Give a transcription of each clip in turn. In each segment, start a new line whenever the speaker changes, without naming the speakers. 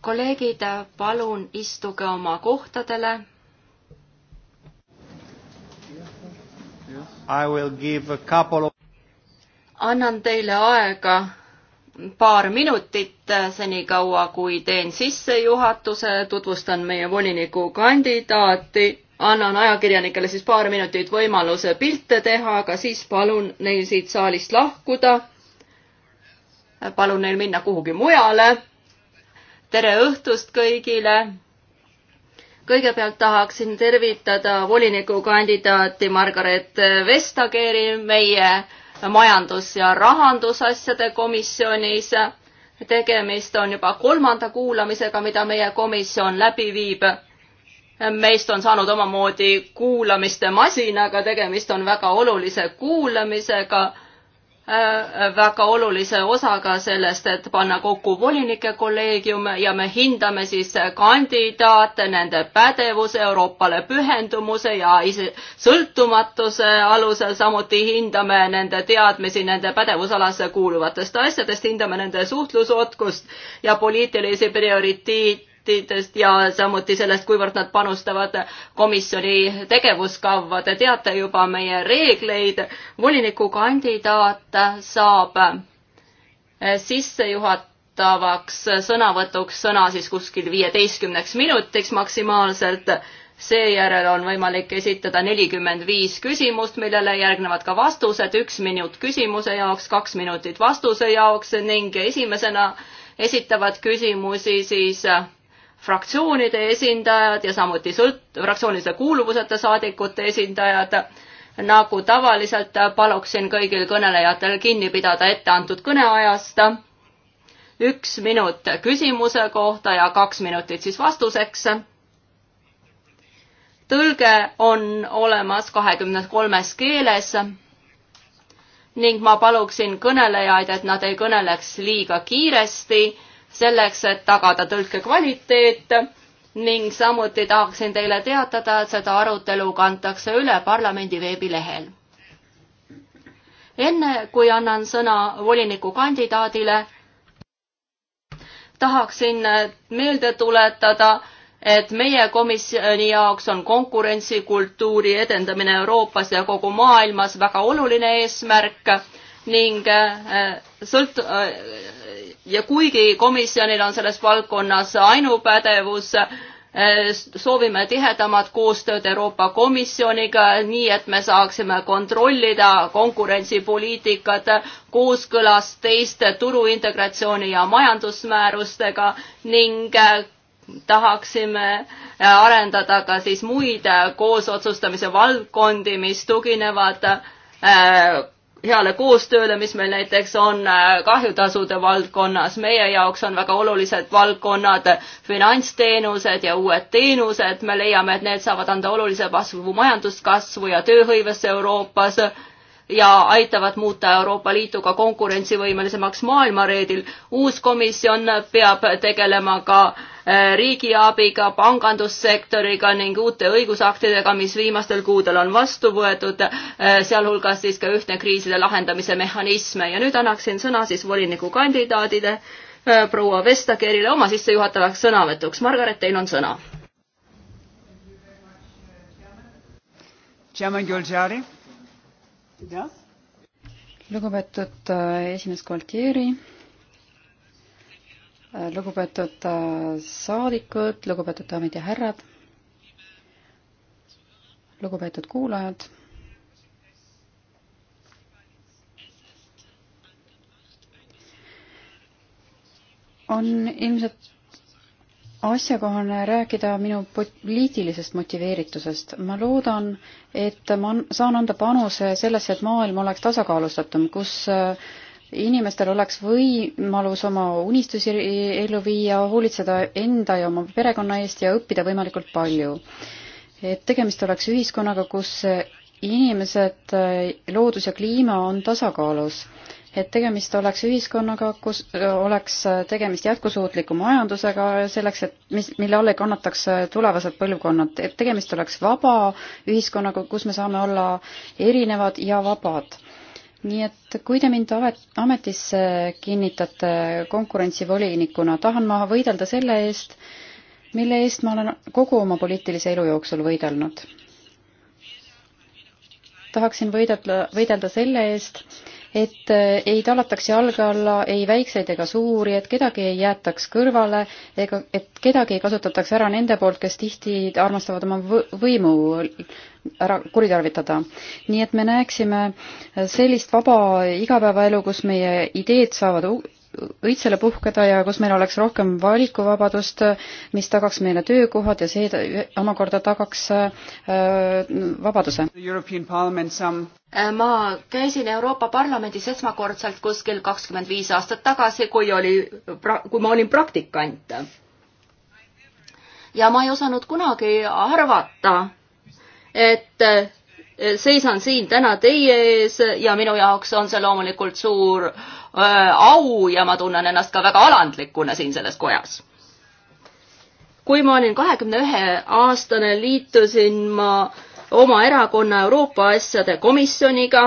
kolleegid, palun istuge oma kohtadele. Of... annan teile aega paar minutit, senikaua kui teen sissejuhatuse, tutvustan meie volinikukandidaati annan ajakirjanikele siis paar minutit võimaluse pilte teha, aga siis palun neil siit saalist lahkuda palun neil minna kuhugi mujale. tere õhtust kõigile. kõigepealt tahaksin tervitada volinikukandidaati Margaret Vestageri meie majandus- ja rahandusasjade komisjonis. tegemist on juba kolmanda kuulamisega, mida meie komisjon läbi viib meist on saanud omamoodi kuulamiste masin, aga tegemist on väga olulise kuulamisega Äh, väga olulise osaga sellest, et panna kokku volinike kolleegium ja me hindame siis kandidaate, nende pädevuse, Euroopale pühendumuse ja ise sõltumatuse alusel, samuti hindame nende teadmisi nende pädevusalasse kuuluvatest asjadest, hindame nende suhtlusotkust ja poliitilisi prioriteete projektidest ja samuti sellest, kuivõrd nad panustavad komisjoni tegevuskavva. Te teate juba meie reegleid. volinikukandidaat saab sissejuhatavaks sõnavõtuks sõna siis kuskil viieteistkümneks minutiks maksimaalselt seejärel on võimalik esitada nelikümmend viis küsimust, millele järgnevad ka vastused, üks minut küsimuse jaoks, kaks minutit vastuse jaoks ning esimesena esitavad küsimusi siis fraktsioonide esindajad ja samuti sõlt-, fraktsioonilise kuuluvuseta saadikute esindajad. nagu tavaliselt paluksin kõigil kõnelejatel kinni pidada etteantud kõneajast. üks minut küsimuse kohta ja kaks minutit siis vastuseks. tõlge on olemas kahekümne kolmes keeles ning ma paluksin kõnelejaid, et nad ei kõneleks liiga kiiresti selleks, et tagada tõlke kvaliteet ning samuti tahaksin teile teatada, et seda arutelu kantakse üle parlamendi veebilehel. enne kui annan sõna volinikukandidaadile, tahaksin meelde tuletada, et meie komisjoni jaoks on konkurentsikultuuri edendamine Euroopas ja kogu maailmas väga oluline eesmärk ning äh, sõlt- äh, ja kuigi komisjonil on selles valdkonnas ainupädevus, äh, soovime tihedamat koostööd Euroopa Komisjoniga, nii et me saaksime kontrollida konkurentsipoliitikat kooskõlas teiste turuintegratsiooni ja majandusmäärustega ning tahaksime arendada ka siis muid koosotsustamise valdkondi, mis tuginevad heale koostööle, mis meil näiteks on äh, kahjutasude valdkonnas. meie jaoks on väga olulised valdkonnad finantsteenused ja uued teenused. me leiame, et need saavad anda olulise kasvu majanduskasvu ja tööhõivesse Euroopas ja aitavad muuta Euroopa Liitu ka konkurentsivõimelisemaks maailmareedil. uus komisjon peab tegelema ka äh, Äh, riigiabiga, pangandussektoriga ning uute õigusaktidega, mis viimastel kuudel on vastu võetud, äh, sealhulgas siis ka ühtne kriiside lahendamise mehhanism ja nüüd annaksin sõna siis volinikukandidaadile äh, proua Vestagerile oma sissejuhatavaks sõnavõtuks. Margaret, teil on sõna.
lugupeetud esimees Gualtieri lugupeetud äh, saadikud, lugupeetud daamid ja härrad, lugupeetud kuulajad. on ilmselt asjakohane rääkida minu poliitilisest motiveeritusest. ma loodan, et ma saan anda panuse sellesse, et maailm oleks tasakaalustatum, kus äh, inimestel oleks võimalus oma unistusi ellu viia, hoolitseda enda ja oma perekonna eest ja õppida võimalikult palju. et tegemist oleks ühiskonnaga, kus inimesed, loodus ja kliima on tasakaalus et tegemist oleks ühiskonnaga, kus oleks tegemist jätkusuutliku majandusega selleks, et mis, mille all ei kannataks tulevased põlvkonnad, et tegemist oleks vaba ühiskonnaga, kus me saame olla erinevad ja vabad nii et kui te mind amet, ametisse kinnitate konkurentsivolinikuna, tahan ma võidelda selle eest, mille eest ma olen kogu oma poliitilise elu jooksul võidelnud. tahaksin võidelda, võidelda selle eest, et äh, ei tallataks jalge alla ei väikseid ega suuri, et kedagi ei jäetaks kõrvale ega et kedagi ei kasutataks ära nende poolt, kes tihti armastavad oma võimu ära kuritarvitada. nii et me näeksime sellist vaba igapäevaelu, kus meie ideed saavad õitsele puhkeda ja kus meil oleks rohkem valikuvabadust, mis tagaks meile töökohad ja see omakorda tagaks äh, vabaduse.
Äh,
ma käisin Euroopa Parlamendis esmakordselt kuskil kakskümmend viis aastat tagasi, kui oli, kui ma olin praktikant. ja ma ei osanud kunagi arvata, et äh, seisan siin täna teie ees ja minu jaoks on see loomulikult suur Äh, au ja ma tunnen ennast ka väga alandlikuna siin selles kojas. kui ma olin kahekümne ühe aastane, liitusin ma oma erakonna Euroopa asjade komisjoniga.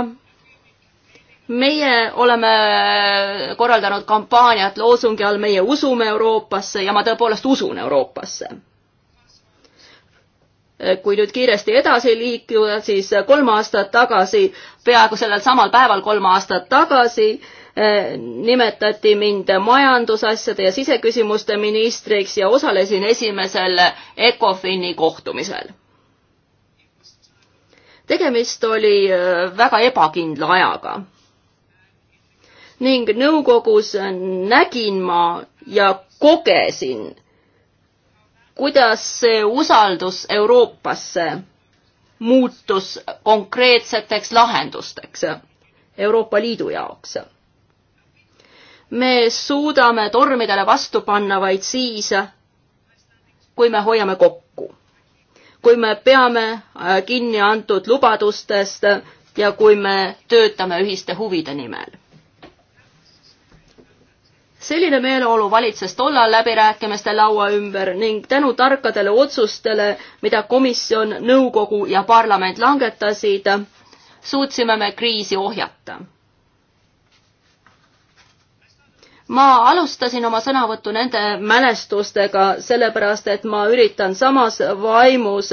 meie oleme korraldanud kampaaniat loosungi all Meie usume Euroopasse ja ma tõepoolest usun Euroopasse kui nüüd kiiresti edasi liikuda, siis kolm aastat tagasi, peaaegu sellel samal päeval kolm aastat tagasi nimetati mind majandusasjade ja siseküsimuste ministriks ja osalesin esimesel ECOFIN-i kohtumisel. tegemist oli äh, väga ebakindla ajaga. ning nõukogus nägin ma ja kogesin, kuidas see usaldus Euroopasse muutus konkreetseteks lahendusteks Euroopa Liidu jaoks me suudame tormidele vastu panna vaid siis, kui me hoiame kokku. kui me peame äh, kinni antud lubadustest ja kui me töötame ühiste huvide nimel. selline meeleolu valitses tollal läbirääkimiste laua ümber ning tänu tarkadele otsustele, mida komisjon, nõukogu ja parlament langetasid, suutsime me kriisi ohjata ma alustasin oma sõnavõttu nende mälestustega, sellepärast et ma üritan samas vaimus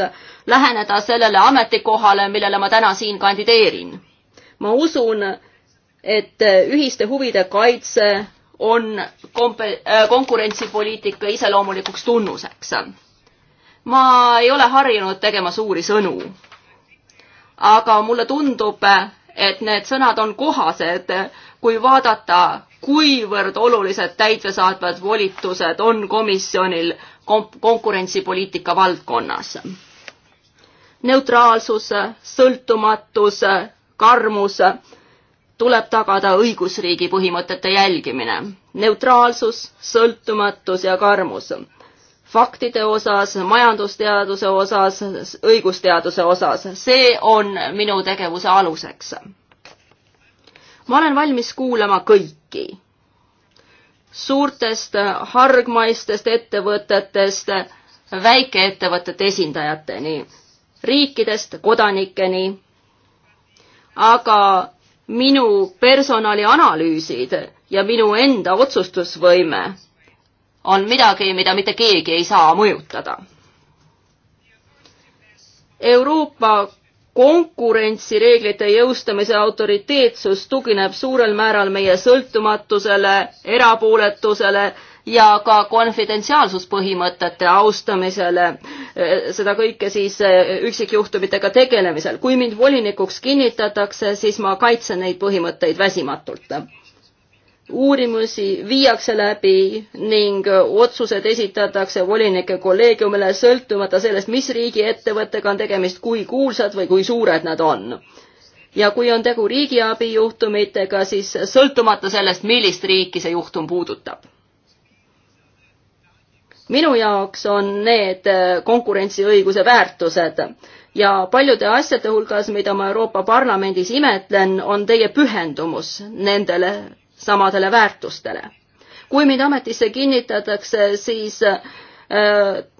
läheneda sellele ametikohale, millele ma täna siin kandideerin. ma usun, et ühiste huvide kaitse on kompe-, äh, konkurentsipoliitika iseloomulikuks tunnuseks. ma ei ole harjunud tegema suuri sõnu. aga mulle tundub, et need sõnad on kohased kui vaadata, kuivõrd olulised täitvesaatvad volitused on komisjonil konkurentsipoliitika valdkonnas. neutraalsus, sõltumatus, karmus tuleb tagada õigusriigi põhimõtete jälgimine. neutraalsus, sõltumatus ja karmus. faktide osas, majandusteaduse osas, õigusteaduse osas, see on minu tegevuse aluseks ma olen valmis kuulama kõiki, suurtest hargmaistest ettevõtetest väikeettevõtete esindajateni, riikidest kodanikeni. aga minu personalianalüüsid ja minu enda otsustusvõime on midagi, mida mitte keegi ei saa mõjutada. Euroopa konkurentsireeglite jõustamise autoriteetsus tugineb suurel määral meie sõltumatusele, erapooletusele ja ka konfidentsiaalsuspõhimõtete austamisele, eh, seda kõike siis eh, üksikjuhtumitega tegelemisel. kui mind volinikuks kinnitatakse, siis ma kaitsen neid põhimõtteid väsimatult uurimusi viiakse läbi ning äh, otsused esitatakse volinike kolleegiumile sõltumata sellest, mis riigiettevõttega on tegemist, kui kuulsad või kui suured nad on. ja kui on tegu riigiabi juhtumitega, siis sõltumata sellest, millist riiki see juhtum puudutab. minu jaoks on need äh, konkurentsiõiguse väärtused ja paljude asjade hulgas, mida ma Euroopa Parlamendis imetlen, on teie pühendumus nendele samadele väärtustele. kui mind ametisse kinnitatakse, siis äh,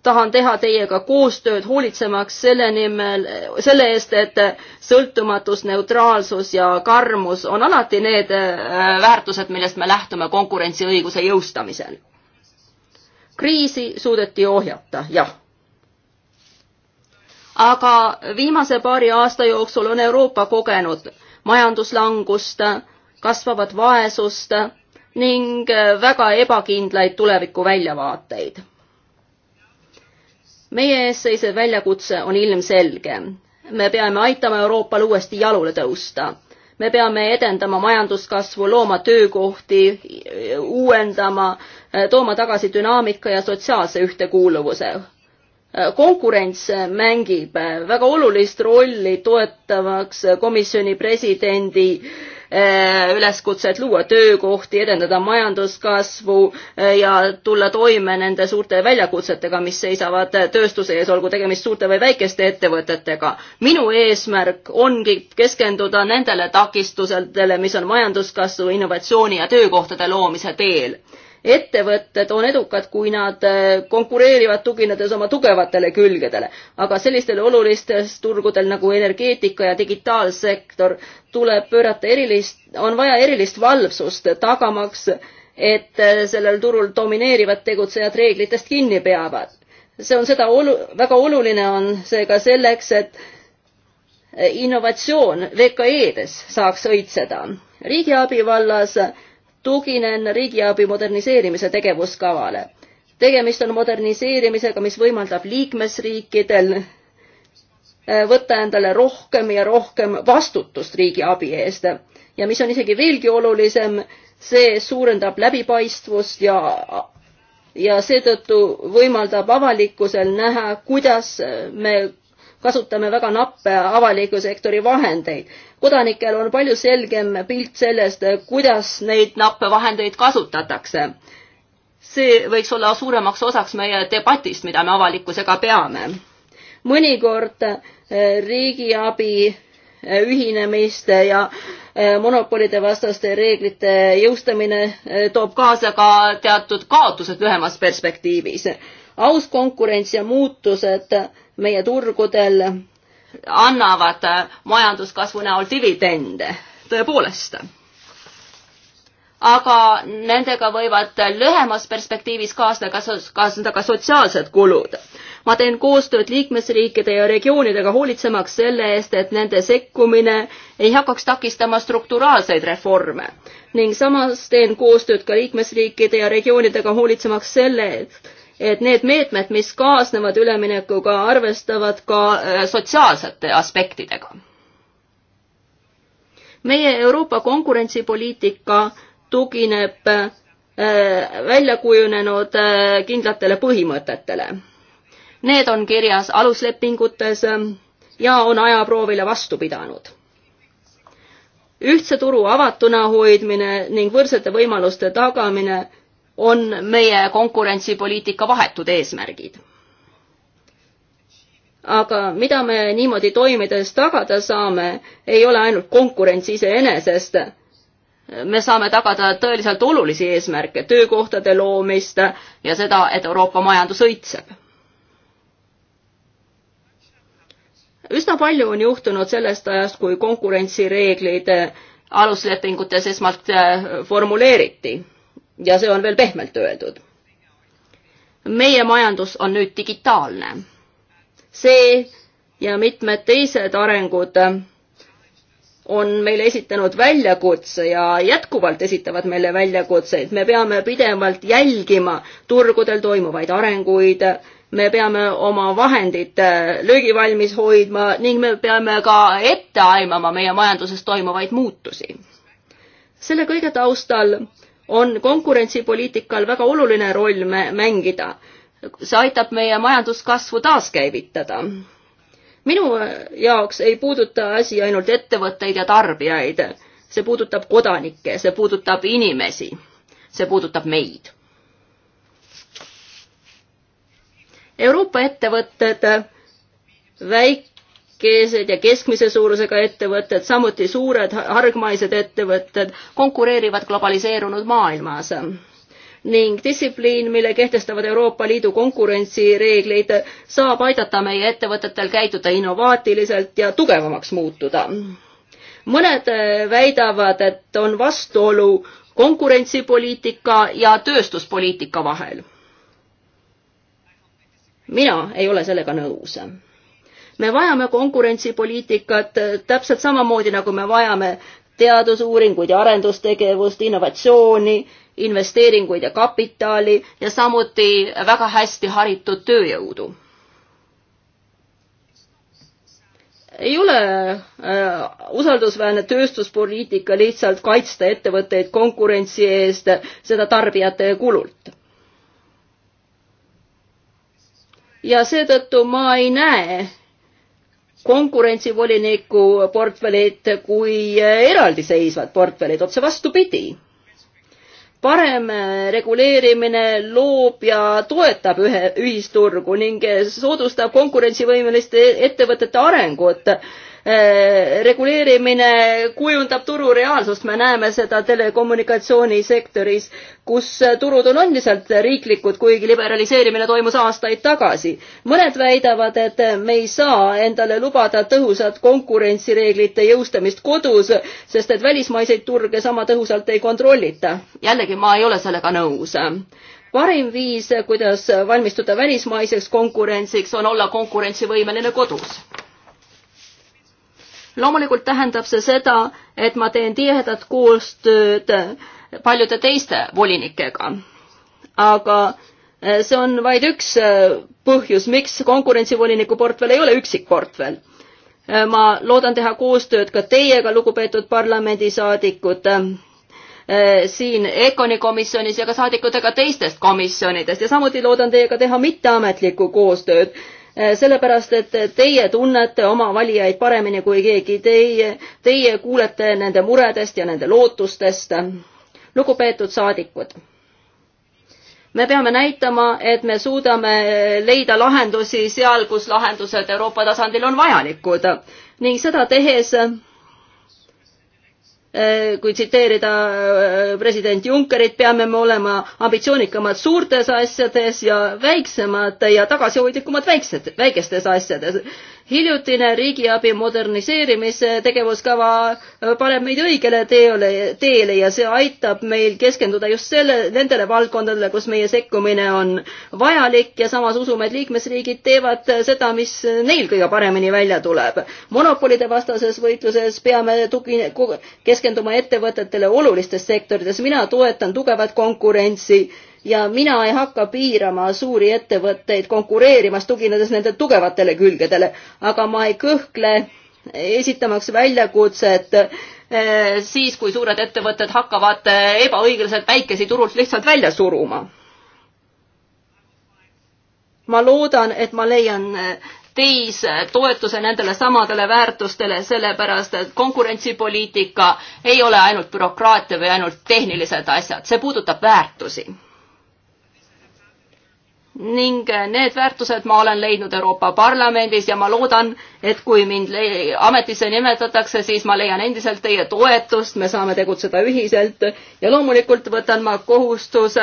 tahan teha teiega koostööd, hoolitsemaks selle nimel, selle eest, et sõltumatus, neutraalsus ja karmus on alati need äh, väärtused, millest me lähtume konkurentsiõiguse jõustamisel. kriisi suudeti ohjata, jah. aga viimase paari aasta jooksul on Euroopa kogenud majanduslangust, kasvavat vaesust ning väga ebakindlaid tulevikuväljavaateid. meie ees seisev väljakutse on ilmselge. me peame aitama Euroopal uuesti jalule tõusta. me peame edendama majanduskasvu, looma töökohti, uuendama, tooma tagasi dünaamika ja sotsiaalse ühtekuuluvuse konkurents mängib väga olulist rolli toetavaks komisjoni presidendi äh, Eh, üleskutset luua töökohti, edendada majanduskasvu eh, ja tulla toime nende suurte väljakutsetega, mis seisavad tööstuse ees, olgu tegemist suurte või väikeste ettevõtetega. minu eesmärk ongi keskenduda nendele takistusedele, mis on majanduskasvu, innovatsiooni ja töökohtade loomise teel ettevõtted on edukad, kui nad äh, konkureerivad, tuginedes oma tugevatele külgedele. aga sellistel olulistel turgudel nagu energeetika ja digitaalsektor tuleb pöörata erilist, on vaja erilist valvsust, tagamaks, et äh, sellel turul domineerivad tegutsejad reeglitest kinni peavad. see on seda olu-, väga oluline on see ka selleks, et äh, innovatsioon VKE-des saaks õitseda. riigiabi vallas tuginen riigiabi moderniseerimise tegevuskavale. tegemist on moderniseerimisega, mis võimaldab liikmesriikidel äh, võtta endale rohkem ja rohkem vastutust riigiabi eest ja mis on isegi veelgi olulisem, see suurendab läbipaistvust ja, ja seetõttu võimaldab avalikkusel näha, kuidas me kasutame väga nappe avaliku sektori vahendeid kodanikel on palju selgem pilt sellest, kuidas neid nappe vahendeid kasutatakse. see võiks olla suuremaks osaks meie debatist, mida me avalikkusega peame. mõnikord eh, riigiabi eh, ühinemiste ja eh, monopolide vastaste reeglite jõustamine toob kaasa ka teatud kaotused lühemas perspektiivis. aus konkurents ja muutused meie turgudel annavad majanduskasvu näol dividende, tõepoolest. aga nendega võivad lühemas perspektiivis kaasneda ka, kaasneda ka sotsiaalsed kulud. ma teen koostööd liikmesriikide ja regioonidega hoolitsemaks selle eest, et nende sekkumine ei hakkaks takistama strukturaalseid reforme ning samas teen koostööd ka liikmesriikide ja regioonidega hoolitsemaks selle eest, et need meetmed, mis kaasnevad üleminekuga, arvestavad ka äh, sotsiaalsete aspektidega. meie Euroopa konkurentsipoliitika tugineb äh, välja kujunenud äh, kindlatele põhimõtetele. Need on kirjas aluslepingutes ähm, ja on ajaproovile vastu pidanud. ühtse turu avatuna hoidmine ning võrdsete võimaluste tagamine on meie konkurentsipoliitika vahetud eesmärgid. aga mida me niimoodi toimides tagada saame, ei ole ainult konkurents iseenesest. me saame tagada tõeliselt olulisi eesmärke, töökohtade loomist ja seda, et Euroopa majandus õitseb üsna palju on juhtunud sellest ajast, kui konkurentsireeglid aluslepingutes esmalt eh, formuleeriti ja see on veel pehmelt öeldud. meie majandus on nüüd digitaalne. see ja mitmed teised arengud on meile esitanud väljakutse ja jätkuvalt esitavad meile väljakutseid. me peame pidevalt jälgima turgudel toimuvaid arenguid, me peame oma vahendid löögivalmis hoidma ning me peame ka ette aimama meie majanduses toimuvaid muutusi. selle kõige taustal on konkurentsipoliitikal väga oluline roll mängida. see aitab meie majanduskasvu taaskäivitada. minu äh, jaoks ei puuduta asi ainult ettevõtteid ja tarbijaid, see puudutab kodanikke, see puudutab inimesi, see puudutab meid. Euroopa ettevõtted, väik-, väikesed ja keskmise suurusega ettevõtted, samuti suured hargmaised ettevõtted konkureerivad globaliseerunud maailmas ning distsipliin, mille kehtestavad Euroopa Liidu konkurentsireeglid, saab aidata meie ettevõtetel käituda innovaatiliselt ja tugevamaks muutuda. mõned väidavad, et on vastuolu konkurentsipoliitika ja tööstuspoliitika vahel. mina ei ole sellega nõus me vajame konkurentsipoliitikat äh, täpselt samamoodi, nagu me vajame teadusuuringuid ja arendustegevust, innovatsiooni, investeeringuid ja kapitali ja samuti väga hästi haritud tööjõudu ei ole äh, usaldusväärne tööstuspoliitika lihtsalt kaitsta ettevõtteid konkurentsi eest, seda tarbijate kulult. ja seetõttu ma ei näe, konkurentsivoliniku portfellit kui eraldiseisvat portfellit, otse vastupidi. parem reguleerimine loob ja toetab ühe, ühisturgu ning soodustab konkurentsivõimeliste ettevõtete arengut Eh, reguleerimine kujundab turu reaalsust, me näeme seda telekommunikatsioonisektoris, kus turud on endiselt riiklikud, kuigi liberaliseerimine toimus aastaid tagasi. mõned väidavad, et me ei saa endale lubada tõhusat konkurentsireeglite jõustamist kodus, sest et välismaiseid turge sama tõhusalt ei kontrollita. jällegi, ma ei ole sellega nõus parim viis, kuidas valmistuda välismaiseks konkurentsiks, on olla konkurentsivõimeline kodus loomulikult tähendab see seda, et ma teen tihedat koostööd paljude teiste volinikega. aga eh, see on vaid üks eh, põhjus, miks konkurentsivoliniku portfell ei ole üksik portfell. Eh, ma loodan teha koostööd ka teiega, lugupeetud parlamendisaadikud, siin EKONi komisjonis ja ka saadikutega teistest komisjonidest ja samuti loodan teiega teha mitteametlikku koostööd Eh, sellepärast et teie tunnete oma valijaid paremini kui keegi teie, teie kuulete nende muredest ja nende lootustest. lugupeetud saadikud, me peame näitama, et me suudame leida lahendusi seal, kus lahendused Euroopa tasandil on vajalikud ning seda tehes Äh, kui tsiteerida äh, president Junckerit, peame me olema ambitsioonikamad suurtes asjades ja väiksemad ja tagasihoidlikumad väiksed, väikestes asjades hiljutine riigiabi moderniseerimise tegevuskava äh, paneb meid õigele teele, teele ja see aitab meil keskenduda just selle, nendele valdkondadele, kus meie sekkumine on vajalik ja samas usume, et liikmesriigid teevad seda, mis neil kõige paremini välja tuleb. monopolide vastases võitluses peame tugi-, keskenduma ettevõtetele olulistes sektorites, mina toetan tugevat konkurentsi ja mina ei hakka piirama suuri ettevõtteid konkureerimas, tuginedes nende tugevatele külgedele, aga ma ei kõhkle esitamaks väljakutset eh, siis, kui suured ettevõtted hakkavad eh, ebaõiglaselt väikesi turult lihtsalt välja suruma. ma loodan, et ma leian eh, teis toetuse nendele samadele väärtustele, sellepärast et konkurentsipoliitika ei ole ainult bürokraatia või ainult tehnilised asjad, see puudutab väärtusi ning need väärtused ma olen leidnud Euroopa Parlamendis ja ma loodan, et kui mind ametisse nimetatakse, siis ma leian endiselt teie toetust, me saame tegutseda ühiselt ja loomulikult võtan ma kohustuse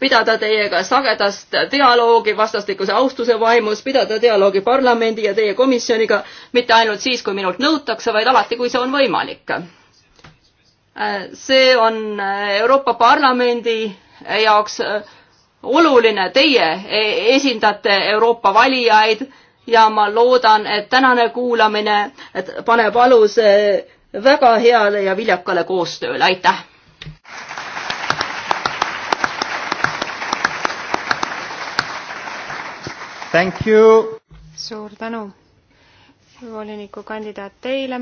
pidada teiega sagedast dialoogi vastastikuse austuse vaimus, pidada dialoogi parlamendi ja teie komisjoniga, mitte ainult siis, kui minult nõutakse, vaid alati, kui see on võimalik. Äh, see on Euroopa Parlamendi jaoks äh, oluline, teie esindate Euroopa valijaid ja ma loodan, et tänane kuulamine et paneb aluse väga heale ja viljakale koostööle, aitäh!
Thank you!
suur tänu, volinikukandidaat teile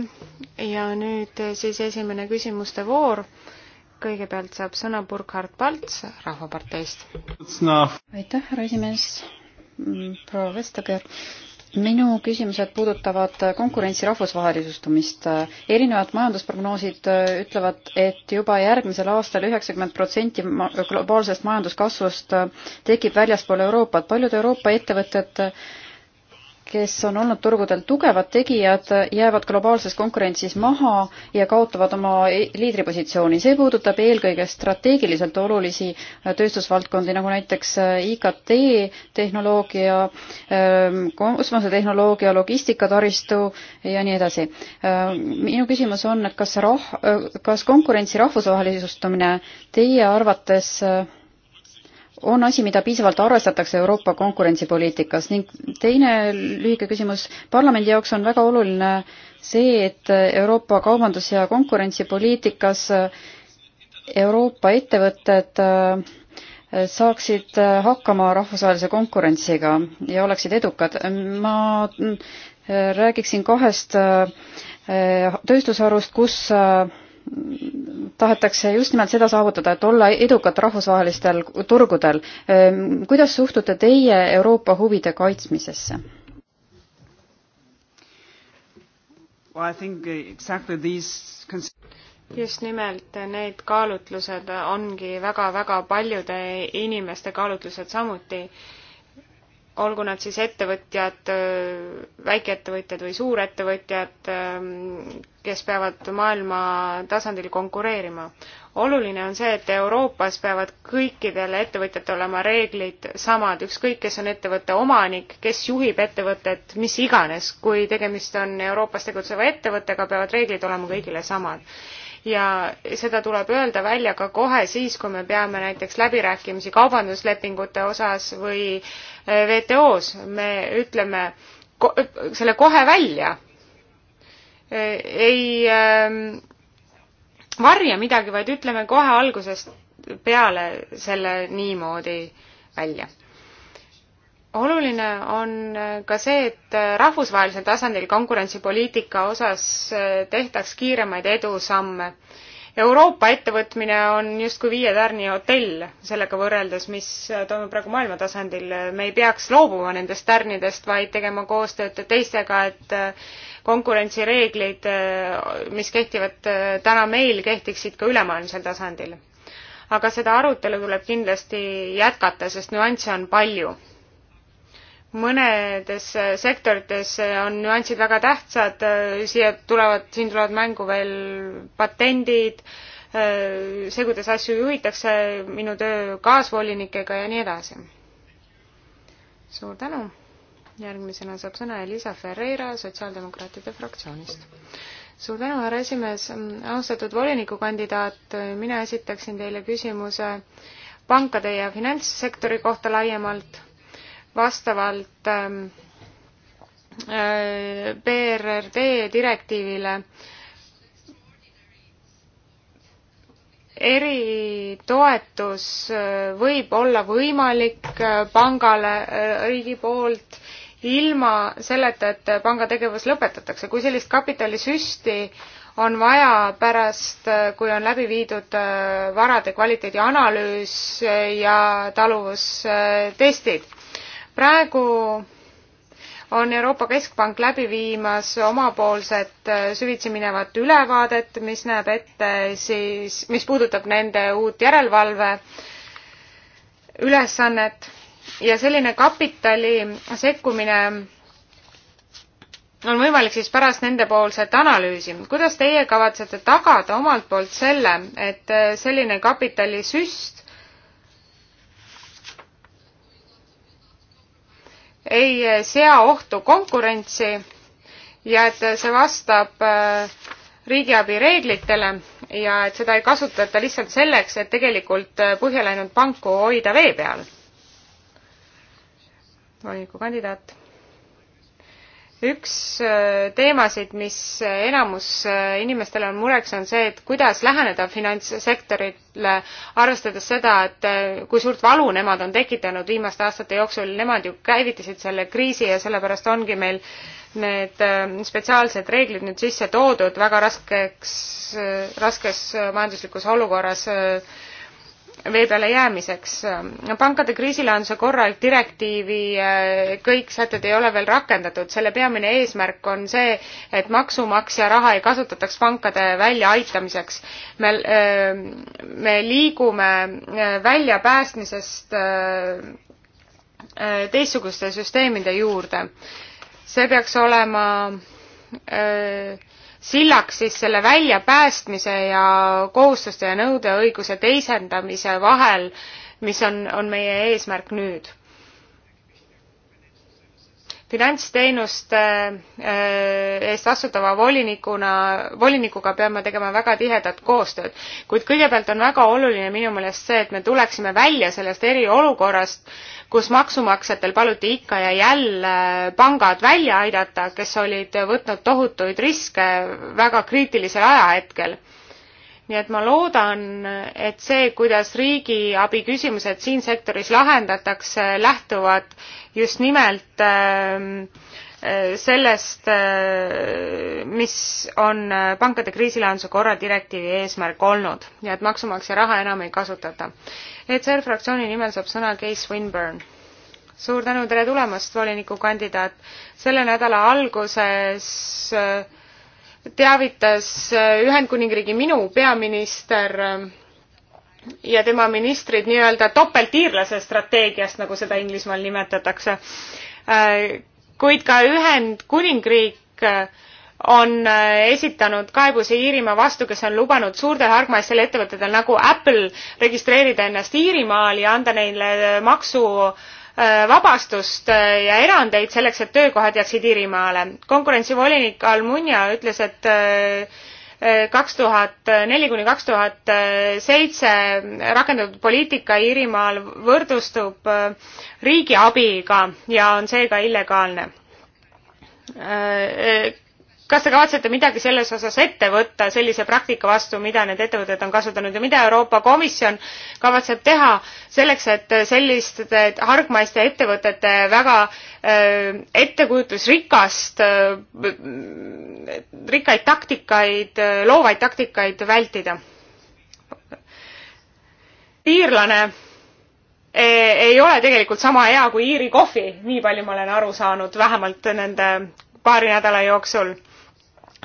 ja nüüd siis esimene küsimuste voor kõigepealt saab sõna
Burkhard Palts Rahvaparteist. aitäh, härra esimees, mm, proua Vestager. minu küsimused puudutavad konkurentsi rahvusvahelistumist. erinevad majandusprognoosid ütlevad, et juba järgmisel aastal üheksakümmend protsenti globaalsest majanduskasvust tekib väljaspool Euroopat. paljud Euroopa ettevõtted et kes on olnud turgudel tugevad tegijad, jäävad globaalses konkurentsis maha ja kaotavad oma e-, liidripositsiooni. see puudutab eelkõige strateegiliselt olulisi äh, tööstusvaldkondi, nagu näiteks äh, IKT tehnoloogia, ähm, kosmosetehnoloogia, logistikataristu ja nii edasi. Äh, minu küsimus on, et kas rah-, kas konkurentsi rahvusvahelistumine teie arvates on asi, mida piisavalt arvestatakse Euroopa konkurentsipoliitikas ning teine lühike küsimus, parlamendi jaoks on väga oluline see, et Euroopa kaubandus- ja konkurentsipoliitikas Euroopa ettevõtted äh, saaksid äh, hakkama rahvusvahelise konkurentsiga ja oleksid edukad. ma äh, räägiksin kahest tööstusharust, kus tahetakse just nimelt seda saavutada, et olla edukad rahvusvahelistel turgudel. Ehm, kuidas suhtute teie Euroopa huvide kaitsmisesse?
Uh,
just nimelt uh, need kaalutlused ongi väga-väga paljude inimeste kaalutlused samuti olgu nad siis ettevõtjad, väikeettevõtjad või suurettevõtjad, kes peavad maailma tasandil konkureerima. oluline on see, et Euroopas peavad kõikidele ettevõtjatele olema reeglid samad, ükskõik kes on ettevõtte omanik, kes juhib ettevõtet, mis iganes, kui tegemist on Euroopas tegutseva ettevõttega, peavad reeglid olema kõigile samad ja seda tuleb öelda välja ka kohe siis, kui me peame näiteks läbirääkimisi kaubanduslepingute osas või äh, WTO-s, me ütleme ko selle kohe välja. Äh, ei ähm, varja midagi, vaid ütleme kohe algusest peale selle niimoodi välja oluline on äh, ka see, et äh, rahvusvahelisel tasandil konkurentsipoliitika osas äh, tehtaks kiiremaid edusamme. Euroopa ettevõtmine on justkui viie tärni hotell sellega võrreldes, mis toimub praegu maailma tasandil. me ei peaks loobuma nendest tärnidest, vaid tegema koostööd teistega, et konkurentsireeglid, mis kehtivad täna meil, kehtiksid ka ülemaailmsel tasandil. aga seda arutelu tuleb kindlasti jätkata, sest nüansse on palju mõnedes sektorites on nüansid väga tähtsad, siia tulevad, siin tulevad mängu veel patendid, see, kuidas asju juhitakse, minu töö kaasvolinikega ja nii edasi. suur tänu! järgmisena saab sõna Elisa Ferreira Sotsiaaldemokraatide fraktsioonist. suur tänu, härra esimees, austatud volinikukandidaat, mina esitaksin teile küsimuse pankade ja finantssektori kohta laiemalt vastavalt ähm, äh, BRRD direktiivile eritoetus äh, võib olla võimalik äh, pangale riigi poolt ilma selleta, et panga tegevus lõpetatakse. kui sellist kapitalisüsti on vaja pärast, kui on läbi viidud varade kvaliteedi analüüs ja taluvustestid praegu on Euroopa Keskpank läbi viimas omapoolset äh, süvitsi minevat ülevaadet, mis näeb ette siis, mis puudutab nende uut järelevalve ülesannet ja selline kapitali sekkumine on võimalik siis pärast nendepoolset analüüsi. kuidas teie kavatsete tagada omalt poolt selle, et äh, selline kapitalisüst ei sea ohtu konkurentsi ja et see vastab äh, riigiabi reeglitele ja et seda ei kasutata lihtsalt selleks, et tegelikult äh, põhja läinud panku hoida vee peal. voliniku kandidaat üks äh, teemasid, mis äh, enamus äh, inimestele on mureks, on see, et kuidas läheneda finantssektorile, arvestades seda, et kui suurt valu nemad on tekitanud viimaste aastate jooksul, nemad ju käivitasid selle kriisi ja sellepärast ongi meil need spetsiaalsed reeglid nüüd sisse toodud väga raskeks, raskes majanduslikus olukorras äh, vee peale jäämiseks. pankade kriisilahenduse korra direktiivi äh, kõik sätted ei ole veel rakendatud, selle peamine eesmärk on see, et maksumaksja raha ei kasutataks pankade väljaaitamiseks. me, äh, me liigume äh, väljapäästmisest teistsuguste süsteemide juurde. see peaks olema öö, sillaks siis selle väljapäästmise ja kohustuste ja nõudeõiguse teisendamise vahel, mis on, on meie eesmärk nüüd finantsteenuste äh, eest vastutava volinikuna, volinikuga peame tegema väga tihedat koostööd. kuid kõigepealt on väga oluline minu meelest see, et me tuleksime välja sellest eriolukorrast, kus maksumaksjatel paluti ikka ja jälle pangad välja aidata, kes olid võtnud tohutuid riske väga kriitilisel ajahetkel nii et ma loodan, et see, kuidas riigiabi küsimused siin sektoris lahendatakse, lähtuvad just nimelt ähm, äh, sellest, äh, mis on äh, pankade kriisilahenduse korra direktiivi eesmärk olnud ja et maksumaksja raha enam ei kasutata. ECR fraktsiooni nimel saab sõna Kay Swinburne suur tänu, tere tulemast, volinikukandidaat. selle nädala alguses äh, teavitas äh, Ühendkuningriigi minu peaminister äh, ja tema ministrid nii-öelda topeltiirlase strateegiast, nagu seda Inglismaal nimetatakse. Äh, kuid ka Ühendkuningriik on esitanud kaebuse Iirimaa vastu, kes on lubanud suurtel hargmaistel ettevõtetel nagu Apple registreerida ennast Iirimaal ja anda neile maksu äh, Äh, vabastust äh, ja erandeid selleks, et töökohad jääksid Iirimaale. konkurentsivolinik Almunia ütles, et äh, kaks tuhat neli kuni kaks tuhat seitse rakendatud poliitika Iirimaal võrdustub riigi abiga ja on seega illegaalne kas te kavatsete midagi selles osas ette võtta sellise praktika vastu, mida need ettevõtted on kasutanud ja mida Euroopa Komisjon kavatseb teha selleks, et selliste hargmaiste ettevõtete väga äh, ettekujutusrikast äh,, rikkaid taktikaid, äh, loovaid taktikaid vältida? iirlane e, ei ole tegelikult sama hea kui Iiri kohvi, nii palju ma olen aru saanud, vähemalt nende paari nädala jooksul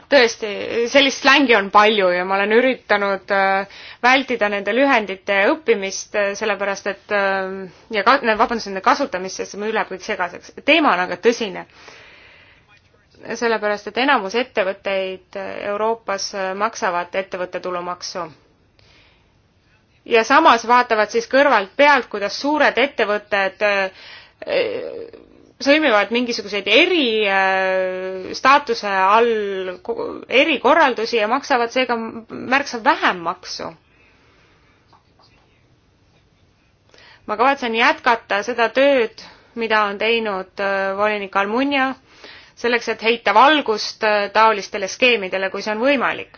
tõesti, sellist slängi on palju ja ma olen üritanud äh, vältida nende lühendite õppimist, äh, sellepärast et äh, ja ka-, vabandust, nende kasutamist, sest mul läheb kõik segaseks. teema on aga tõsine. sellepärast, et enamus ettevõtteid Euroopas maksavad ettevõtte tulumaksu. ja samas vaatavad siis kõrvalt pealt, kuidas suured ettevõtted sõlmivad mingisuguseid eristaatuse äh, all erikorraldusi ja maksavad seega märksa vähem maksu. ma kavatsen jätkata seda tööd, mida on teinud äh, volinik Almunia, selleks, et heita valgust äh, taolistele skeemidele, kui see on võimalik.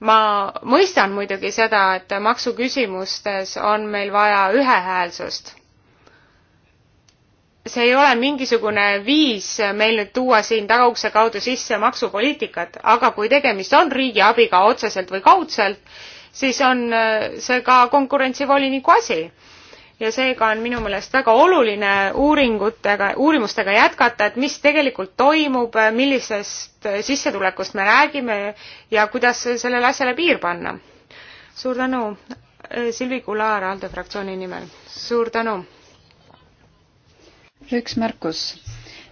ma mõistan muidugi seda, et maksuküsimustes on meil vaja ühehäälsust see ei ole mingisugune viis meil nüüd tuua siin tagaukse kaudu sisse maksupoliitikat, aga kui tegemist on riigi abiga otseselt või kaudselt, siis on äh, see ka konkurentsivoliniku asi. ja seega on minu meelest väga oluline uuringutega, uurimustega jätkata, et mis tegelikult toimub, äh, millisest äh, sissetulekust me räägime ja kuidas sellele asjale piir panna. suur tänu, Silvi Kular ALDE fraktsiooni nimel, suur tänu
üks märkus.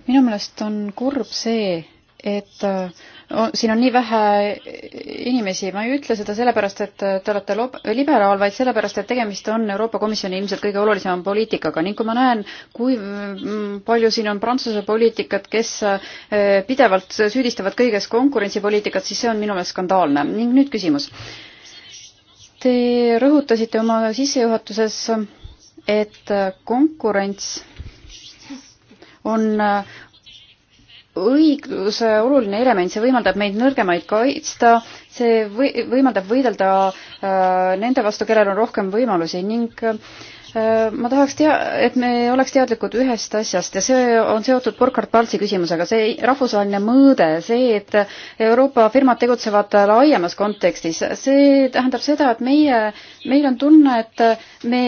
minu meelest on kurb see, et äh, siin on nii vähe inimesi, ma ei ütle seda sellepärast, et äh, te olete lob-, liberaal, vaid sellepärast, et tegemist on Euroopa Komisjoni ilmselt kõige olulisema poliitikaga ning kui ma näen, kui mm, palju siin on Prantsuse poliitikat, kes äh, pidevalt süüdistavad kõiges konkurentsipoliitikat, siis see on minu meelest skandaalne. ning nüüd küsimus. Te rõhutasite oma sissejuhatuses, et konkurents on äh, õigluse oluline element, see võimaldab meid nõrgemaid kaitsta, see või-, võimaldab võidelda äh, nende vastu, kellel on rohkem võimalusi ning äh, ma tahaks tea-, et me oleks teadlikud ühest asjast ja see on seotud Burkhard Paltsi küsimusega, see rahvusvaheline mõõde, see, et Euroopa firmad tegutsevad laiemas kontekstis, see tähendab seda, et meie, meil on tunne, et me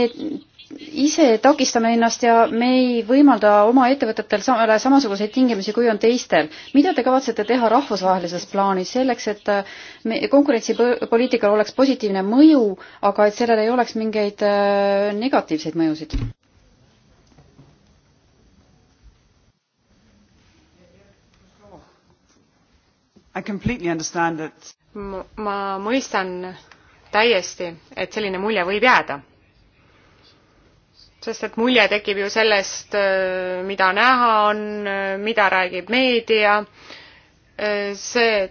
ise takistame ennast ja me ei võimalda oma ettevõtetel samale samasuguseid tingimusi, kui on teistel. mida te kavatsete teha rahvusvahelises plaanis selleks, et äh, konkurentsipoliitikal oleks positiivne mõju, aga et sellel ei oleks mingeid äh, negatiivseid mõjusid? I
completely understand that
ma mõistan täiesti, et selline mulje võib jääda sest et mulje tekib ju sellest, äh, mida näha on, äh, mida räägib meedia, äh, see,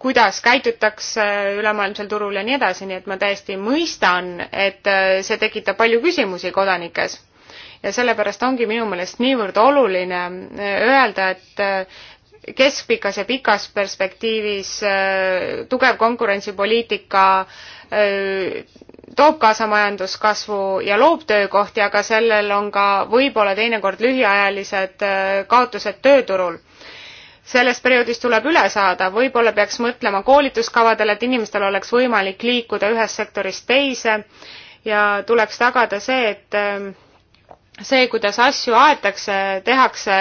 kuidas käitutakse ülemaailmsel turul ja nii edasi, nii et ma täiesti mõistan, et see tekitab palju küsimusi kodanikes. ja sellepärast ongi minu meelest niivõrd oluline öelda, et keskpikas ja pikas perspektiivis tugev konkurentsipoliitika äh, Äh, toob kaasa majanduskasvu ja loob töökohti, aga sellel on ka võib-olla teinekord lühiajalised äh, kaotused tööturul. sellest perioodist tuleb üle saada, võib-olla peaks mõtlema koolituskavadele, et inimestel oleks võimalik liikuda ühest sektorist teise ja tuleks tagada see, et äh, see, kuidas asju aetakse, tehakse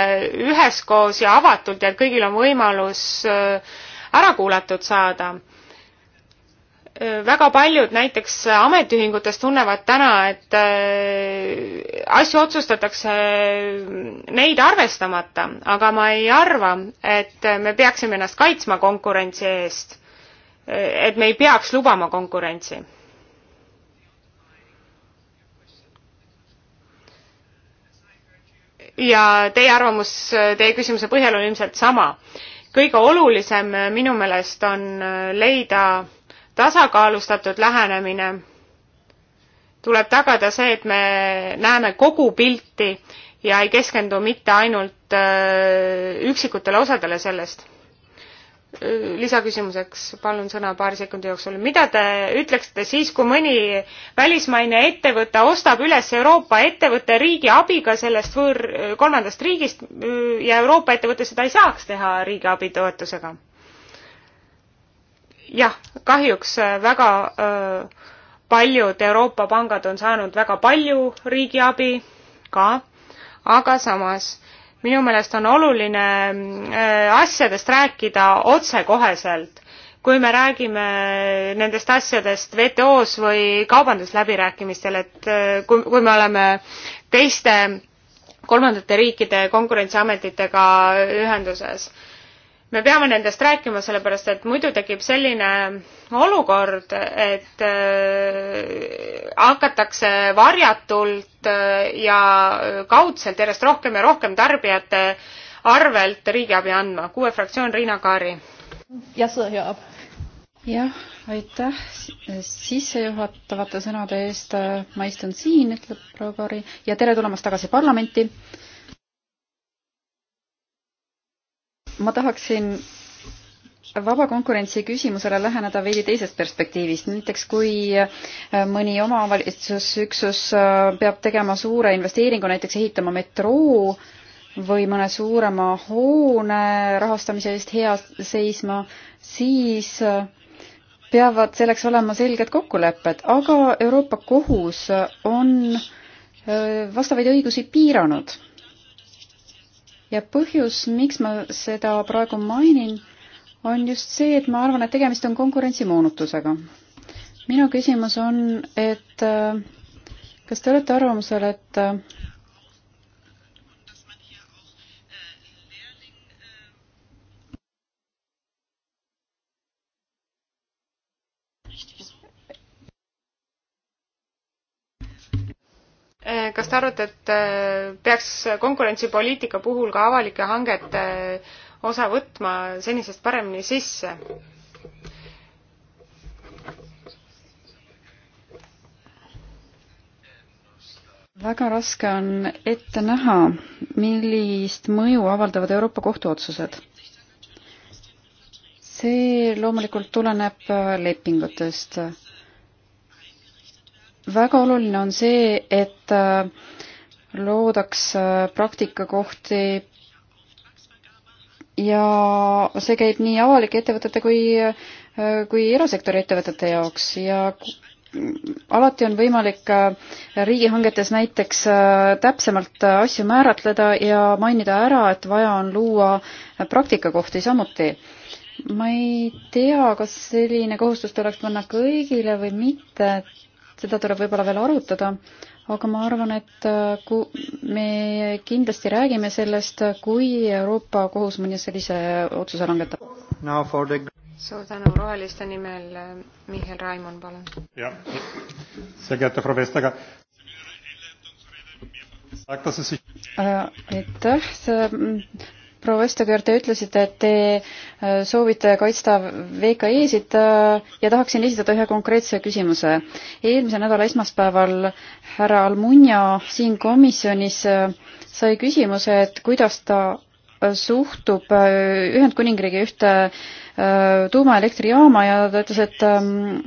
üheskoos ja avatult ja et kõigil on võimalus ära kuulatud saada väga paljud näiteks ametiühingutes tunnevad täna, et äh, asju otsustatakse äh, neid arvestamata, aga ma ei arva, et me peaksime ennast kaitsma konkurentsi eest. Äh, et me ei peaks lubama konkurentsi. ja teie arvamus teie küsimuse põhjal on ilmselt sama. kõige olulisem minu meelest on leida tasakaalustatud lähenemine, tuleb tagada see, et me näeme kogu pilti ja ei keskendu mitte ainult äh, üksikutele osadele sellest. Äh, lisaküsimuseks palun sõna paari sekundi jooksul. mida te ütleksite siis, kui mõni välismaine ettevõte ostab üles Euroopa ettevõtte riigi abiga sellest võõr, kolmandast riigist äh, ja Euroopa ettevõte seda ei saaks teha riigiabi toetusega? jah, kahjuks äh, väga öö, äh, paljud Euroopa pangad on saanud väga palju riigiabi ka, aga samas minu meelest on oluline öö, äh, asjadest rääkida otsekoheselt. kui me räägime nendest asjadest WTO-s või kaubandusläbirääkimistel, et öö, kui, kui me oleme teiste kolmandate riikide konkurentsiametitega ühenduses me peame nendest rääkima, sellepärast et muidu tekib selline olukord, et äh, hakatakse varjatult äh, ja kaudselt järjest rohkem ja rohkem tarbijate arvelt riigiabi andma. kuue fraktsioon, Riina Kaari.
jah, aitäh sissejuhatavate sõnade eest. ma istun siin, ütleb proua Kaari ja tere tulemast tagasi parlamenti ma tahaksin vaba konkurentsi küsimusele läheneda veidi teisest perspektiivist. näiteks kui äh, mõni omavalitsusüksus äh, peab tegema suure investeeringu, näiteks ehitama metroo või mõne suurema hoone rahastamise eest hea seisma, siis äh, peavad selleks olema selged kokkulepped, aga Euroopa Kohus on vastavaid õigusi piiranud ja põhjus, miks ma seda praegu mainin, on just see, et ma arvan, et tegemist on konkurentsimoonutusega. minu küsimus on, et äh, kas te olete arvamusel, et äh,
Eh, kas te arvate, et eh, peaks konkurentsipoliitika puhul ka avalike hangete eh, osa võtma senisest paremini sisse?
väga raske on ette näha, millist mõju avaldavad Euroopa Kohtu otsused. see loomulikult tuleneb lepingutest väga oluline on see, et äh, loodaks äh, praktikakohti ja see käib nii avalike ettevõtete kui, äh, kui erasektori ettevõtete jaoks ja alati on võimalik riigihangetes näiteks täpsemalt asju määratleda ja mainida ära, et vaja on luua praktikakohti samuti. ma ei tea, kas selline kohustus tuleks panna kõigile või mitte, seda tuleb võib-olla veel arutada, aga ma arvan, et äh, kui me kindlasti räägime sellest, kui Euroopa Kohus mõni sellise otsuse langetab.
The...
suur tänu, Roheliste nimel äh, Mihhail Raimon, palun.
jah, äh, see
kätte professoriga
aitäh, proua Vestager, te ütlesite, et te äh, soovite kaitsta VKE-sid äh, ja tahaksin esitada ühe konkreetse küsimuse. eelmise nädala esmaspäeval härra Almunia siin komisjonis äh, sai küsimuse, et kuidas ta suhtub Ühendkuningriigi ühte tuumaelektrijaama ja ta ütles, et ähm,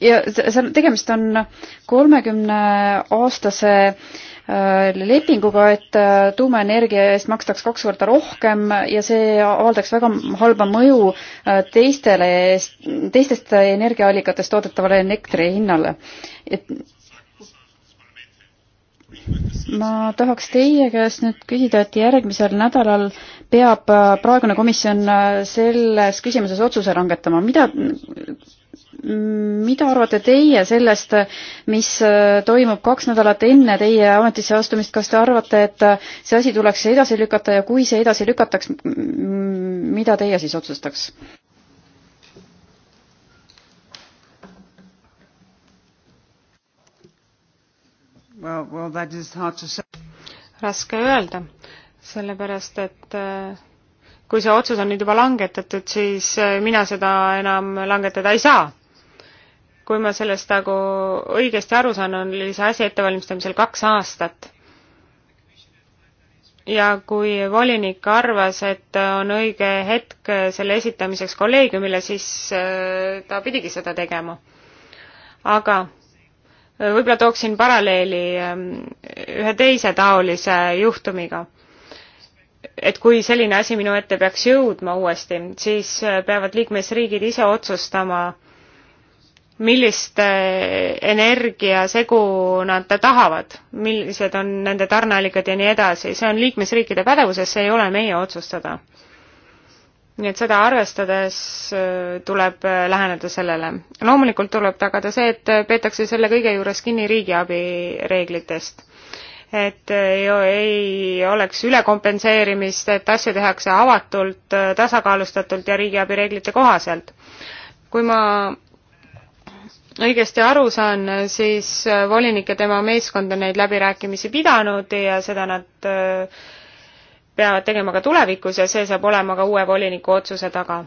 ja see on, tegemist on kolmekümne aastase äh, lepinguga, et äh, tuumaenergia eest makstaks kaks korda rohkem ja see avaldaks väga halba mõju äh, teistele, teistest energiaallikatest toodetavale elektri hinnale. et ma tahaks teie käest nüüd küsida, et järgmisel nädalal peab praegune komisjon selles küsimuses otsuse langetama, mida mida arvate teie sellest, mis äh, toimub kaks nädalat enne teie ametisse astumist, kas te arvate, et äh, see asi tuleks edasi lükata ja kui see edasi lükataks, mida teie siis otsustaks?
Well, well, that is hard to say.
raske öelda, sellepärast et äh, kui see otsus on nüüd juba langetatud, siis mina seda enam langetada ei saa kui ma sellest nagu õigesti aru saan, oli see asi ettevalmistamisel kaks aastat. ja kui volinik arvas, et on õige hetk selle esitamiseks kolleegiumile, siis äh, ta pidigi seda tegema. aga äh, võib-olla tooksin paralleeli ähm, ühe teise taolise juhtumiga et kui selline asi minu ette peaks jõudma uuesti, siis äh, peavad liikmesriigid ise otsustama, millist eh, energiasegu nad tahavad, millised on nende tarneallikad ja nii edasi, see on liikmesriikide pädevuses, see ei ole meie otsustada. nii et seda arvestades eh, tuleb eh, läheneda sellele. loomulikult tuleb tagada see, et peetakse selle kõige juures kinni riigiabi reeglitest et ei, ei oleks ülekompenseerimist, et asju tehakse avatult, tasakaalustatult ja riigiabi reeglite kohaselt. kui ma õigesti aru saan, siis äh, volinik ja tema meeskond on neid läbirääkimisi pidanud ja seda nad äh, peavad tegema ka tulevikus ja see saab olema ka uue voliniku otsuse taga.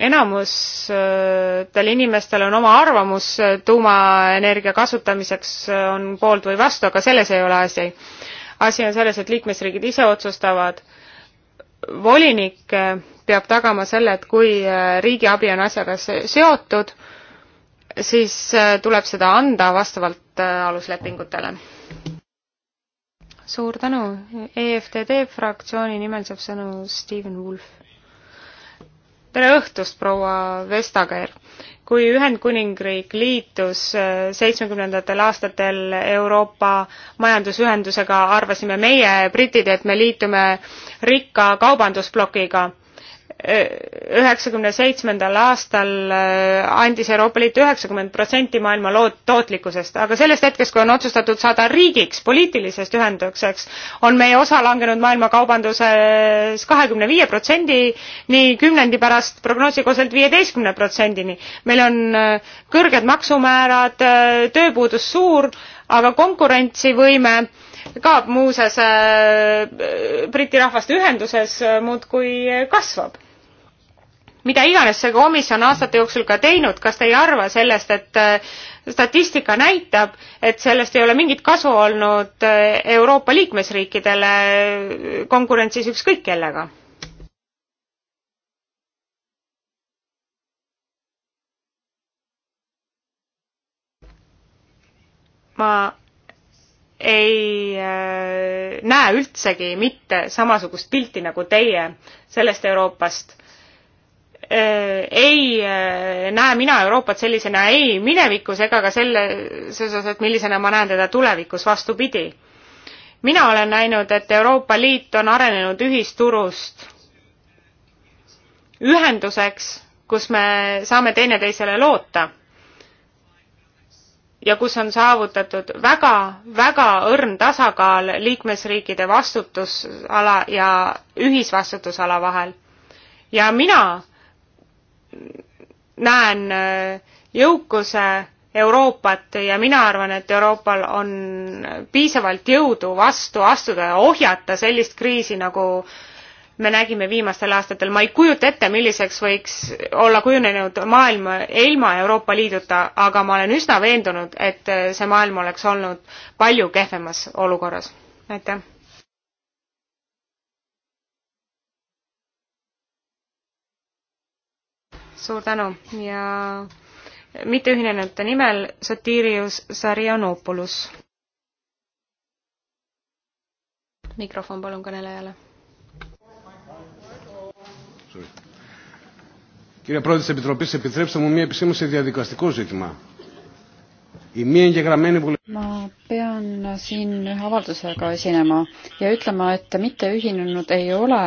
enamustel äh, inimestel on oma arvamus tuumaenergia kasutamiseks, on poolt või vastu, aga selles ei ole asi. asi on selles, et liikmesriigid ise otsustavad, volinik peab tagama selle, et kui riigiabi on asjaga seotud, siis äh, tuleb seda anda vastavalt äh, aluslepingutele. suur tänu, EFTD fraktsiooni nimel saab sõnu Steven Wolf. tere õhtust, proua Vestager! kui Ühendkuningriik liitus äh, seitsmekümnendatel aastatel Euroopa majandusühendusega, arvasime meie, britid, et me liitume rikka kaubandusplokiga üheksakümne seitsmendal aastal äh, andis Euroopa Liit üheksakümmend protsenti maailma lood tootlikkusest, aga sellest hetkest, kui on otsustatud saada riigiks, poliitilisest ühenduseks, on meie osa langenud maailma kaubanduses kahekümne viie protsendini, kümnendi pärast prognoosi kohaselt viieteistkümne protsendini. meil on äh, kõrged maksumäärad, äh, tööpuudus suur, aga konkurentsivõime ka muuseas äh, Briti rahvaste ühenduses äh, muudkui kasvab. mida iganes see komisjon aastate jooksul ka teinud, kas te ei arva sellest, et äh, statistika näitab, et sellest ei ole mingit kasu olnud Euroopa liikmesriikidele konkurentsis ükskõik kellega? ma ei äh, näe üldsegi mitte samasugust pilti nagu teie sellest Euroopast. Äh, ei äh, näe mina Euroopat sellisena ei minevikus ega ka selles osas, et millisena ma näen teda tulevikus, vastupidi. mina olen näinud, et Euroopa Liit on arenenud ühisturust ühenduseks, kus me saame teineteisele loota ja kus on saavutatud väga, väga õrn tasakaal liikmesriikide vastutusala ja ühisvastutusala vahel. ja mina näen äh, jõukuse Euroopat ja mina arvan, et Euroopal on piisavalt jõudu vastu astuda ja ohjata sellist kriisi, nagu äh, me nägime viimastel aastatel. ma ei kujuta ette, milliseks võiks olla kujunenud maailm ilma Euroopa Liiduta, aga ma olen üsna veendunud, et see maailm oleks olnud palju kehvemas olukorras. aitäh! suur tänu ja mitteühinenute nimel Sotirius Sarjanopoulos. mikrofon palun kõnelejale
Κύριε Πρόεδρε της Επιτροπής, επιτρέψτε μου μία επισήμωση διαδικαστικό ζήτημα. Η μία εγγεγραμμένη που...
Ma pean siin ühe avaldusega esinema ja ütlema, et mitte ühinenud ei ole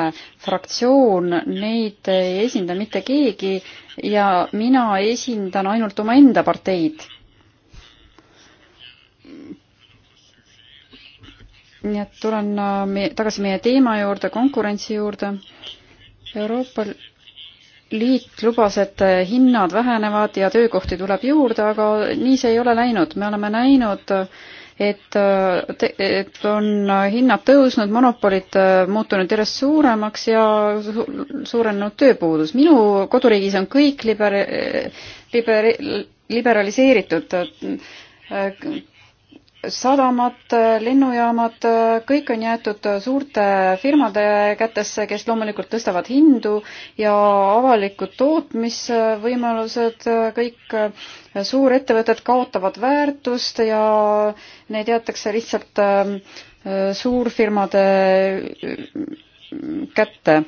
fraktsioon, neid ei esinda mitte keegi ja mina esindan ainult omaenda parteid. nii et tulen äh, tagasi meie teema juurde, konkurentsi juurde. Euroopa liit lubas, et hinnad vähenevad ja töökohti tuleb juurde, aga nii see ei ole läinud, me oleme näinud, et, et on hinnad tõusnud, monopolid muutunud järjest suuremaks ja suurenenud tööpuudus. minu koduriigis on kõik liber-, liber-, liberaliseeritud sadamad, lennujaamad, kõik on jäetud suurte firmade kätesse, kes loomulikult tõstavad hindu ja avalikud tootmisvõimalused, kõik suurettevõtted kaotavad väärtust ja neid jäetakse lihtsalt äh, suurfirmade kätte.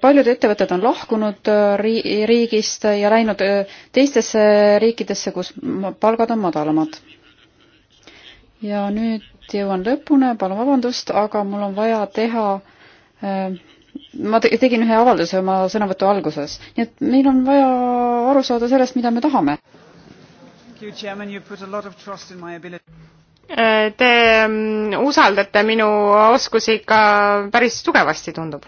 paljud ettevõtted on lahkunud äh, riigist ja läinud äh, teistesse riikidesse, kus palgad on madalamad ja nüüd jõuan lõpuni, palun vabandust, aga mul on vaja teha äh, ma tegin ühe avalduse oma sõnavõtu alguses, nii et meil on vaja aru saada sellest, mida me tahame. Äh, te mm, usaldate minu
oskusi ikka päris tugevasti, tundub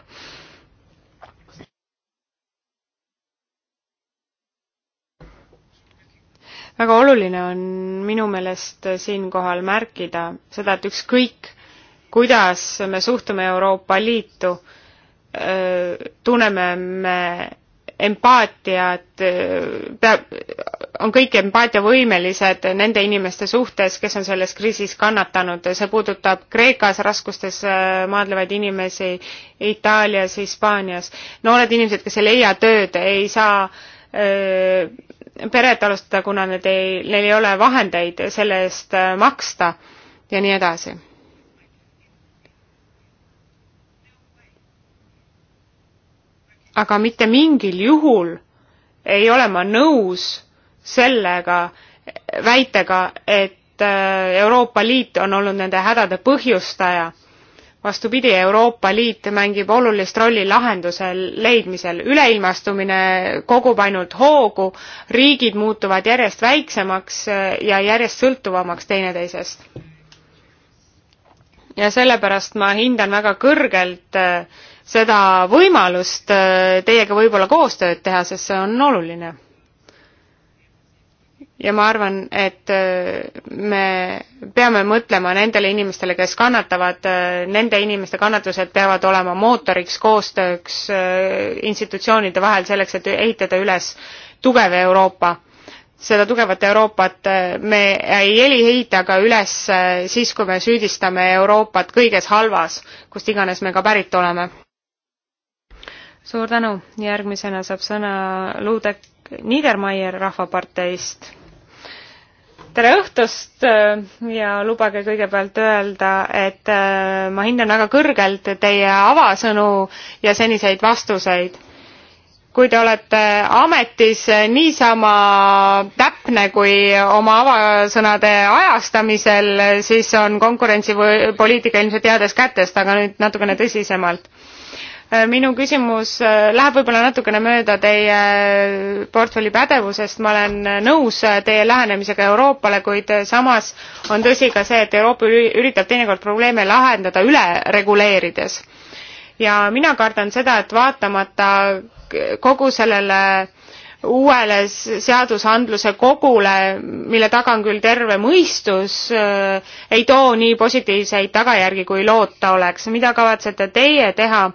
väga oluline on minu meelest siinkohal märkida seda, et ükskõik, kuidas me suhtume Euroopa Liitu, tunneme me empaatiat, peab, on kõik empaatiavõimelised nende inimeste suhtes, kes on selles kriisis kannatanud, see puudutab Kreekas raskustes maadlevaid inimesi, Itaalias, Hispaanias. noored inimesed, kes ei leia tööd, ei saa äh, Äh, peret alustada, kuna need ei, neil ei ole vahendeid selle eest äh, maksta ja nii edasi. aga mitte mingil juhul ei ole ma nõus sellega, väitega, et äh, Euroopa Liit on olnud nende hädade põhjustaja vastupidi, Euroopa Liit mängib olulist rolli lahenduse leidmisel. üleilmastumine kogub ainult hoogu, riigid muutuvad järjest väiksemaks ja järjest sõltuvamaks teineteisest. ja sellepärast ma hindan väga kõrgelt eh, seda võimalust eh, teiega võib-olla koostööd teha, sest see on oluline ja ma arvan, et äh, me peame mõtlema nendele inimestele, kes kannatavad, äh, nende inimeste kannatused peavad olema mootoriks koostööks äh, institutsioonide vahel selleks, et ehitada üles tugev Euroopa. seda tugevat Euroopat me ei ehita ka üles siis, kui me süüdistame Euroopat kõiges halvas, kust iganes me ka pärit oleme. suur tänu, järgmisena saab sõna Luudek Niedermayer Rahvaparteist tere õhtust äh, ja lubage kõigepealt öelda, et äh, ma hindan väga kõrgelt teie avasõnu ja seniseid vastuseid. kui te olete ametis niisama täpne kui oma avasõnade ajastamisel, siis on konkurentsipoliitika ilmselt heades kätes, aga nüüd natukene tõsisemalt Äh, minu küsimus äh, läheb võib-olla natukene mööda teie äh, portfelli pädevusest, ma olen nõus teie lähenemisega Euroopale, kuid samas on tõsi ka see, et Euroopa üritab teinekord probleeme lahendada üle reguleerides. ja mina kardan seda, et vaatamata kogu sellele uuele seadusandluse kogule, mille taga on küll terve mõistus, ei too nii positiivseid tagajärgi, kui loota oleks. mida kavatsete teie teha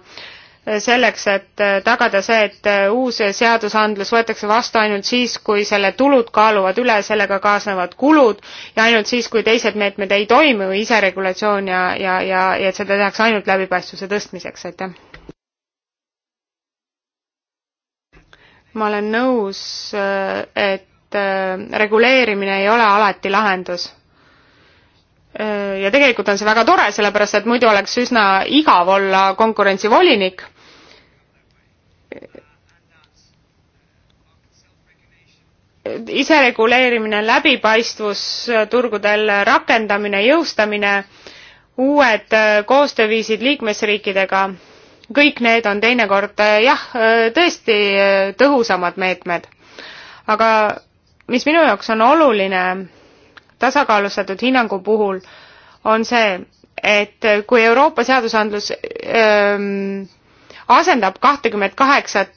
selleks, et äh, tagada see, et äh, uus seadusandlus võetakse vastu ainult siis, kui selle tulud kaaluvad üle sellega kaasnevad kulud ja ainult siis, kui teised meetmed ei toimu, iseregulatsioon ja, ja, ja, ja et seda tehakse ainult läbipaistvuse tõstmiseks, aitäh. ma olen nõus, äh, et reguleerimine ei ole alati lahendus ja tegelikult on see väga tore, sellepärast et muidu oleks üsna igav olla konkurentsivolinik isereguleerimine, läbipaistvus turgudel, rakendamine, jõustamine, uued äh, koostööviisid liikmesriikidega, kõik need on teinekord äh, jah, äh, tõesti tõhusamad meetmed. aga mis minu jaoks on oluline tasakaalustatud hinnangu puhul, on see, et kui Euroopa seadusandlus öö, ähm, asendab kahtekümmet kaheksat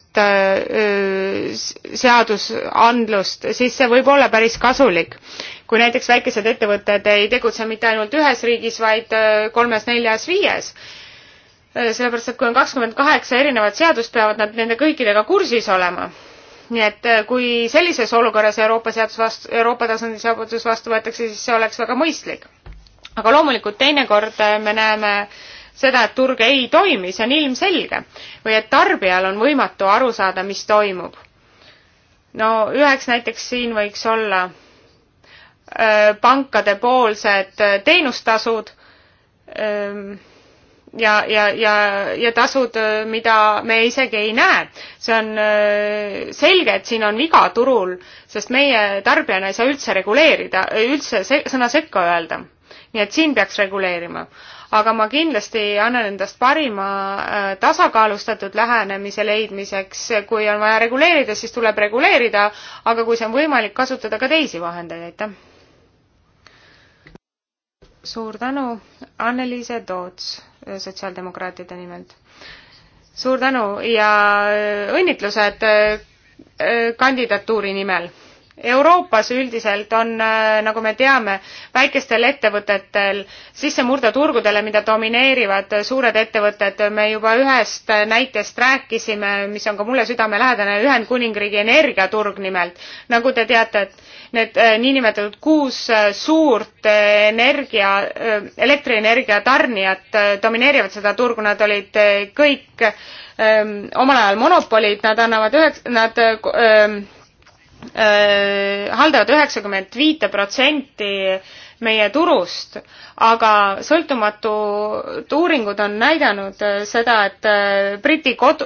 seadusandlust, siis see võib olla päris kasulik. kui näiteks väikesed ettevõtted ei tegutse mitte ainult ühes riigis, vaid kolmes-neljas-viies, sellepärast et kui on kakskümmend kaheksa erinevat seadust, peavad nad nende kõikidega kursis olema nii et kui sellises olukorras Euroopa seadus vastu, Euroopa tasandil seadus vastu võetakse, siis see oleks väga mõistlik. aga loomulikult teinekord me näeme äh, seda, et turg ei toimi, see on ilmselge. või et tarbijal on võimatu aru saada, mis toimub. no üheks näiteks siin võiks olla öö, pankadepoolsed teenustasud öö, ja, ja, ja, ja tasud, mida me isegi ei näe. see on selge, et siin on viga turul, sest meie tarbijana ei saa üldse reguleerida, üldse se sõna sekka öelda. nii et siin peaks reguleerima aga ma kindlasti annan endast parima äh, tasakaalustatud lähenemise leidmiseks, kui on vaja reguleerida, siis tuleb reguleerida, aga kui see on võimalik, kasutada ka teisi vahendeid, aitäh! suur tänu, Anneliise Toots äh, sotsiaaldemokraatide nimelt. suur tänu ja äh, õnnitlused kandidatuuri nimel Euroopas üldiselt on, äh, nagu me teame, väikestel ettevõtetel sissemurde turgudele, mida domineerivad suured ettevõtted. me juba ühest näitest rääkisime, mis on ka mulle südamelähedane, Ühendkuningriigi energiaturg nimelt. nagu te teate, need äh, niinimetatud kuus äh, suurt energia, elektrienergia tarnijat domineerivad seda turgu, nad olid kõik öö, ähm, omal ajal monopolid, nad annavad üheks, nad öö, ähm, haldavad üheksakümmend viite protsenti meie turust, aga sõltumatud uuringud on näidanud äh, seda, et äh, Briti kodu,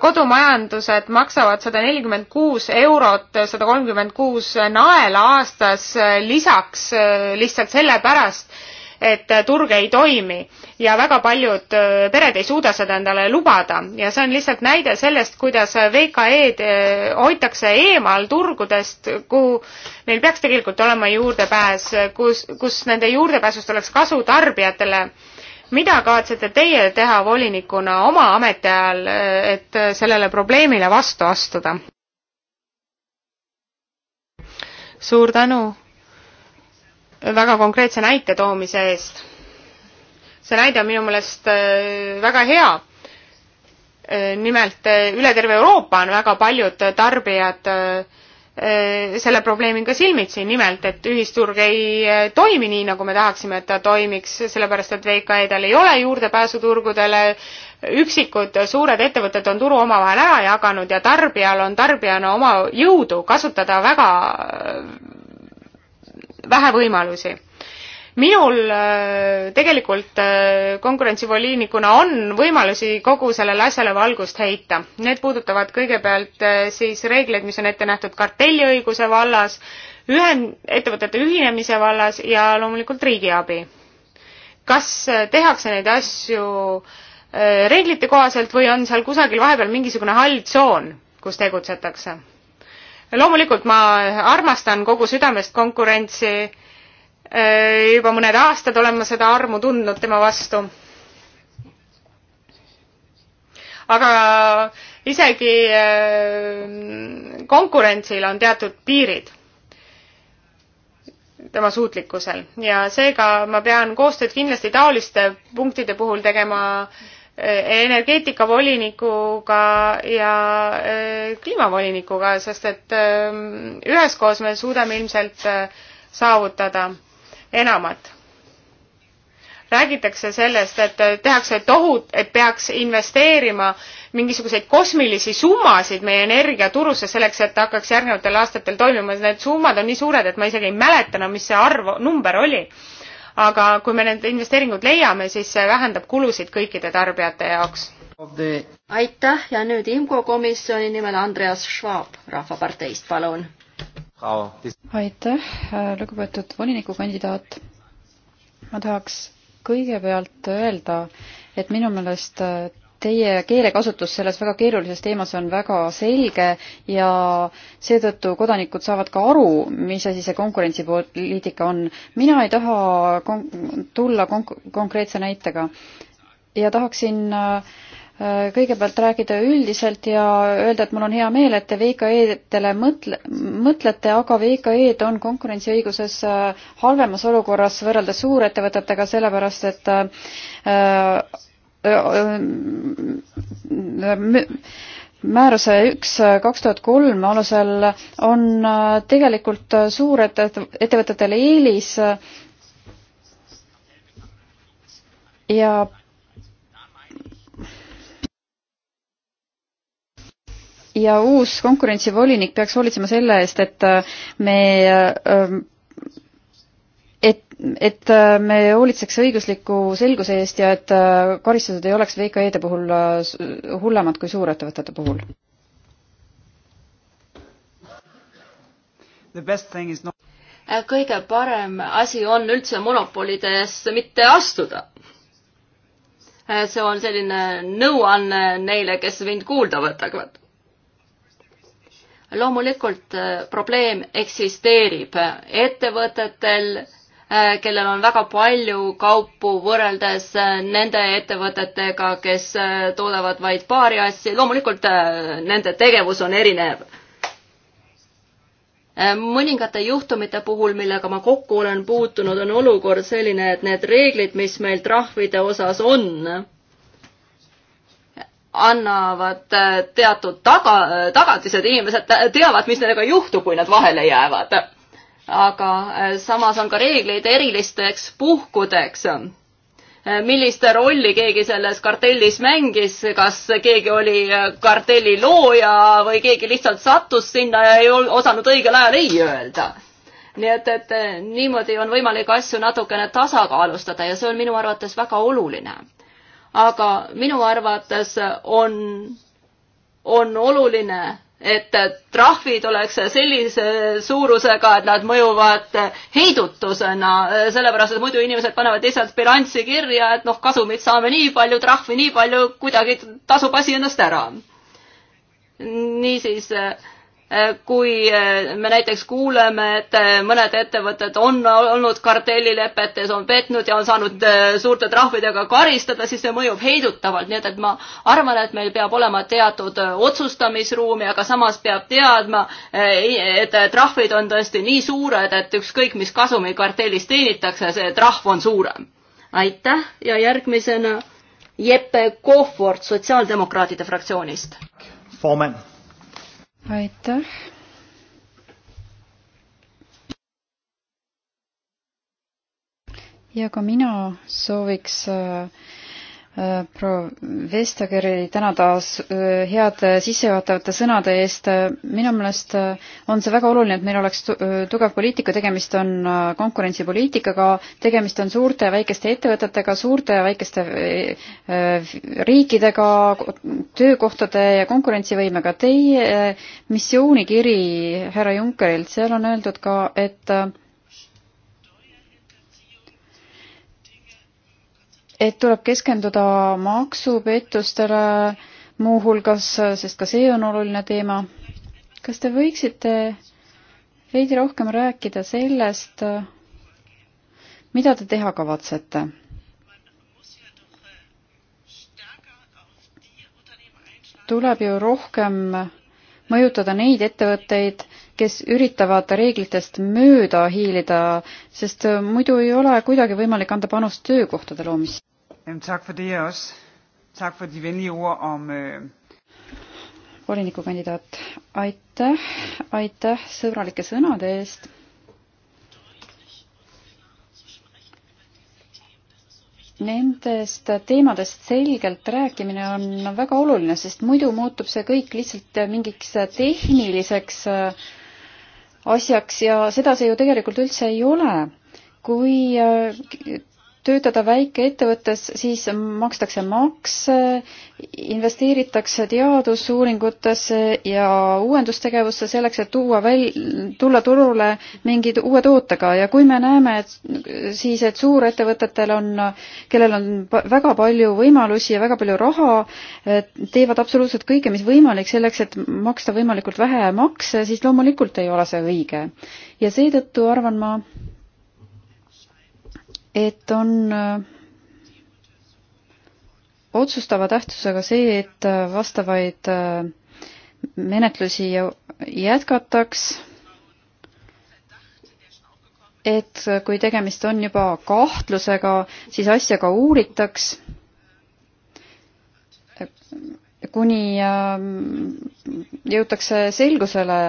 kodumajandused maksavad sada nelikümmend kuus eurot, sada kolmkümmend kuus naela aastas äh, lisaks lihtsalt sellepärast, et turg ei toimi ja väga paljud äh, pered ei suuda seda endale lubada ja see on lihtsalt näide sellest, kuidas VKE-d äh, hoitakse eemal turgudest, kuhu neil peaks tegelikult olema juurdepääs, kus, kus nende juurdepääsust oleks kasu tarbijatele. mida kavatsete teie teha volinikuna oma ametiajal, äh, et sellele probleemile vastu astuda? suur tänu väga konkreetse näite toomise eest. see näide on minu meelest äh, väga hea. Äh, nimelt äh, üle terve Euroopa on väga paljud tarbijad selle probleemiga silmitsi, nimelt et ühisturg ei toimi nii, nagu me tahaksime, et ta toimiks, sellepärast et VKE-del ei ole juurdepääsu turgudele, üksikud suured ettevõtted on turu omavahel ära jaganud ja tarbijal on tarbijana oma jõudu kasutada väga vähe võimalusi minul äh, tegelikult äh, konkurentsivoliinikuna on võimalusi kogu sellele asjale valgust heita. Need puudutavad kõigepealt äh, siis reegleid, mis on ette nähtud kartelliõiguse vallas, ühen-, ettevõtete ühinemise vallas ja loomulikult riigiabi. kas tehakse neid asju reeglite kohaselt või on seal kusagil vahepeal mingisugune hall tsoon, kus tegutsetakse? loomulikult ma armastan kogu südamest konkurentsi. Äh, juba mõned aastad olen ma seda armu tundnud tema vastu. aga isegi äh, konkurentsil on teatud piirid tema suutlikkusel ja seega ma pean koostööd kindlasti taoliste punktide puhul tegema äh, energeetikavolinikuga ja äh, kliimavolinikuga, sest et ähm, üheskoos me suudame ilmselt äh, saavutada enamat. räägitakse sellest, et äh, tehakse tohut-, et peaks investeerima mingisuguseid kosmilisi summasid meie energiaturusse selleks, et ta hakkaks järgnevatel aastatel toimima, need summad on nii suured, et ma isegi ei mäleta enam, mis see arv, number oli aga kui me need investeeringud leiame, siis see
vähendab kulusid kõikide tarbijate jaoks. aitäh ja nüüd IMCO komisjoni nimel Andreas Schwab Rahvaparteist, palun.
aitäh, lugupeetud volinikukandidaat. ma tahaks kõigepealt öelda, et minu meelest Teie keelekasutus selles väga keerulises teemas on väga selge ja seetõttu kodanikud saavad ka aru, mis asi see konkurentsipoliitika on. mina ei taha kon tulla konk konkreetse näitega ja tahaksin äh, äh kõigepealt rääkida üldiselt ja öelda, et mul on hea meel, et te VKE-dele mõtle, mõtlete, aga VKE-d on konkurentsiõiguses äh, halvemas olukorras võrreldes suurettevõtetega, sellepärast et äh, määruse üks kaks tuhat kolm alusel on äh, tegelikult suurettevõtetele eelis ja ja uus konkurentsivolinik peaks hoolitsema selle eest, et me äh, et äh, me hoolitseks õigusliku selguse eest ja et äh, karistused ei oleks VKE-de puhul äh, hullemad kui suurettevõtete puhul.
Not...
kõige parem asi on üldse monopolidesse mitte astuda. see on selline nõuanne neile, kes mind kuulda võtavad loomulikult probleem eksisteerib ettevõtetel Äh, kellel on väga palju kaupu võrreldes äh, nende ettevõtetega, kes äh, toodavad vaid paari asja. loomulikult nende tegevus on erinev. mõningate juhtumite puhul, millega ma kokku olen puutunud, on olukord selline, et need reeglid, mis meil trahvide osas on, annavad teatud taga, tagatised, inimesed teavad, mis nendega juhtub, kui nad vahele jäävad aga äh, samas on ka reegleid erilisteks puhkudeks. Äh, millist rolli keegi selles kartellis mängis, kas keegi oli äh, kartelli looja või keegi lihtsalt sattus sinna ja ei osanud õigel ajal ei öelda nii et, et niimoodi on võimalik asju natukene tasakaalustada ja see on minu arvates väga oluline. aga minu arvates on, on oluline et trahvid oleks sellise suurusega, et nad mõjuvad heidutusena, sellepärast et muidu inimesed panevad lihtsalt bilanssi kirja, et noh, kasumit saame nii palju, trahvi nii palju, kuidagi tasub asi ennast ära. niisiis äh, Eh, kui eh, me näiteks kuuleme, et eh, mõned ettevõtted on olnud kartellilepetes, on petnud ja on saanud suurte trahvidega karistada, siis see mõjub heidutavalt, nii et, et ma arvan, et meil peab olema teatud otsustamisruumi, aga samas peab teadma, et trahvid on tõesti nii suured, et ükskõik, mis kasumi kartellis teenitakse, see trahv on suurem. aitäh ja järgmisena Jeppe Kohvort Sotsiaaldemokraatide fraktsioonist.
Formen aitäh. ja ka mina sooviks äh, Äh, proua Vestageri tänada äh, head äh, sissejuhatavate sõnade eest. minu meelest on see väga oluline, et meil oleks tugev poliitika, tegemist on konkurentsipoliitikaga, tegemist on suurte ja väikeste ettevõtetega, suurte ja väikeste riikidega, töökohtade ja konkurentsivõimega. Teie missioonikiri härra Junckerilt, seal on öeldud ka, et et tuleb keskenduda maksupettustele muuhulgas, sest ka see on oluline teema. kas te võiksite veidi rohkem rääkida sellest, mida te teha kavatsete? tuleb ju rohkem mõjutada neid ettevõtteid, kes üritavad reeglitest mööda hiilida, sest äh, muidu ei ole kuidagi võimalik anda panust töökohtade loomisse.
Øh,
volinikukandidaat, aitäh, aitäh sõbralike sõnade eest Nendest teemadest selgelt rääkimine on väga oluline, sest muidu muutub see kõik lihtsalt mingiks tehniliseks äh, asjaks ja seda see ju tegelikult üldse ei ole. kui äh, töötada väikeettevõttes, siis makstakse makse, investeeritakse teadusuuringutesse ja uuendustegevusse selleks, et tuua väl-, tulla turule mingi uue tootega ja kui me näeme, et siis, et suurettevõtetel on, kellel on väga palju võimalusi ja väga palju raha, teevad absoluutselt kõike, mis võimalik selleks, et maksta võimalikult vähe makse, siis loomulikult ei ole see õige. ja seetõttu arvan ma, et on äh, otsustava tähtsusega see, et äh, vastavaid äh, menetlusi jätkataks, et kui tegemist on juba kahtlusega, siis asja ka uuritaks, kuni jõutakse selgusele.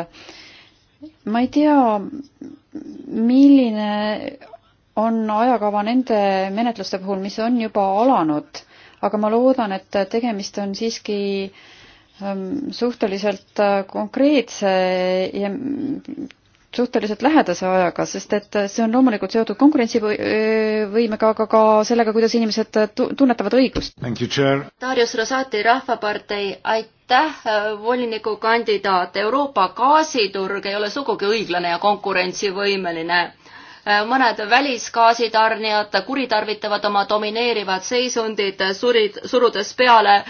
ma ei tea, milline on ajakava nende menetluste puhul, mis on juba alanud, aga ma loodan, et tegemist on siiski ähm, suhteliselt äh, konkreetse ja suhteliselt lähedase ajaga, sest et see on loomulikult seotud konkurentsivõimega, äh, aga ka sellega, kuidas inimesed äh, tunnetavad õigust.
Darius Rosati Rahvapartei, aitäh, volinikukandidaat. Euroopa gaasiturg ei ole sugugi õiglane ja konkurentsivõimeline Äh, mõned välisgaasitarnijad kuritarvitavad oma domineerivat seisundit, surid, surudes peale äh,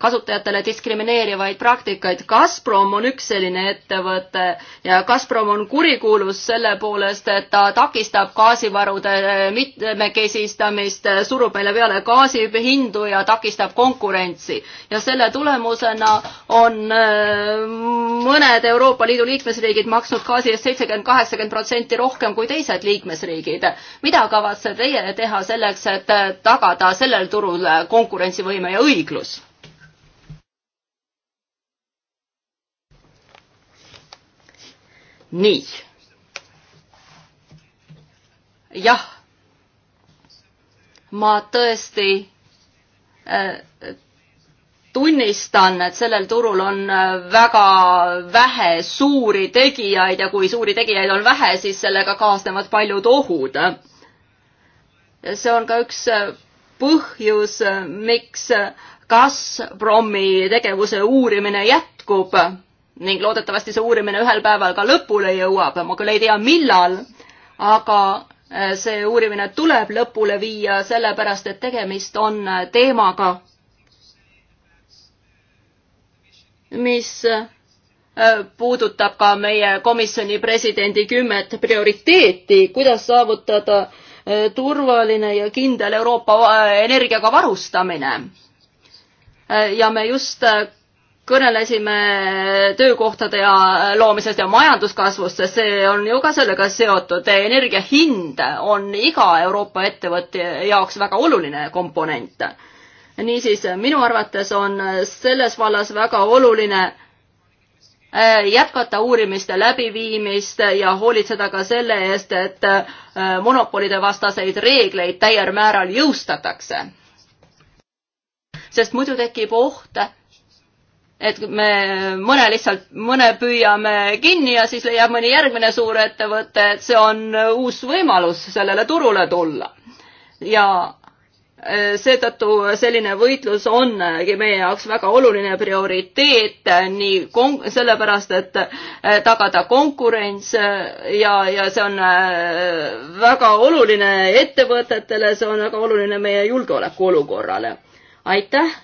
kasutajatele diskrimineerivaid praktikaid. Gazprom on üks selline ettevõte ja Gazprom on kurikuulus selle poolest, et ta takistab gaasivarude äh, mitmekesistamist, surub meile peale gaasihindu ja takistab konkurentsi. ja selle tulemusena on mõned Euroopa Liidu liikmesriigid maksnud gaasi eest seitsekümmend, kaheksakümmend protsenti rohkem kui teised teised liikmesriigid. mida kavatsete teie teha selleks, et tagada sellel turul konkurentsivõime ja õiglus? nii. jah, ma tõesti äh, tunnistan, et sellel turul on äh, väga vähe suuri tegijaid ja kui suuri tegijaid on vähe, siis sellega kaasnevad paljud ohud. see on ka üks äh, põhjus, äh, miks Gazpromi tegevuse uurimine jätkub ning loodetavasti see uurimine ühel päeval ka lõpule jõuab, ma küll ei tea, millal, aga see uurimine tuleb lõpule viia, sellepärast et tegemist on teemaga, mis äh, puudutab ka meie komisjoni presidendi kümmet prioriteeti, kuidas saavutada äh, turvaline ja kindel Euroopa äh, energiaga varustamine. ja me just kõnelesime töökohtade ja loomisest ja majanduskasvust, sest see on ju ka sellega seotud. energia hind on iga Euroopa ettevõtte jaoks väga oluline komponent niisiis, minu arvates on selles vallas väga oluline äh, jätkata uurimiste läbiviimist ja hoolitseda ka selle eest, et äh, monopolide vastaseid reegleid täiel määral jõustatakse. sest muidu tekib oht, et me mõne lihtsalt, mõne püüame kinni ja siis leiab mõni järgmine suurettevõte, et see on uus võimalus sellele turule tulla. ja Äh, seetõttu selline võitlus ongi äh, meie jaoks väga oluline prioriteet äh, nii kon-, sellepärast, et tagada konkurents ja, ja see on väga oluline ettevõtetele, see on väga oluline meie julgeoleku olukorrale. aitäh.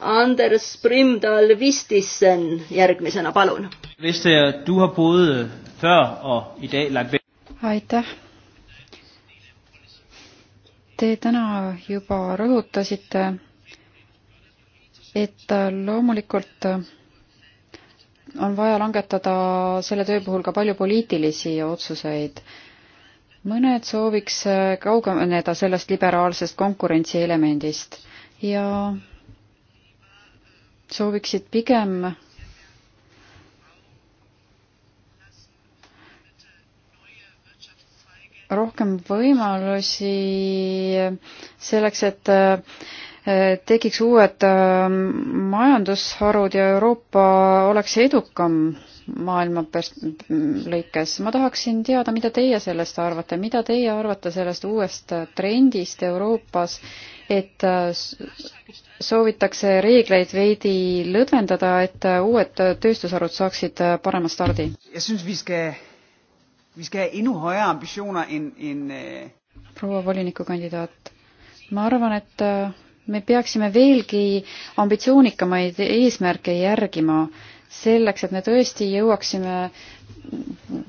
Anders Primdal Vistisen järgmisena, palun.
Øh,
aitäh Te täna juba rõhutasite, et loomulikult on vaja langetada selle töö puhul ka palju poliitilisi otsuseid. mõned sooviks kaugeneda sellest liberaalsest konkurentsielemendist ja sooviksid pigem rohkem võimalusi selleks, et äh, tekiks uued ähm, majandusharud ja Euroopa oleks edukam maailma pers-, lõikes. ma tahaksin teada, mida teie sellest arvate, mida teie arvate sellest uuest trendist Euroopas, et äh, soovitakse reegleid veidi lõdvendada, et äh, uued tööstusharud saaksid parema stardi?
vi skal have endnu højere ambitioner end... end øh...
proua volinikukandidaat, ma arvan, et äh, me peaksime veelgi ambitsioonikamaid eesmärke järgima selleks, et me tõesti jõuaksime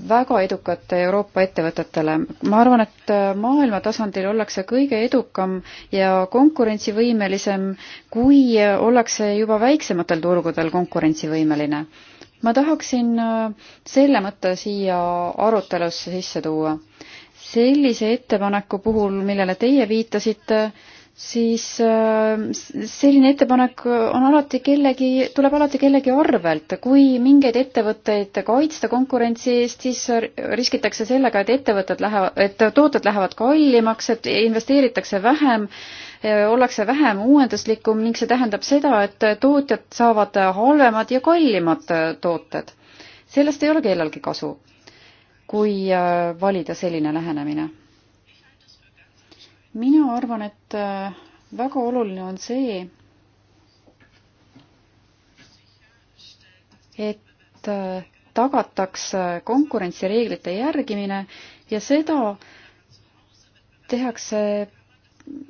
väga edukate Euroopa ettevõtetele. ma arvan, et äh, maailma tasandil ollakse kõige edukam ja konkurentsivõimelisem, kui äh, ollakse juba väiksematel turgudel konkurentsivõimeline ma tahaksin äh, selle mõtte siia arutelusse sisse tuua. sellise ettepaneku puhul, millele teie viitasite, siis äh, selline ettepanek on alati kellegi, tuleb alati kellegi arvelt. kui mingeid ettevõtteid kaitsta konkurentsi eest, siis riskitakse sellega, et ettevõtted lähevad, et tooted lähevad kallimaks, et investeeritakse vähem Äh, ollakse vähem uuenduslikum ning see tähendab seda, et tootjad saavad halvemad ja kallimad äh, tooted. sellest ei ole kellelgi kasu, kui äh, valida selline lähenemine. mina arvan, et väga oluline on see, et tagataks konkurentsireeglite järgimine ja seda tehakse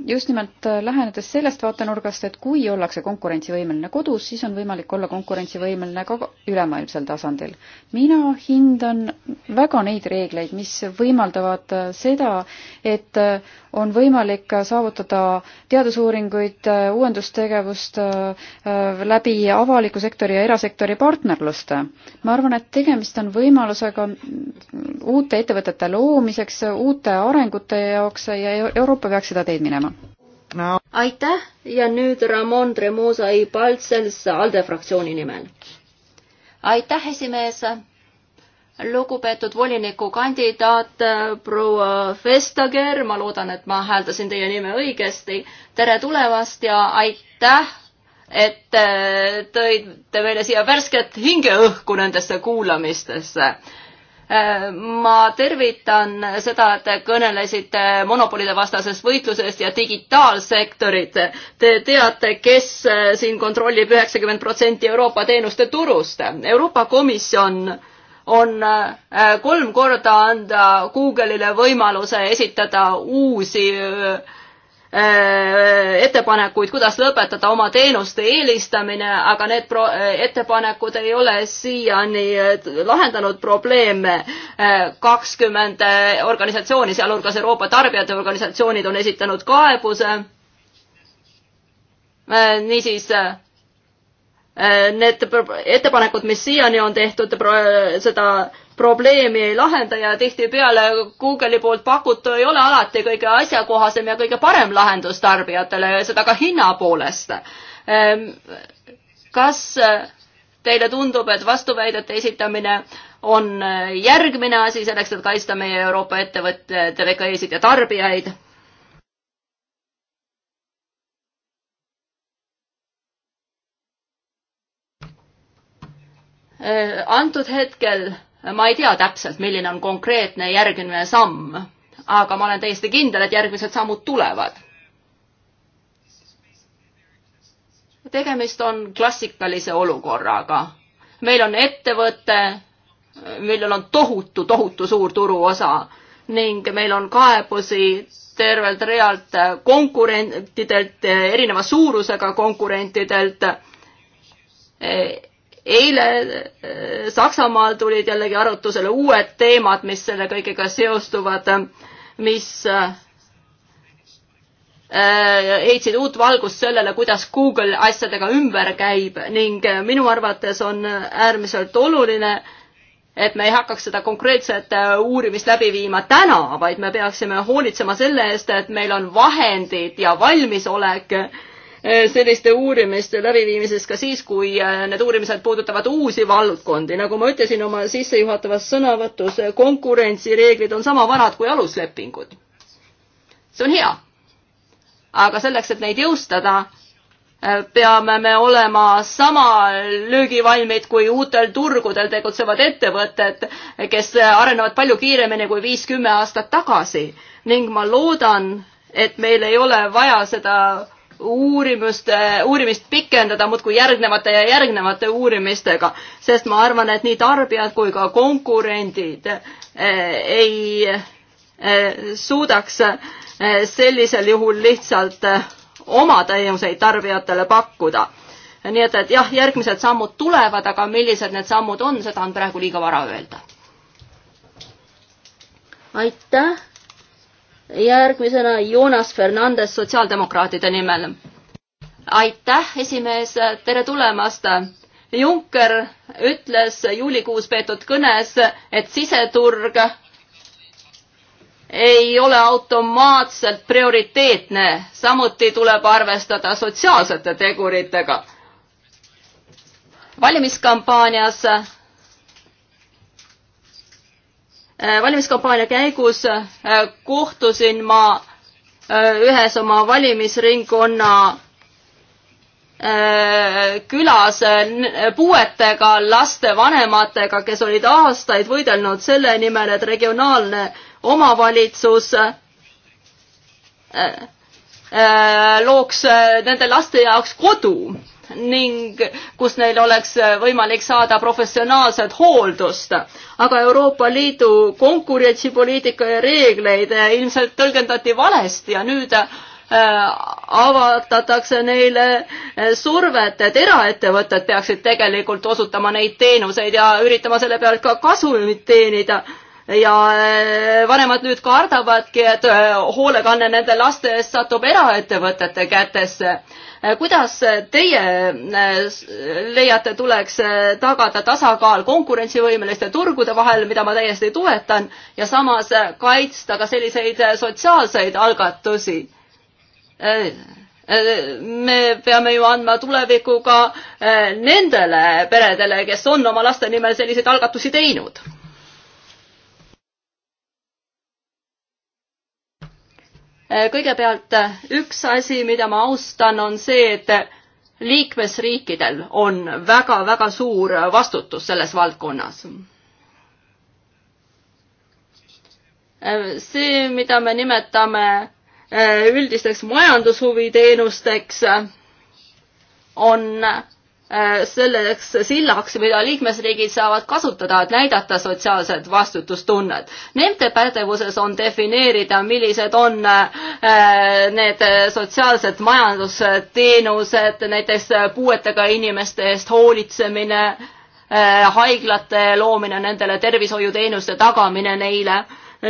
just nimelt äh, lähenedes sellest vaatenurgast, et kui ollakse konkurentsivõimeline kodus, siis on võimalik olla konkurentsivõimeline ka ülemaailmsel tasandil. mina hindan väga neid reegleid, mis võimaldavad äh, seda, et äh, on võimalik saavutada teadusuuringuid, uuendustegevust läbi avaliku sektori ja erasektori partnerluste. ma arvan, et tegemist on võimalusega uute ettevõtete loomiseks, uute arengute jaoks ja Euroopa peaks seda teed minema
no.. aitäh ja nüüd Ramon Tremosa i Paltsels ALDE fraktsiooni nimel. aitäh, esimees. lugupeetud volinikukandidaat äh, proua Vestager, ma loodan, et ma hääldasin teie nime õigesti. tere tulemast ja aitäh, et äh, tõite meile siia värsket hingeõhku nendesse kuulamistesse ma tervitan seda, et te kõnelesite monopolide vastasest võitlusest ja digitaalsektorit. Te teate, kes äh, siin kontrollib üheksakümmend protsenti Euroopa teenuste turust. Euroopa Komisjon on äh, kolm korda anda Google'ile võimaluse esitada uusi äh, Äh, ettepanekuid, kuidas lõpetada oma teenuste eelistamine, aga need pro-, ettepanekud ei ole siiani lahendanud probleeme. Äh, kakskümmend äh, organisatsiooni, sealhulgas Euroopa tarbijate organisatsioonid on esitanud kaebuse. niisiis need ettepanekud, mis siiani on tehtud, seda probleemi ei lahenda ja tihtipeale Google'i poolt pakutu ei ole alati kõige asjakohasem ja kõige parem lahendus tarbijatele, seda ka hinna poolest. Ehm, kas eh, teile tundub, et vastuväidete esitamine on eh, järgmine asi selleks, et kaitsta meie Euroopa ettevõtteid, VKE-sid ja tarbijaid? Eh, antud hetkel ma ei tea täpselt, milline on konkreetne järgmine samm, aga ma olen täiesti kindel, et järgmised sammud tulevad. tegemist on klassikalise olukorraga. meil on ettevõte, millel on tohutu, tohutu suur turuosa ning meil on kaebusi tervelt realt konkurentidelt, erineva suurusega konkurentidelt eile äh, Saksamaal tulid jällegi arutusele uued teemad, mis selle kõigega seostuvad, mis äh, äh, heitsid uut valgust sellele, kuidas Google asjadega ümber käib ning minu arvates on äärmiselt oluline, et me ei hakkaks seda konkreetset uurimist läbi viima täna, vaid me peaksime hoolitsema selle eest, et meil on vahendid ja valmisolek äh, Äh, selliste uurimiste läbiviimises ka siis, kui äh, need uurimised puudutavad uusi valdkondi. nagu ma ütlesin oma sissejuhatavas sõnavõtus, äh, konkurentsireeglid on sama vanad kui aluslepingud. see on hea. aga selleks, et neid jõustada, peame me olema sama löögivalmid kui uutel turgudel tegutsevad ettevõtted, kes arenevad palju kiiremini kui viis-kümme aastat tagasi ning ma loodan, et meil ei ole vaja seda uurimust, uurimist pikendada muudkui järgnevate ja järgnevate uurimistega, sest ma arvan, et nii tarbijad kui ka konkurendid eh, ei eh, suudaks eh, sellisel juhul lihtsalt oma teenuseid tarbijatele pakkuda. nii et, et jah, järgmised sammud tulevad, aga millised need sammud on, seda on praegu liiga vara öelda. aitäh järgmisena Jonas Fernandes sotsiaaldemokraatide nimel. aitäh, esimees, tere tulemast. Juncker ütles juulikuus peetud kõnes, et siseturg ei ole automaatselt prioriteetne, samuti tuleb arvestada sotsiaalsete teguritega. valimiskampaanias Äh, valimiskampaania käigus äh, kohtusin ma äh, ühes oma valimisringkonna külas puuetega laste vanematega, kes olid aastaid võidelnud selle nimel, et regionaalne omavalitsus looks nende laste jaoks kodu ning kus neil oleks võimalik saada professionaalset hooldust. aga Euroopa Liidu konkurentsipoliitika ja reegleid eh, ilmselt tõlgendati valesti ja nüüd eh, avaldatakse neile eh, survet, et eraettevõtted peaksid tegelikult osutama neid teenuseid ja üritama selle pealt ka kasumit teenida ja äh, vanemad nüüd kardavadki, et äh, hoolekanne nende laste eest satub eraettevõtete kätesse. Äh, kuidas teie leiate, tuleks tagada tasakaal konkurentsivõimeliste turgude vahel, mida ma täiesti toetan, ja samas kaitsta ka selliseid sotsiaalseid algatusi? me peame ju andma tuleviku ka nendele peredele, kes on oma laste nimel selliseid algatusi teinud Eh, kõigepealt eh, üks asi, mida ma austan, on see, et liikmesriikidel on väga-väga suur vastutus selles valdkonnas. Eh, see, mida me nimetame üldisteks majandushuvi teenusteks, on Äh, selleks sillaks, mida liikmesriigid saavad kasutada, et näidata sotsiaalset vastutustunnet. Nende pädevuses on defineerida, millised on äh, need sotsiaalsed majandusteenused, näiteks puuetega inimeste eest hoolitsemine, äh, haiglate loomine nendele, tervishoiuteenuste tagamine neile.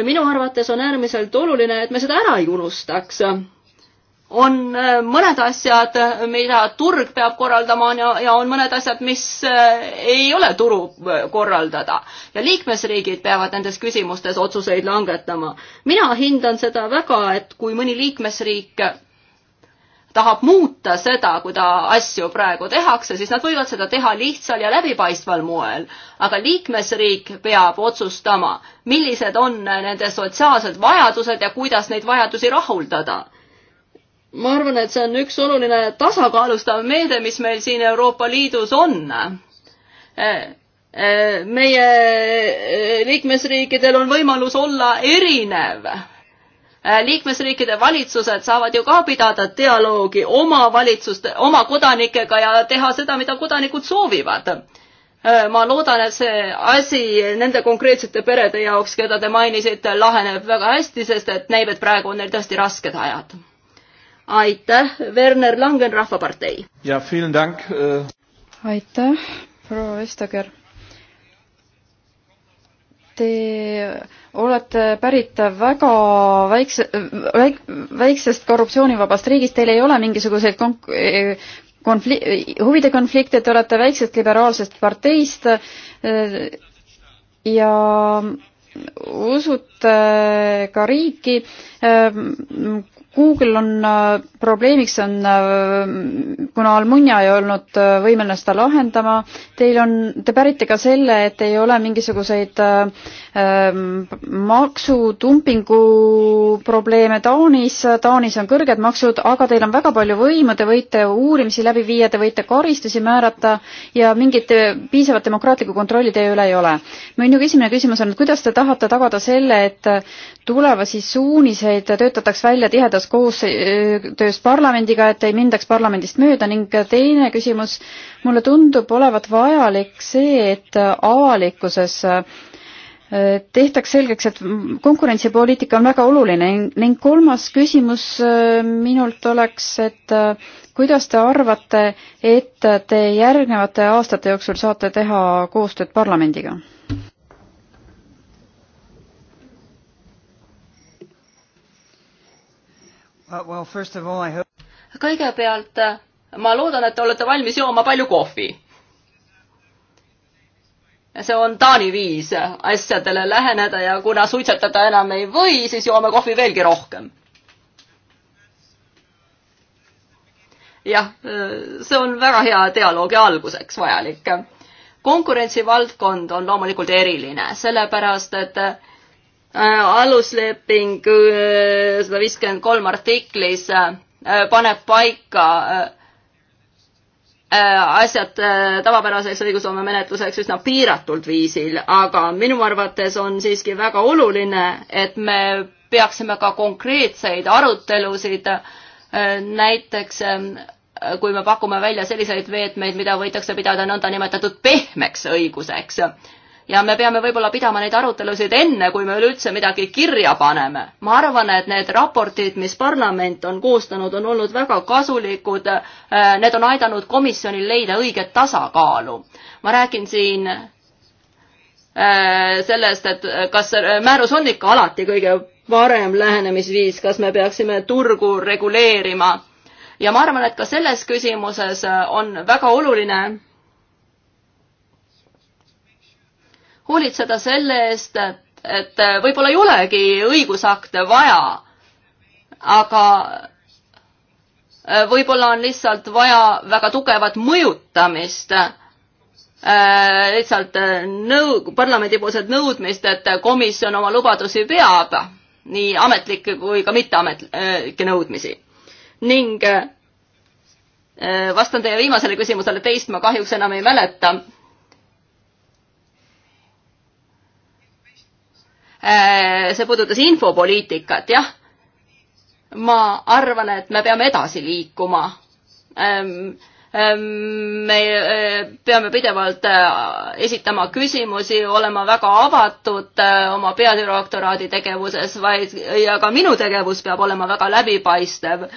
minu arvates on äärmiselt oluline, et me seda ära ei unustaks on äh, mõned asjad, äh, mida turg peab korraldama ja, ja on mõned asjad, mis äh, ei ole turu korraldada ja liikmesriigid peavad nendes küsimustes otsuseid langetama. mina hindan seda väga, et kui mõni liikmesriik tahab muuta seda, kuida asju praegu tehakse, siis nad võivad seda teha lihtsal ja läbipaistval moel. aga liikmesriik peab otsustama, millised on nende sotsiaalsed vajadused ja kuidas neid vajadusi rahuldada ma arvan, et see on üks oluline tasakaalustav meede, mis meil siin Euroopa Liidus on. Eh, eh, meie eh, liikmesriikidel on võimalus olla erinev. liikmesriikide valitsused saavad ju ka pidada dialoogi oma valitsuste, oma kodanikega ja teha seda, mida kodanikud soovivad ma loodan, et see asi nende konkreetsete perede jaoks, keda te mainisite, laheneb väga hästi, sest et näib, et praegu on neil tõesti rasked ajad aitäh, Werner Langen, Rahvapartei.
ja, äh...
aitäh, proua Vestager. Te olete pärit väga väikse, väik-, väiksest korruptsioonivabast riigist, teil ei ole mingisuguseid konk-, konfli-, huvide konflikte, te olete väiksest liberaalsest parteist ja usute ka riiki. Google on äh, probleemiks on, äh, kuna Almunia ei olnud äh, võimeline seda lahendama, teil on, te pärite ka selle, et ei ole mingisuguseid äh, ähm, maksutumpingu probleeme Taanis, Taanis on kõrged maksud, aga teil on väga palju võimu, te võite uurimisi läbi viia, te võite karistusi määrata ja mingit piisavat demokraatlikku kontrolli teie üle ei ole. minu esimene küsimus on, et kuidas te tahate tagada selle, et tulevasi suuniseid töötataks välja tihedas osas koostöös parlamendiga, et ei mindaks parlamendist mööda ning teine küsimus, mulle tundub olevat vajalik see, et avalikkuses tehtaks selgeks, et konkurentsipoliitika on väga oluline ning kolmas küsimus minult oleks, et kuidas te arvate, et te järgnevate aastate jooksul saate teha koostööd parlamendiga?
Well, first of all, I hope kõigepealt äh, ma loodan, et te olete valmis jooma palju kohvi. see on Taani viis asjadele läheneda ja kuna suitsetada enam ei või, siis joome kohvi veelgi rohkem. jah, äh, see on väga hea dialoogi alguseks vajalik. konkurentsivaldkond on loomulikult eriline, sellepärast et Äh, alusleping äh, sada viiskümmend kolm artiklis äh, paneb paika asjad tavapäraseks õigusloome menetluseks üsna piiratult viisil, aga minu arvates on siiski väga oluline, et me peaksime ka konkreetseid arutelusid, näiteks kui me pakume välja selliseid veetmeid, mida võidakse pidada nõndanimetatud pehmeks õiguseks ja me peame võib-olla pidama neid arutelusid enne, kui me üleüldse midagi kirja paneme. ma arvan, et need raportid, mis parlament on koostanud, on olnud väga kasulikud. Äh, need on aidanud komisjonil leida õiget tasakaalu. ma räägin siin äh, sellest, et kas äh, määrus on ikka alati kõige parem lähenemisviis, kas me peaksime turgu reguleerima ja ma arvan, et ka selles küsimuses on väga oluline hoolitseda selle eest, et võib-olla ei olegi õigusakte vaja, aga võib-olla on lihtsalt vaja väga tugevat mõjutamist äh,, lihtsalt nõu-, parlamendipoolset nõudmist, et komisjon oma lubadusi peab, nii ametlikke kui ka mitteametlikke nõudmisi. ning äh, vastan teie viimasele küsimusele, teist ma kahjuks enam ei mäleta Äh, see puudutas infopoliitikat, jah. ma arvan, et me peame edasi liikuma. Ähm, ähm, me äh, peame pidevalt äh, esitama küsimusi, olema väga avatud oma peadirektoraadi tegevuses, vaid, ja ka minu tegevus peab olema väga läbipaistev.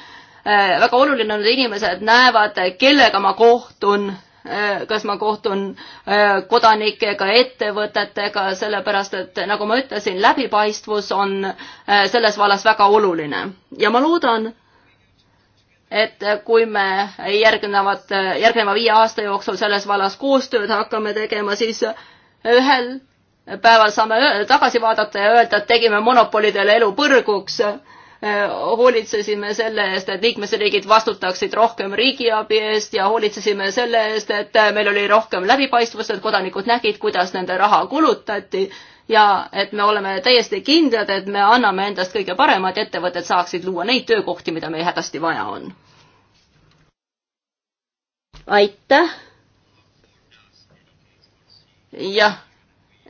väga oluline on, et inimesed näevad, kellega ma kohtun Äh, kas ma kohtun äh, kodanikega, ettevõtetega, sellepärast et nagu ma ütlesin, läbipaistvus on äh, selles vallas väga oluline ja ma loodan, et kui me järgnevat, järgneva viie aasta jooksul selles vallas koostööd hakkame tegema, siis ühel päeval saame tagasi vaadata ja öelda, et tegime monopolidele elu põrguks Äh, hoolitsesime selle eest, et liikmesriigid vastutaksid rohkem riigiabi eest ja hoolitsesime selle eest, et äh, meil oli rohkem läbipaistvust, et kodanikud nägid, kuidas nende raha kulutati ja et me oleme täiesti kindlad, et me anname endast kõige paremad ja ettevõtted saaksid luua neid töökohti, mida meil hädasti vaja on. aitäh. jah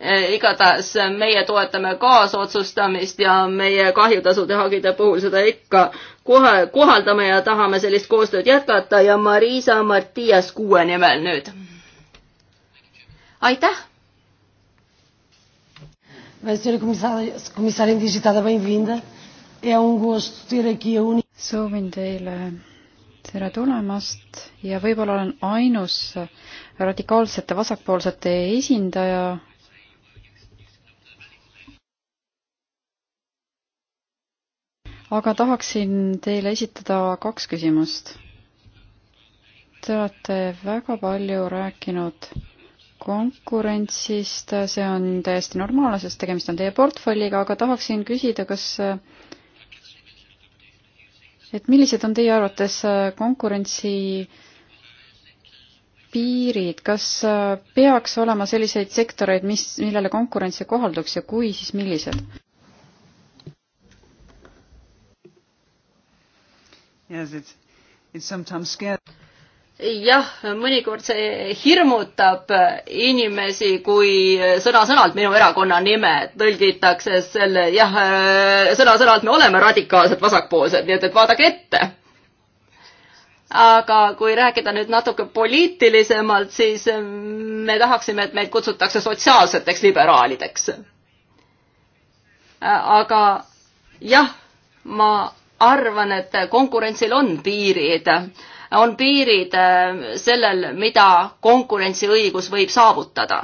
Eh, igatahes meie toetame kaasotsustamist ja meie kahjutasude hagide puhul seda ikka kohe kohaldame ja tahame sellist koostööd jätkata ja Marisa Martias kuue nimel nüüd. aitäh.
Um soovin teile tere tulemast ja võib-olla olen ainus radikaalsete vasakpoolsete esindaja aga tahaksin teile esitada kaks küsimust. Te olete väga palju rääkinud konkurentsist, see on täiesti normaalne, sest tegemist on teie portfelliga, aga tahaksin küsida, kas et millised on teie arvates konkurentsi piirid, kas peaks olema selliseid sektoreid, mis, millele konkurents ei kohalduks ja kui, siis millised?
Yes, it's, it's sometimes scary jah, mõnikord see hirmutab inimesi, kui sõna-sõnalt minu erakonna nime tõlgitakse selle, jah, sõna-sõnalt me oleme radikaalselt vasakpoolsed, nii et, et vaadake ette. aga kui rääkida nüüd natuke poliitilisemalt, siis me tahaksime, et meid kutsutakse sotsiaalseteks liberaalideks. aga jah, ma arvan, et konkurentsil on piirid, on piirid äh, sellel, mida konkurentsiõigus võib saavutada.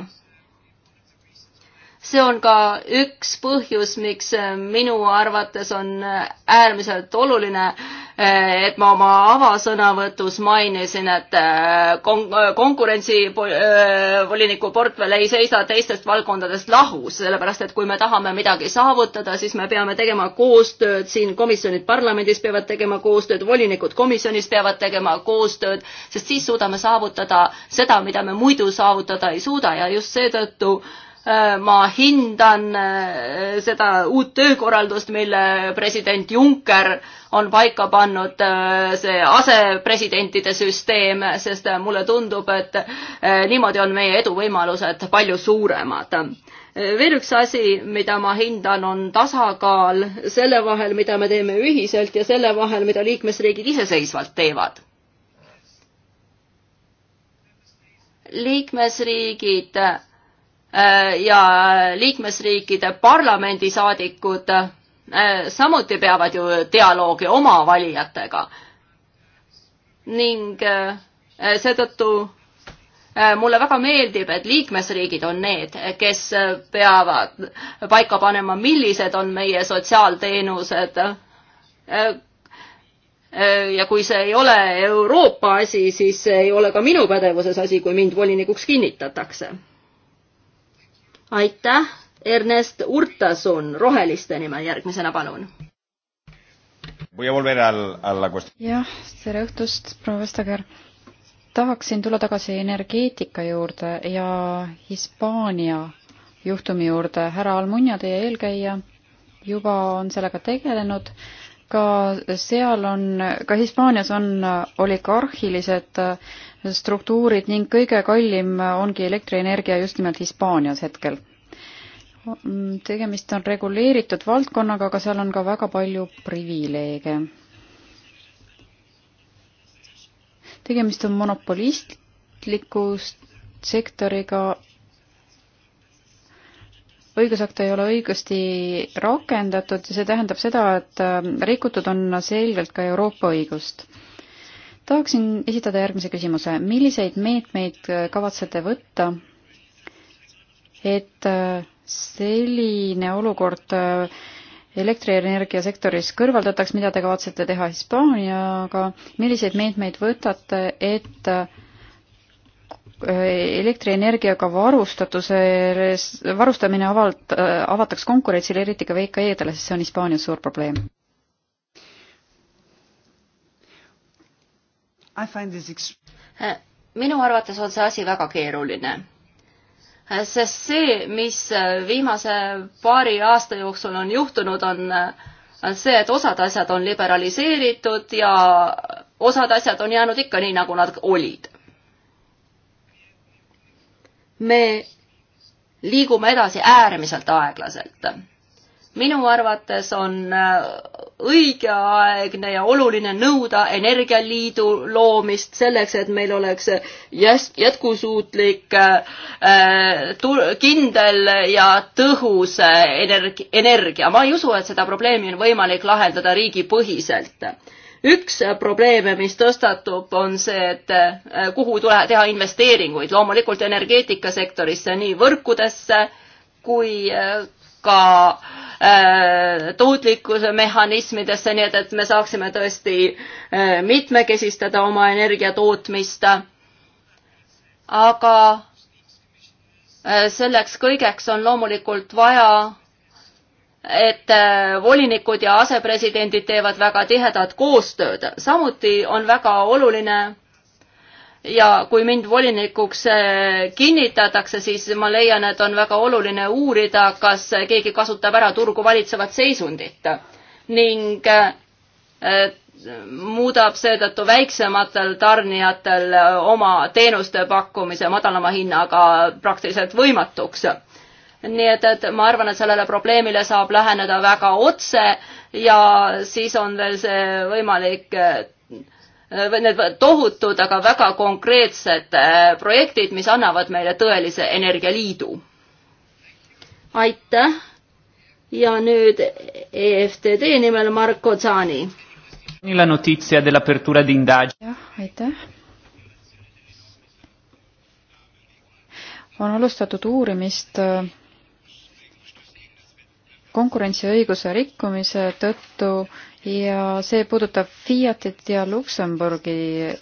see on ka üks põhjus, miks minu arvates on äärmiselt oluline äh, Eh, et ma oma avasõnavõtus mainisin, et eh, kon-, eh, konkurentsivoliniku portfell ei seisa teistest valdkondadest lahus, sellepärast et kui me tahame midagi saavutada, siis me peame tegema koostööd, siin komisjonid parlamendis peavad tegema koostööd, volinikud komisjonis peavad tegema koostööd, sest siis suudame saavutada seda, mida me muidu saavutada ei suuda ja just seetõttu äh, Äh, ma hindan äh, seda uut töökorraldust, mille president Juncker on paika pannud, äh, see asepresidentide süsteem, sest mulle tundub, et niimoodi on meie eduvõimalused palju suuremad. veel üks asi, mida ma hindan, on tasakaal selle vahel, mida me teeme ühiselt ja selle vahel, mida liikmesriigid iseseisvalt teevad. liikmesriigid Äh, ja liikmesriikide parlamendisaadikud äh, samuti peavad ju dialoogi oma valijatega. ning äh, seetõttu mulle väga meeldib, et liikmesriigid on need, kes peavad paika panema, millised on meie sotsiaalteenused. ja kui see ei ole Euroopa asi, siis ei ole ka minu pädevuses asi, kui mind volinikuks kinnitatakse aitäh, Ernest Urtasun Roheliste nimel järgmisena, palun. jah,
tere õhtust, proua Vestager tahaksin tulla tagasi energeetika juurde ja Hispaania juhtumi juurde. härra Almunia, teie eelkäija, juba on sellega tegelenud. ka seal on, ka Hispaanias on oligarhilised struktuurid ning kõige kallim ongi elektrienergia just nimelt Hispaanias hetkel. tegemist on reguleeritud valdkonnaga, aga seal on ka väga palju privileege. tegemist on monopolistliku sektoriga õigusakte ei ole õigesti rakendatud ja see tähendab seda, et rikutud on selgelt ka Euroopa õigust tahaksin esitada järgmise küsimuse. milliseid meetmeid äh, kavatsete võtta, et äh, selline olukord äh, elektrienergia sektoris kõrvaldataks, mida te kavatsete teha Hispaaniaga, milliseid meetmeid võtate, et elektrienergiaga varustatuse, varustamine avalt-, avataks konkurentsile, eriti ka VKE-dele, sest see on Hispaanias suur probleem?
This... Äh, minu arvates on see asi väga keeruline äh, sest see, mis äh, viimase paari aasta jooksul on juhtunud, on, on see, et osad asjad on liberaliseeritud ja osad asjad on jäänud ikka nii, nagu nad olid. me liigume edasi äärmiselt aeglaselt minu arvates on äh, õigeaegne ja oluline nõuda energialiidu loomist selleks, et meil oleks jätkusuutlik, äh, kindel ja tõhus äh, energia. ma ei usu, et seda probleemi on võimalik lahendada riigipõhiselt üks probleeme, mis tõstatub, on see, et kuhu tule, teha investeeringuid, loomulikult energeetikasektorisse, nii võrkudesse kui ka äh, Äh, tootlikkuse mehhanismidesse, nii et, et me saaksime tõesti äh, mitmekesistada oma energiatootmist. aga äh, selleks kõigeks on loomulikult vaja, et volinikud ja asepresidendid teevad väga tihedat koostööd. samuti on väga oluline ja kui mind volinikuks eh, kinnitatakse, siis ma leian, et on väga oluline uurida, kas keegi kasutab ära turgu valitsevat seisundit ning eh, muudab seetõttu väiksematel tarnijatel eh, oma teenuste pakkumise madalama hinnaga praktiliselt võimatuks. nii et, et ma arvan, et sellele probleemile saab läheneda väga otse ja siis on veel see võimalik Äh, need tohutud, aga väga konkreetsed äh, projektid, mis annavad meile tõelise energialiidu. aitäh ja nüüd EFTD nimel Marko Tsaani.
jah,
aitäh. on alustatud
uurimist äh, konkurentsiõiguse rikkumise tõttu ja see puudutab Fiatit ja Luksemburgi.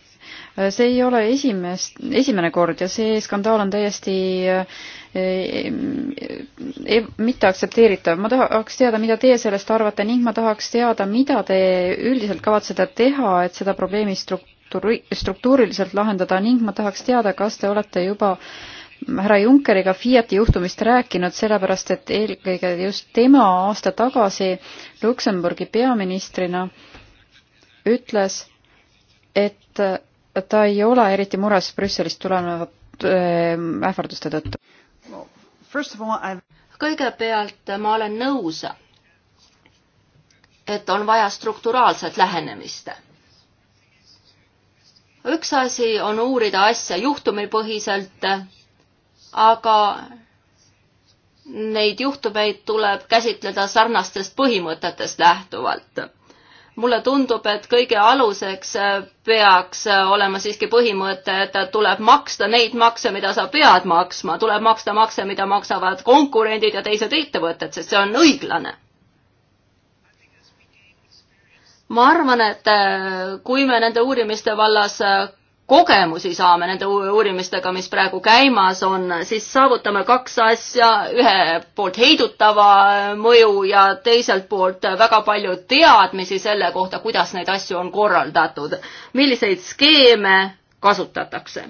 Äh, see ei ole esimest, esimene kord ja see skandaal on täiesti e, mitteaktsepteeritav. ma tahaks teada, mida teie sellest arvate ning ma tahaks teada, mida te üldiselt kavatsete teha, et seda probleemi struktuuri, struktuuriliselt lahendada ning ma tahaks teada, kas te olete juba äh, härra Junckeriga Fiati juhtumist rääkinud, sellepärast et eelkõige just tema aasta tagasi Luksemburgi peaministrina ütles, et ta ei ole eriti mures Brüsselist tulenevat äh, ähvarduste tõttu.
kõigepealt ma olen nõus, et on vaja strukturaalset lähenemist üks asi on uurida asja juhtumipõhiselt aga neid juhtumeid tuleb käsitleda sarnastest põhimõtetest lähtuvalt. mulle tundub, et kõige aluseks peaks olema siiski põhimõte, et tuleb maksta neid makse, mida sa pead maksma, tuleb maksta makse, mida maksavad konkurendid ja teised ettevõtted, sest see on õiglane ma arvan, et kui me nende uurimiste vallas kogemusi saame nende uurimistega, mis praegu käimas on, siis saavutame kaks asja, ühe poolt heidutava mõju ja teiselt poolt väga palju teadmisi selle kohta, kuidas neid asju on korraldatud, milliseid skeeme kasutatakse.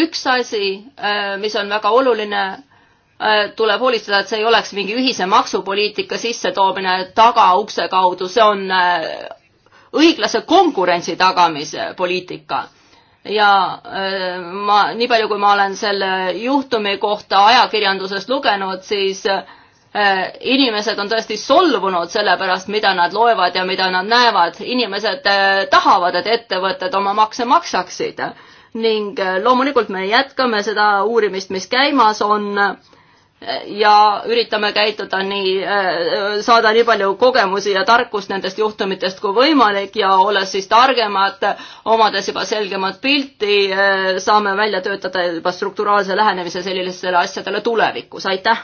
üks asi, äh, mis on väga oluline äh, tuleb hoolitseda, et see ei oleks mingi ühise maksupoliitika sissetoomine tagaukse kaudu, see on äh, õiglase konkurentsi tagamise poliitika ja äh, ma, nii palju kui ma olen selle juhtumi kohta ajakirjandusest lugenud, siis äh, inimesed on tõesti solvunud selle pärast, mida nad loevad ja mida nad näevad. inimesed äh, tahavad, et ettevõtted oma makse maksaksid ning loomulikult me jätkame seda uurimist, mis käimas on ja üritame käituda nii, äh, saada nii palju kogemusi ja tarkust nendest juhtumitest kui võimalik ja olles siis targemad, omades juba selgemat pilti, äh, saame välja töötada juba strukturaalse lähenemise sellistele asjadele tulevikus, aitäh!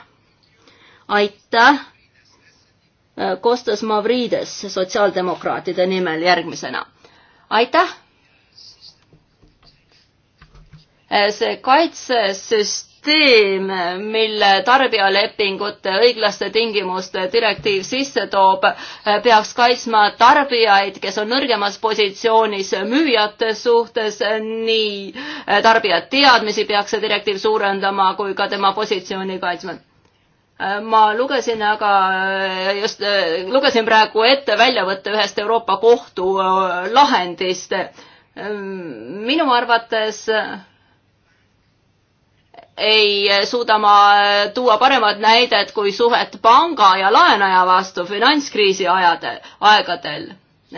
aitäh! Äh, Kostas Mavrides sotsiaaldemokraatide nimel järgmisena. aitäh! see kaitsesüst-, süsteem, mille tarbijalepingute õiglaste tingimuste direktiiv sisse toob, peaks kaitsma tarbijaid, kes on nõrgemas positsioonis müüjate suhtes, nii tarbija teadmisi peaks see direktiiv suurendama kui ka tema positsiooni kaitsma ma lugesin aga just, lugesin praegu ette väljavõtte ühest Euroopa Kohtu lahendist. minu arvates ei suuda ma äh, tuua paremat näidet kui suhet panga ja laenaja vastu finantskriisi ajadel, aegadel,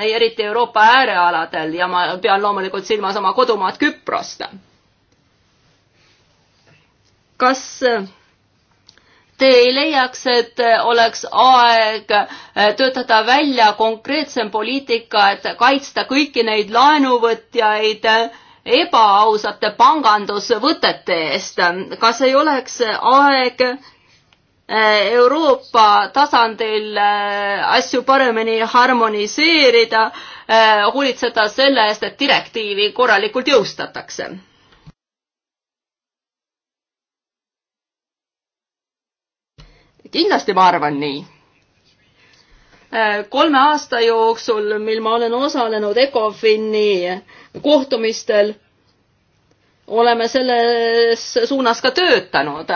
eriti Euroopa äärealadel ja ma pean loomulikult silmas oma kodumaad Küprost. kas äh, te ei leiaks, et äh, oleks aeg töötada välja konkreetsem poliitika, et kaitsta kõiki neid laenuvõtjaid äh, ebaausate pangandusvõtete eest. kas ei oleks aeg eh, Euroopa tasandil eh, asju paremini harmoniseerida, eh, hoolitseda selle eest, et direktiivi korralikult jõustatakse? kindlasti ma arvan nii Äh, kolme aasta jooksul, mil ma olen osalenud ECOFIN-i kohtumistel, oleme selles suunas ka töötanud.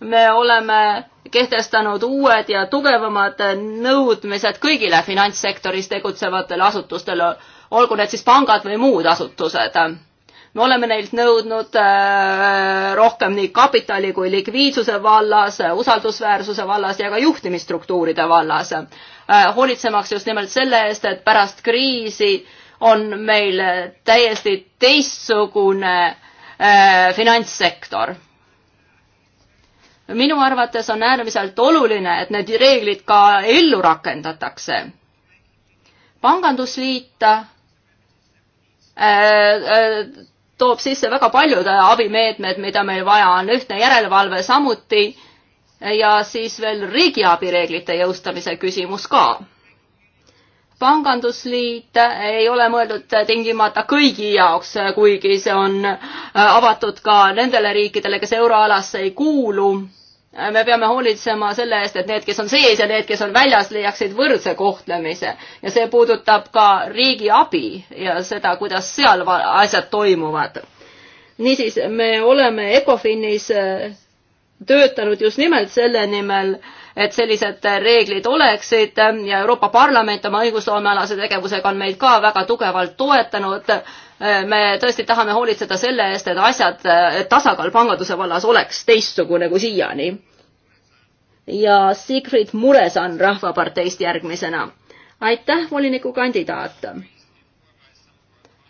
me oleme kehtestanud uued ja tugevamad nõudmised kõigile finantssektoris tegutsevatele asutustele, olgu need siis pangad või muud asutused. me oleme neilt nõudnud äh, rohkem nii kapitali kui likviidsuse vallas, usaldusväärsuse vallas ja ka juhtimisstruktuuride vallas Äh, hoolitsemaks just nimelt selle eest, et pärast kriisi on meil täiesti teistsugune äh, finantssektor. minu arvates on äärmiselt oluline, et need reeglid ka ellu rakendatakse. pangandusliit äh, toob sisse väga paljud abimeetmed, mida meil vaja on, ühtne järelevalve samuti ja siis veel riigiabi reeglite jõustamise küsimus ka. pangandusliit ei ole mõeldud tingimata kõigi jaoks, kuigi see on äh, avatud ka nendele riikidele, kes euroalasse ei kuulu me peame hoolitsema selle eest, et need, kes on sees ja need, kes on väljas, leiaksid võrdse kohtlemise ja see puudutab ka riigi abi ja seda, kuidas seal asjad toimuvad. niisiis, me oleme ECOFINis äh, töötanud just nimelt selle nimel, et sellised reeglid oleksid ja Euroopa Parlament oma õigusloomealase tegevusega on meid ka väga tugevalt toetanud. me tõesti tahame hoolitseda selle eest, et asjad, tasakaal panganduse vallas oleks teistsugune kui siiani. ja Sigrid Muresan Rahvaparteist järgmisena. aitäh, voliniku kandidaat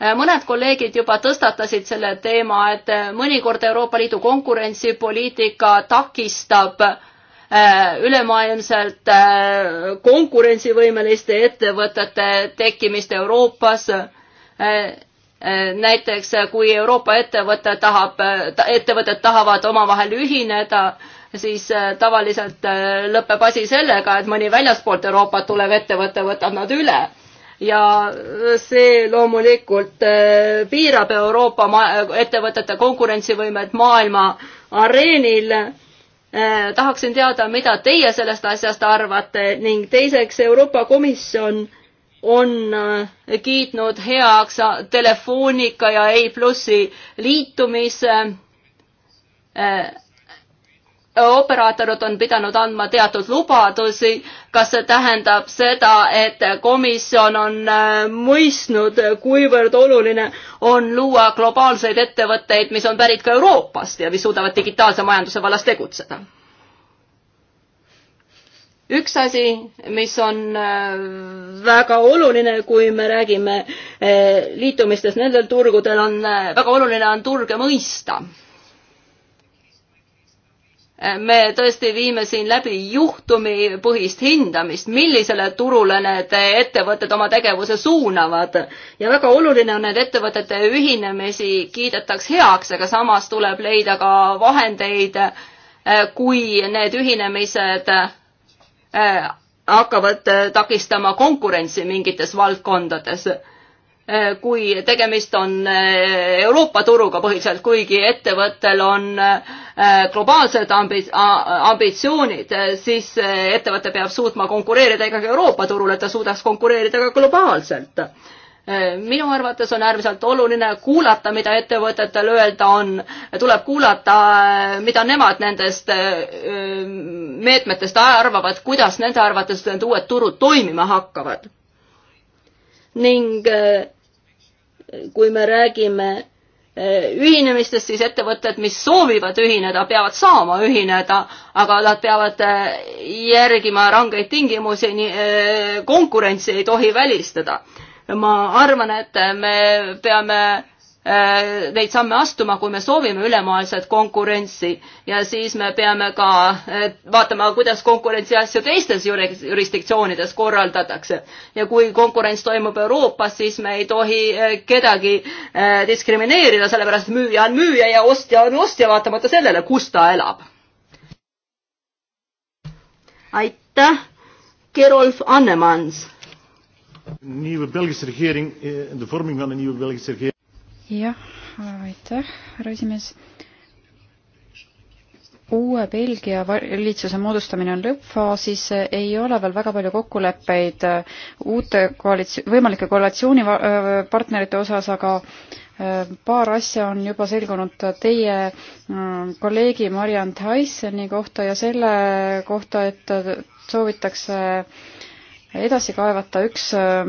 Äh, mõned kolleegid juba tõstatasid selle teema, et äh, mõnikord Euroopa Liidu konkurentsipoliitika takistab äh, ülemaailmselt konkurentsivõimeliste ettevõtete tekkimist Euroopas näiteks kui Euroopa ettevõte tahab, ettevõtted tahavad omavahel ühineda, siis tavaliselt lõpeb asi sellega, et mõni väljaspoolt Euroopat tulev ettevõte võtab nad üle ja see loomulikult äh, piirab Euroopa ettevõtete konkurentsivõimet maailma areenil. Äh, tahaksin teada, mida teie sellest asjast arvate ning teiseks Euroopa Komisjon on äh, kiitnud heaks Telefonica ja E Plussi liitumise operaatorid on pidanud andma teatud lubadusi. kas see tähendab seda, et komisjon on äh, mõistnud, kuivõrd oluline on luua globaalseid ettevõtteid, mis on pärit ka Euroopast ja mis suudavad digitaalse majanduse vallas tegutseda? üks asi, mis on äh, väga oluline, kui me räägime äh, liitumistest nendel turgudel, on väga oluline on turge mõista me tõesti viime siin läbi juhtumipõhist hindamist, millisele turule need ettevõtted oma tegevuse suunavad. ja väga oluline on, et ettevõtete ühinemisi kiidetaks heaks, aga samas tuleb leida ka vahendeid, eh, kui need ühinemised eh, hakkavad takistama konkurentsi mingites valdkondades Eh, kui tegemist on eh, Euroopa turuga põhiliselt, kuigi ettevõttel on eh, globaalsed ambitsioonid, siis ettevõte peab suutma konkureerida ikkagi Euroopa turul, et ta suudaks konkureerida ka globaalselt minu arvates on äärmiselt oluline kuulata, mida ettevõtetel öelda on, tuleb kuulata, mida nemad nendest meetmetest arvavad, kuidas nende arvates need uued turud toimima hakkavad. ning kui me räägime eh, ühinemistest, siis ettevõtted, mis soovivad ühineda, peavad saama ühineda, aga nad peavad eh, järgima rangeid tingimusi, eh, konkurentsi ei tohi välistada. ma arvan, et me peame Äh, neid samme astuma, kui me soovime ülemaailmset konkurentsi ja siis me peame ka äh, vaatama, kuidas konkurentsiasju teistes jurisdiktsioonides korraldatakse. ja kui konkurents toimub Euroopas, siis me ei tohi äh, kedagi diskrimineerida, sellepärast müüja on müüja ja ostja on ostja, vaatamata sellele, kus ta elab. aitäh, Gerolf Annemans. nieuwe
Belgische regering, eh, de vorming van de nieuwe Belgische regering
jah, aitäh, härra esimees. uue Belgia valitsuse moodustamine on lõppfaasis, ei ole veel väga palju kokkuleppeid uute koalitsioon, võimalike koalitsioonipartnerite osas, aga äh, paar asja on juba selgunud teie mm, kolleegi Marianne Tysoni kohta ja selle kohta, et soovitakse äh, edasi kaevata üks äh,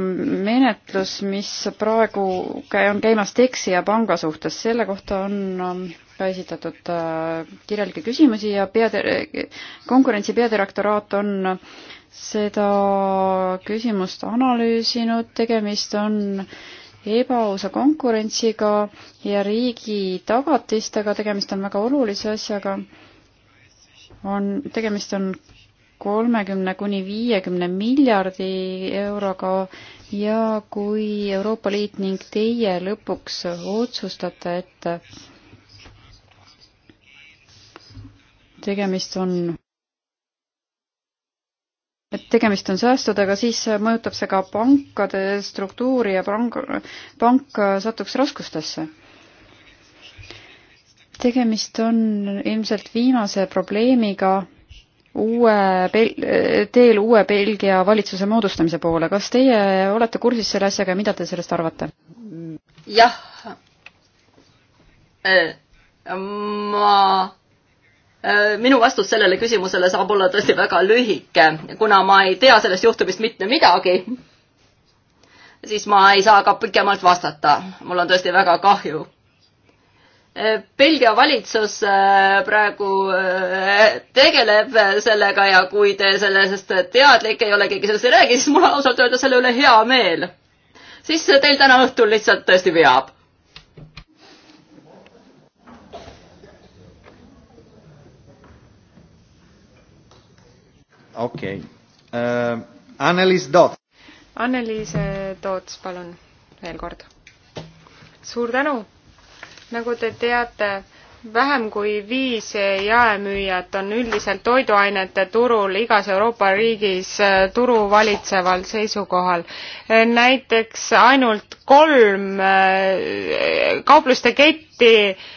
menetlus, mis praegu on käimas Texi ja panga suhtes, selle kohta on ähm, ka esitatud äh, kirjalikke küsimusi ja peate-, konkurentsi peadirektoraat on seda küsimust analüüsinud, tegemist on ebaausa konkurentsiga ja riigi tagatistega, tegemist on väga olulise asjaga, on, tegemist on kolmekümne kuni viiekümne miljardi euroga ja kui Euroopa Liit ning teie lõpuks otsustate, et tegemist on et tegemist on säästudega, siis mõjutab see ka pankade struktuuri ja pank, pank satuks raskustesse tegemist on ilmselt viimase probleemiga, uue Bel-, teel uue Belgia valitsuse moodustamise poole. kas teie olete kursis selle asjaga ja mida te sellest arvate?
jah. Äh, ma, äh, minu vastus sellele küsimusele saab olla tõesti väga lühike, kuna ma ei tea sellest juhtumist mitte midagi, siis ma ei saa ka pikemalt vastata. mul on tõesti väga kahju Eh, Belgia valitsus eh, praegu eh, tegeleb sellega ja kui te sellest teadlik ei ole, keegi sellest ei räägi, siis mul ausalt öelda selle üle hea meel. siis teil täna õhtul lihtsalt tõesti veab
okei okay. uh,. Anneliis Toots.
Anneliis Toots, palun veel kord. suur tänu nagu te teate, vähem kui viis jaemüüjat on üldiselt toiduainete turul igas Euroopa riigis äh, turu valitseval seisukohal. Äh, näiteks ainult kolm äh, kaupluste ketti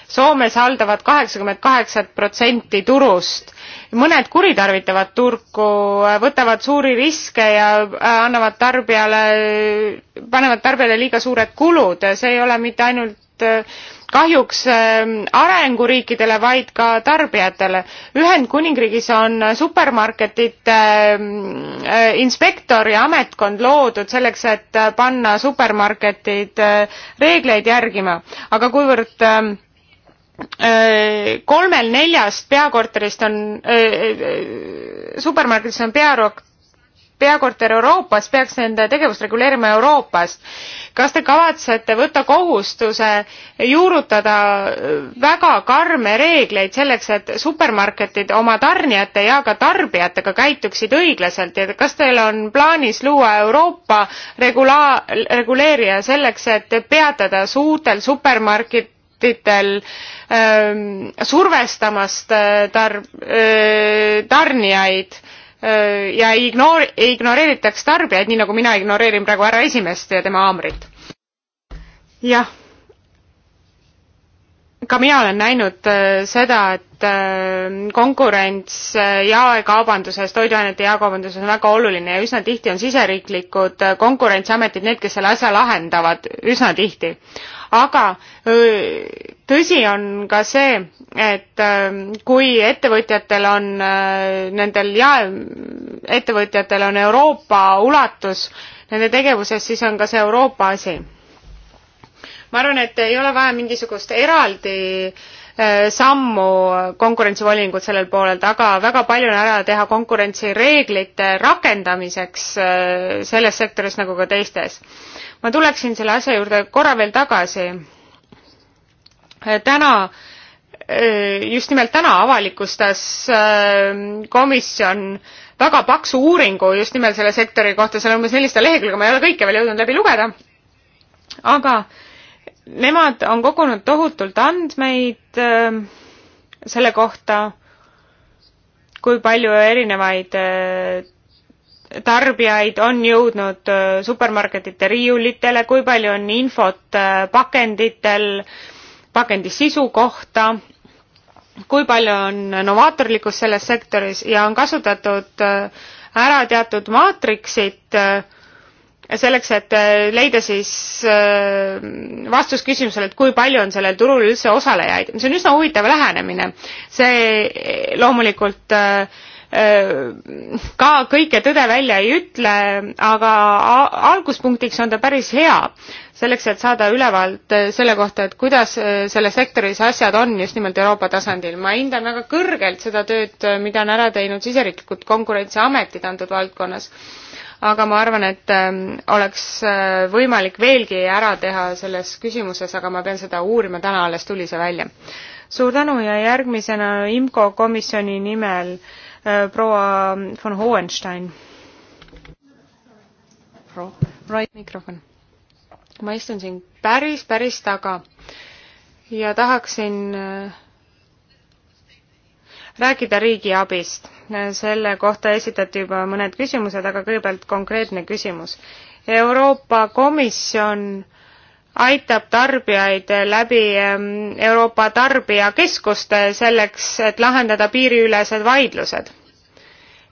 Soomes haldavad kaheksakümmend kaheksa protsenti turust. mõned kuritarvitavad turgu, võtavad suuri riske ja annavad tarbijale, panevad tarbijale liiga suured kulud, see ei ole mitte ainult kahjuks ähm, arenguriikidele, vaid ka tarbijatele. Ühendkuningriigis on supermarketite ähm, äh, inspektor ja ametkond loodud selleks, et äh, panna supermarketid äh, reegleid järgima, aga kuivõrd ähm, kolmel neljast peakorterist on, supermarketist on peakorter peakorter Euroopas, peaks nende tegevust reguleerima Euroopast. kas te kavatsete võtta kohustuse juurutada väga karme reegleid selleks, et supermarketid oma tarnijate ja ka tarbijatega käituksid õiglaselt ja kas teil on plaanis luua Euroopa regula-, reguleerija selleks, et peatada suurtel supermarket-, ettevõtetel ähm, survestamast äh, tar-, äh, tarnijaid Äh, ja ignoor-, ignoreeritaks tarbijaid, nii nagu mina ignoreerin praegu härra esimeest ja tema haamrit. jah. ka mina olen näinud äh, seda, et äh, konkurents jaekaubanduses, toiduainete jaekaubanduses on väga oluline ja üsna tihti on siseriiklikud konkurentsiametid need, kes selle asja lahendavad, üsna tihti. aga tõsi on ka see, et ähm, kui ettevõtjatel on, äh, nendel jaeettevõtjatel on Euroopa ulatus nende tegevuses, siis on ka see Euroopa asi. ma arvan, et ei ole vaja mingisugust eraldi äh, sammu konkurentsivolingut sellel poolel, aga väga palju on ära teha konkurentsireeglite rakendamiseks äh, selles sektoris nagu ka teistes. ma tuleksin selle asja juurde korra veel tagasi täna eh, just nimelt täna avalikustas eh, komisjon väga paksu uuringu just nimelt selle sektori kohta, seal on umbes nelisada lehekülge, ma ei ole kõike veel jõudnud läbi lugeda, aga nemad on kogunud tohutult andmeid eh, selle kohta, kui palju erinevaid tarbijaid on jõudnud supermarketite riiulitele, kui palju on infot pakenditel äh, pakendi sisu kohta, kui palju on novaatorlikkust selles sektoris ja on kasutatud äh, ära teatud maatriksit äh, selleks, et äh, leida siis vastus küsimusele, et kui palju on sellel turul üldse osalejaid. see on üsna huvitav lähenemine. see loomulikult äh, Äh, ka kõike tõde välja ei ütle, aga alguspunktiks on ta päris hea, selleks et saada ülevaalt äh, selle kohta, et kuidas äh, selles sektoris asjad on just nimelt Euroopa tasandil. ma hindan väga kõrgelt seda tööd, mida on ära teinud siseriiklikud konkurentsiametid antud valdkonnas, aga ma arvan, et ähm, oleks võimalik veelgi ära teha selles küsimuses, aga ma pean seda uurima, täna alles tuli see välja. suur tänu ja järgmisena IMCO komisjoni nimel äh, Äh, proua von Hohenstein. Right. mikrofon. ma istun siin päris, päris taga ja tahaksin äh, rääkida riigiabist. selle kohta esitati juba mõned küsimused, aga kõigepealt konkreetne küsimus. Euroopa Komisjon aitab tarbijaid läbi ehm, Euroopa tarbijakeskuste selleks, et lahendada piiriülesed vaidlused.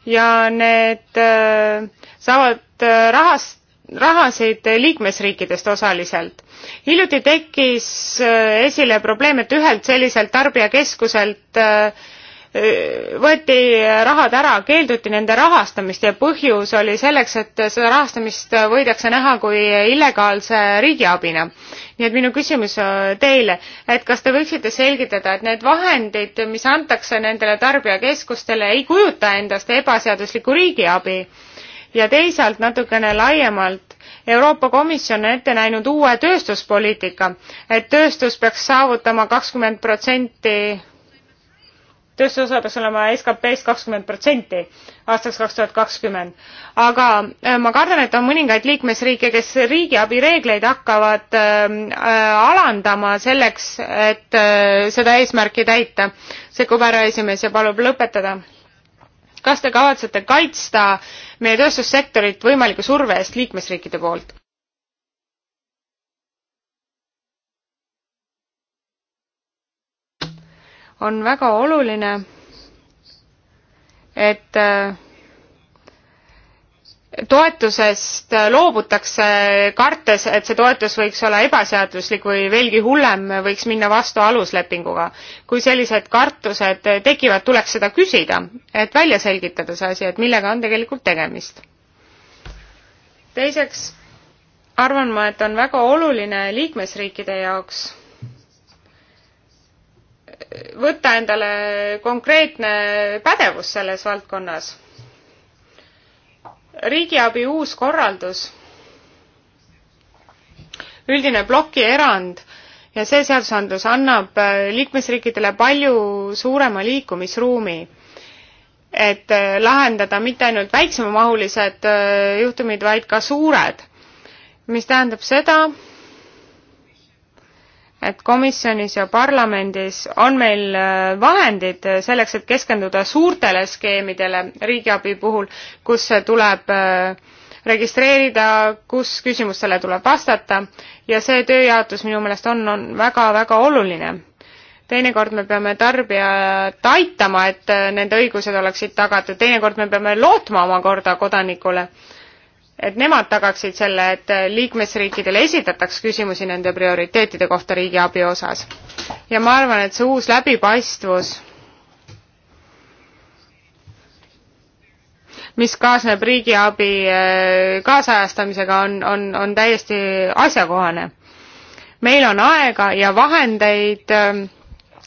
ja need ehm, saavad ehm, rahast, rahasid liikmesriikidest osaliselt. hiljuti tekkis esile probleem, et ühelt selliselt tarbijakeskuselt äh, võeti rahad ära, keelduti nende rahastamist ja põhjus oli selleks, et seda rahastamist võidakse näha kui illegaalse riigiabina. nii et minu küsimus äh, teile, et kas te võiksite selgitada, et need vahendid, mis antakse nendele tarbijakeskustele, ei kujuta endast ebaseaduslikku riigiabi ja teisalt natukene laiemalt Euroopa Komisjon on ette näinud uue tööstuspoliitika, et tööstus peaks saavutama kakskümmend protsenti tööstusosa peaks olema SKP-st kakskümmend protsenti aastaks kaks tuhat kakskümmend. aga äh, ma kardan, et on mõningaid liikmesriike, kes riigiabi reegleid hakkavad ähm, äh, alandama selleks, et äh, seda eesmärki täita. sekkub härra esimees ja palub lõpetada. kas te kavatsete kaitsta meie tööstussektorit võimaliku surve eest liikmesriikide poolt? on väga oluline, et äh, toetusest loobutakse, kartes, et see toetus võiks olla ebaseaduslik või veelgi hullem, võiks minna vastu aluslepinguga. kui sellised kartused tekivad, tuleks seda küsida, et välja selgitada see asi, et millega on tegelikult tegemist. teiseks arvan ma, et on väga oluline liikmesriikide jaoks võtta endale konkreetne pädevus selles valdkonnas. riigiabi uus korraldus, üldine plokierand ja see seadusandlus annab äh, liikmesriikidele palju suurema liikumisruumi, et äh, lahendada mitte ainult väiksemamahulised äh, juhtumid, vaid ka suured, mis tähendab seda, et komisjonis ja parlamendis on meil äh, vahendid selleks, et keskenduda suurtele skeemidele riigiabi puhul, kus tuleb äh, registreerida, kus küsimustele tuleb vastata ja see tööjaotus minu meelest on, on väga-väga oluline. teinekord me peame tarbijat aitama, et äh, nende õigused oleksid tagatud, teinekord me peame lootma omakorda kodanikule et nemad tagaksid selle, et liikmesriikidele esitataks küsimusi nende prioriteetide kohta riigiabi osas. ja ma arvan, et see uus läbipaistvus, mis kaasneb riigiabi eh, kaasajastamisega, on, on, on täiesti asjakohane. meil on aega ja vahendeid eh,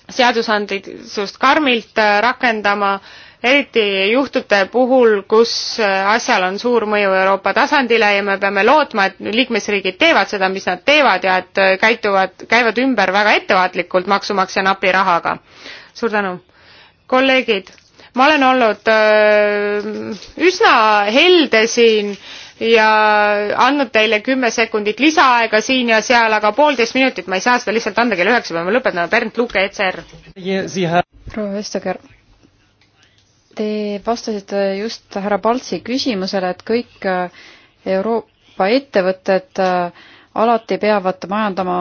seadusandlikkust karmilt eh, rakendama äh, eriti juhtude puhul, kus asjal on suur mõju Euroopa tasandile ja me peame lootma, et liikmesriigid teevad seda, mis nad teevad ja et käituvad, käivad ümber väga ettevaatlikult maksumaksja napi rahaga. suur tänu. kolleegid, ma olen olnud öö, üsna helde siin ja andnud teile kümme sekundit lisaaega siin ja seal, aga poolteist minutit ma ei saa seda lihtsalt anda, kell üheksa peame lõpetama. Bernt Luke, ECR.
proua Vestager Te vastasite just härra Paltsi küsimusele, et kõik äh, Euroopa ettevõtted äh, alati peavad majandama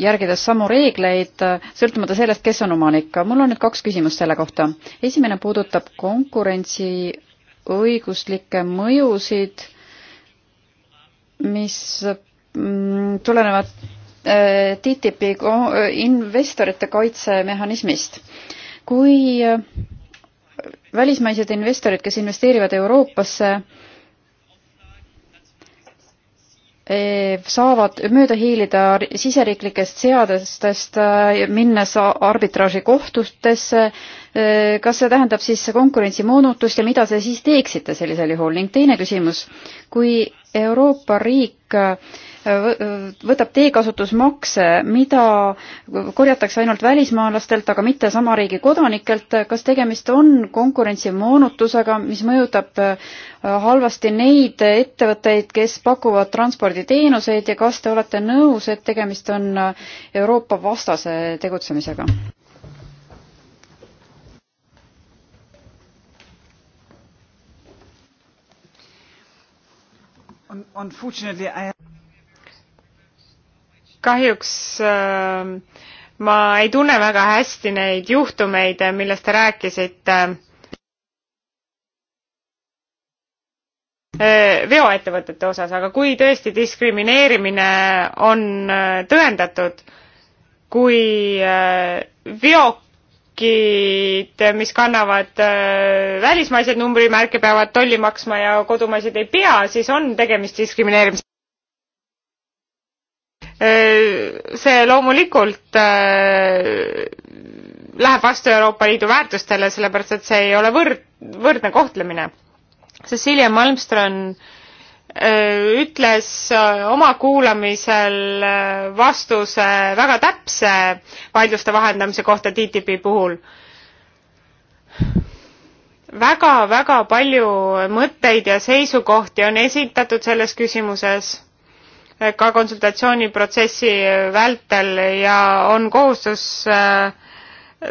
järgides samu reegleid, äh, sõltumata sellest, kes on omanik. mul on nüüd kaks küsimust selle kohta. esimene puudutab konkurentsi õiguslikke mõjusid, mis mm, tulenevad TTIP-i investorite kaitsemehhanismist. kui välismaised investorid, kes investeerivad Euroopasse, eh, saavad mööda hiilida siseriiklikest seadustest, eh, minnes arbitraaži kohtutesse. Eh, kas see tähendab siis konkurentsimoonutust ja mida te siis teeksite sellisel juhul? ning teine küsimus, kui Euroopa riik äh, Äh, võtab teekasutusmakse, mida korjatakse ainult välismaalastelt, aga mitte sama riigi kodanikelt, kas tegemist on konkurentsimoonutusega, mis mõjutab äh, halvasti neid ettevõtteid, kes pakuvad transporditeenuseid ja kas te olete nõus, et tegemist on äh, Euroopa vastase tegutsemisega?
unfortunately I kahjuks ähm, ma ei tunne väga hästi neid juhtumeid, millest te rääkisite. Äh, veoettevõtete osas, aga kui tõesti diskrimineerimine on äh, tõendatud, kui äh, veokid, mis kannavad välismaiseid numbrimärke, peavad tolli maksma ja kodumaised ei pea, siis on tegemist diskrimineerimisega. Äh, see loomulikult äh, läheb vastu Euroopa Liidu väärtustele, sellepärast et see ei ole võrd-, võrdne kohtlemine. Cecilia Malmström äh, ütles oma kuulamisel vastuse väga täpse vaidluste vahendamise kohta TTIP-i puhul väga,. väga-väga palju mõtteid ja seisukohti on esitatud selles küsimuses ka konsultatsiooniprotsessi vältel ja on kohustus äh,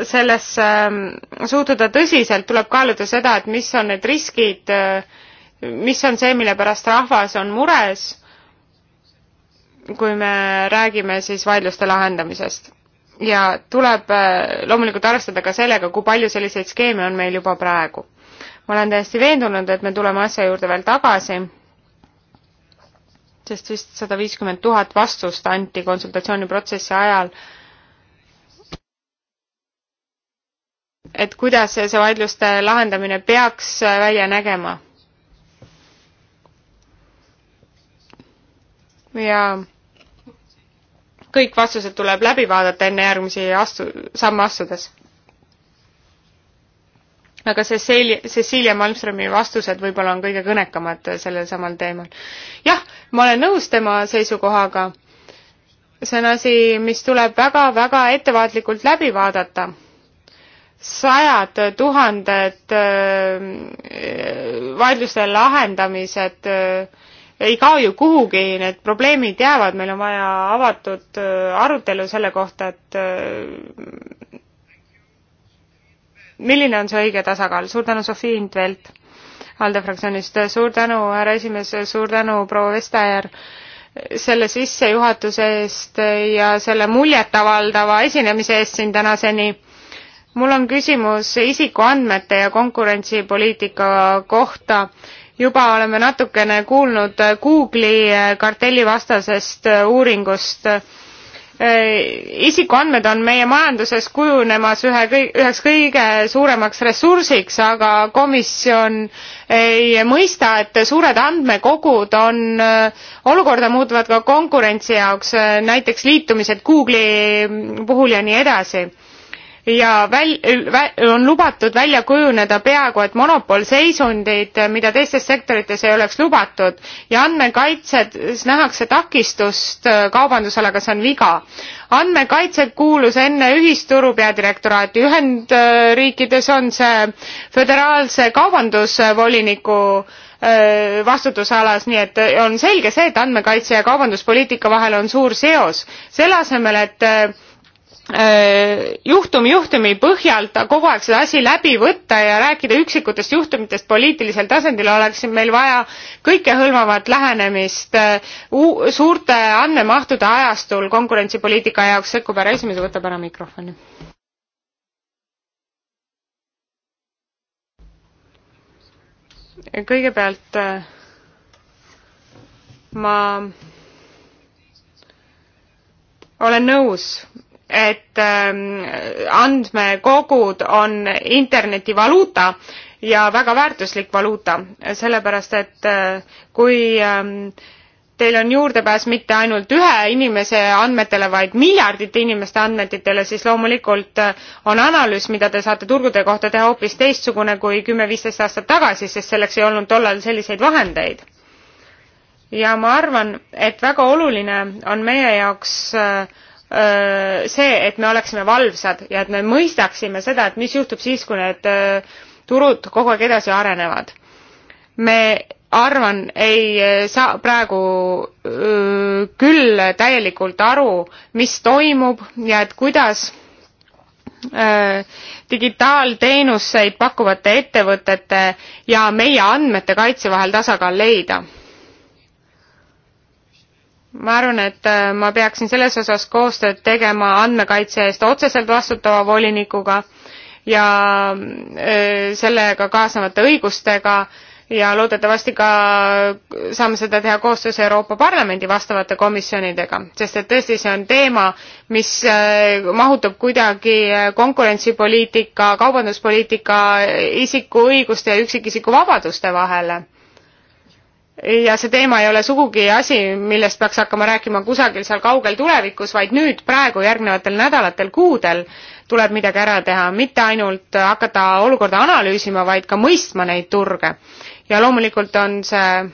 sellesse äh, suhtuda tõsiselt, tuleb kaaluda seda, et mis on need riskid, äh, mis on see, mille pärast rahvas on mures, kui me räägime siis vaidluste lahendamisest. ja tuleb loomulikult arvestada ka sellega, kui palju selliseid skeeme on meil juba praegu. ma olen täiesti veendunud, et me tuleme asja juurde veel tagasi sest vist sada viiskümmend tuhat vastust anti konsultatsiooniprotsessi ajal. et kuidas see vaidluste lahendamine peaks välja nägema? ja kõik vastused tuleb läbi vaadata enne järgmisi astu-, samme astudes aga Cecilia, Cecilia Malmströmi vastused võib-olla on kõige kõnekamad sellel samal teemal. jah, ma olen nõus tema seisukohaga. see on asi, mis tuleb väga-väga ettevaatlikult läbi vaadata sajad tuhanded äh, vaidluste lahendamised äh, ei kao ju kuhugi, need probleemid jäävad, meil on vaja avatud äh, arutelu selle kohta, et milline on see õige tasakaal? suur tänu, Sofi Intvelt, ALDE fraktsioonist, suur tänu, härra esimees, suur tänu, proua Vestajärv selle sissejuhatuse eest ja selle muljetavaldava esinemise eest siin tänaseni. mul on küsimus isikuandmete ja konkurentsipoliitika kohta. juba oleme natukene kuulnud Google'i kartellivastasest uuringust Äh, isikuandmed on meie majanduses kujunemas ühe kõi-, üheks kõige suuremaks ressursiks, aga komisjon ei mõista, et suured andmekogud on, äh, olukorda muutuvad ka konkurentsi jaoks, äh, näiteks liitumised Google'i puhul ja nii edasi ja väl- vä, on lubatud välja kujuneda peaaegu et monopolseisundid mida teistes sektorites ei oleks lubatud ja andmekaitses nähakse takistust äh, kaubandusele aga see on viga andmekaitse kuulus enne ühisturu peadirektoraati ühendriikides on see föderaalse kaubandusvoliniku äh, vastutusalas nii et on selge see et andmekaitse ja kaubanduspoliitika vahel on suur seos selle asemel et äh, juhtum äh, juhtumi põhjalt kogu aeg seda asi läbi võtta ja rääkida üksikutest juhtumitest poliitilisel tasandil oleks meil vaja kõikehõlmavat lähenemist äh, suurte andmemahtude ajastul konkurentsipoliitika jaoks sekkub härra esimees ja võtab ära mikrofoni. kõigepealt äh, ma olen nõus et ähm, andmekogud on interneti valuuta ja väga väärtuslik valuuta, sellepärast et äh, kui ähm, teil on juurdepääs mitte ainult ühe inimese andmetele, vaid miljardite inimeste andmetitele, siis loomulikult äh, on analüüs, mida te saate turgude kohta teha, hoopis teistsugune kui kümme-viisteist aastat tagasi, sest selleks ei olnud tollal selliseid vahendeid. ja ma arvan, et väga oluline on meie jaoks äh, see, et me oleksime valvsad ja et me mõistaksime seda, et mis juhtub siis, kui need turud kogu aeg edasi arenevad. me, arvan, ei saa praegu öö, küll täielikult aru, mis toimub ja et kuidas öö, digitaalteenuseid pakkuvate ettevõtete ja meie andmete kaitse vahel tasakaal leida ma arvan, et äh, ma peaksin selles osas koostööd tegema andmekaitse eest otseselt vastutava volinikuga ja äh, sellega kaasnevate õigustega ja loodetavasti ka saame seda teha koostöös Euroopa Parlamendi vastavate komisjonidega, sest et tõesti, see on teema, mis äh, mahutub kuidagi konkurentsipoliitika, kaubanduspoliitika, isiku õiguste ja üksikisiku vabaduste vahele ja see teema ei ole sugugi asi, millest peaks hakkama rääkima kusagil seal kaugel tulevikus, vaid nüüd, praegu, järgnevatel nädalatel, kuudel tuleb midagi ära teha, mitte ainult hakata olukorda analüüsima, vaid ka mõistma neid turge. ja loomulikult on see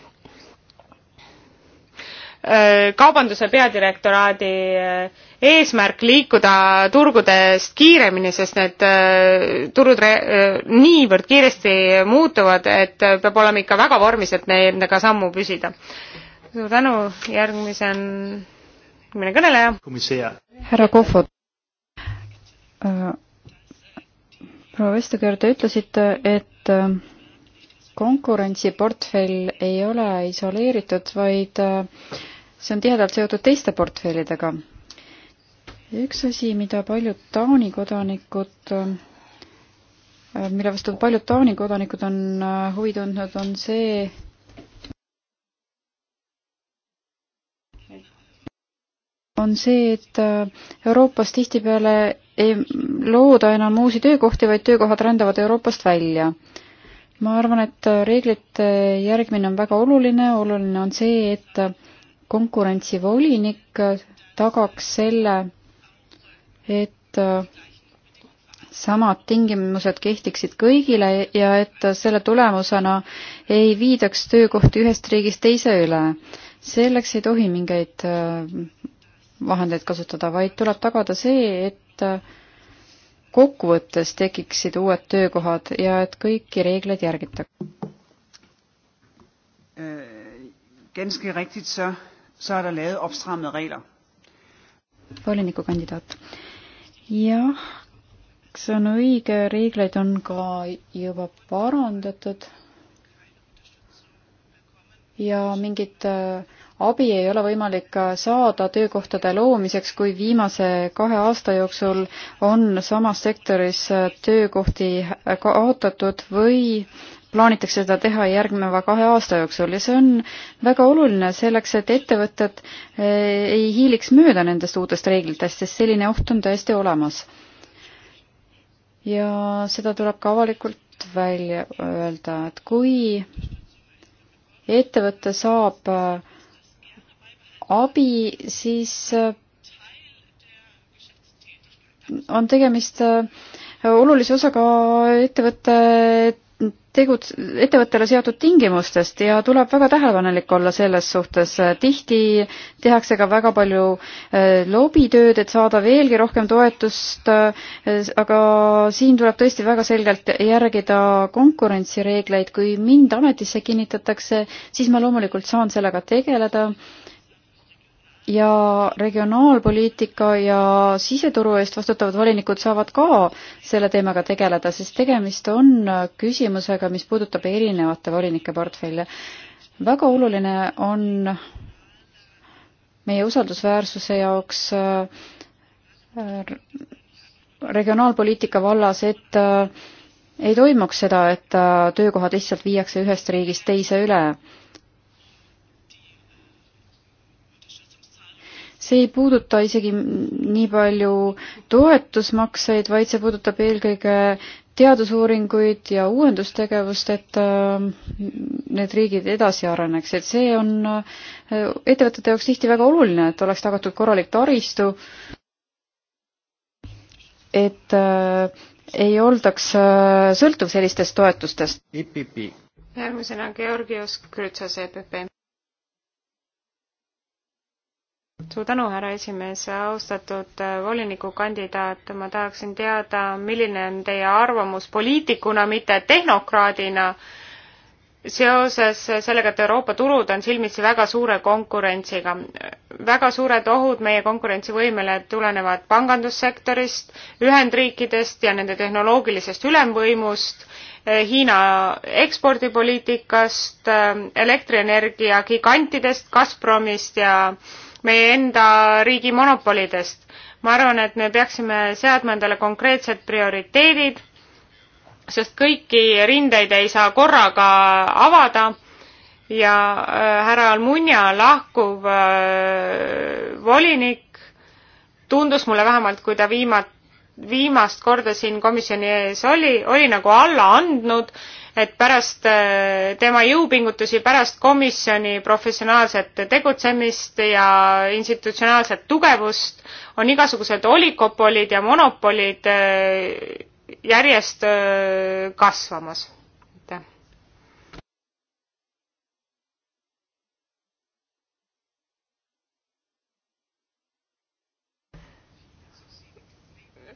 Äh, kaubanduse peadirektoraadi äh, eesmärk liikuda turgudest kiiremini, sest need äh, turud niivõrd kiiresti muutuvad, et peab olema ikka väga vormis, et nendega sammu püsida. suur tänu, järgmise on järgmine kõneleja.
härra Kohvot. proua Vestager, te ütlesite, et konkurentsiportfell ei ole isoleeritud, vaid äh, see on tihedalt seotud teiste portfellidega. üks asi, mida paljud Taani kodanikud, mille vastu paljud Taani kodanikud on äh, huvi tundnud, on see, on see, et äh, Euroopas tihtipeale ei looda enam uusi töökohti, vaid töökohad rändavad Euroopast välja. ma arvan, et äh, reeglite järgmine on väga oluline, oluline on see, et konkurentsivolinik tagaks selle, et äh, samad tingimused kehtiksid kõigile ja et selle tulemusena ei viidaks töökohti ühest riigist teise üle. selleks ei tohi mingeid äh, vahendeid kasutada, vaid tuleb tagada see, et äh, kokkuvõttes tekiksid uued töökohad ja et kõiki reegleid järgitakse.
Ganske rigtigt så så er der lavet opstrammede regler.
volinikukandidaat. jah, see on õige, reegleid on ka juba parandatud ja mingit äh, abi ei ole võimalik äh, saada töökohtade loomiseks, kui viimase kahe aasta jooksul on samas sektoris äh, töökohti kaotatud või plaanitakse seda teha järgneva kahe aasta jooksul ja see on väga oluline selleks, et ettevõtted eh, ei hiiliks mööda nendest uutest reeglitest, sest selline oht on täiesti olemas. ja seda tuleb ka avalikult välja öelda, et kui ettevõte saab eh, abi, siis eh, on tegemist olulise osaga ettevõtte tegut-, ettevõttele seatud tingimustest ja tuleb väga tähelepanelik olla selles suhtes. tihti tehakse ka väga palju äh, lobitööd, et saada veelgi rohkem toetust, äh, aga siin tuleb tõesti väga selgelt järgida konkurentsireegleid. kui mind ametisse kinnitatakse, siis ma loomulikult saan sellega tegeleda ja regionaalpoliitika ja siseturu eest vastutavad volinikud saavad ka selle teemaga tegeleda, sest tegemist on küsimusega, mis puudutab erinevate volinike portfelle. väga oluline on meie usaldusväärsuse jaoks äh, regionaalpoliitika vallas, et äh, ei toimuks seda, et äh, töökohad lihtsalt viiakse ühest riigist teise üle see ei puuduta isegi nii palju toetusmakseid, vaid see puudutab eelkõige teadusuuringuid ja uuendustegevust, et äh, need riigid edasi areneksid. see on äh, ettevõtete jaoks tihti väga oluline, et oleks tagatud korralik taristu, et äh, ei oldaks sõltuv sellistest toetustest.
järgmisena Georgios Krütsos, EPP suur tänu, härra esimees, austatud äh, volinikukandidaat, ma tahaksin teada, milline on teie arvamus poliitikuna, mitte tehnokraadina, seoses sellega, et Euroopa turud on silmitsi väga suure konkurentsiga. väga suured ohud meie konkurentsivõimele tulenevad pangandussektorist, Ühendriikidest ja nende tehnoloogilisest ülemvõimust äh, Hiina ekspordipoliitikast, äh, elektrienergia gigantidest, Gazpromist ja meie enda riigi monopolidest. ma arvan, et me peaksime seadma endale konkreetsed prioriteedid, sest kõiki rindeid ei saa korraga avada ja äh, härra Almunia lahkuv äh, volinik tundus mulle vähemalt, kui ta viima-, viimast korda siin komisjoni ees oli, oli nagu alla andnud et pärast äh, tema jõupingutusi, pärast komisjoni professionaalset tegutsemist ja institutsionaalset tugevust on igasugused olikopolid ja monopolid äh, järjest äh, kasvamas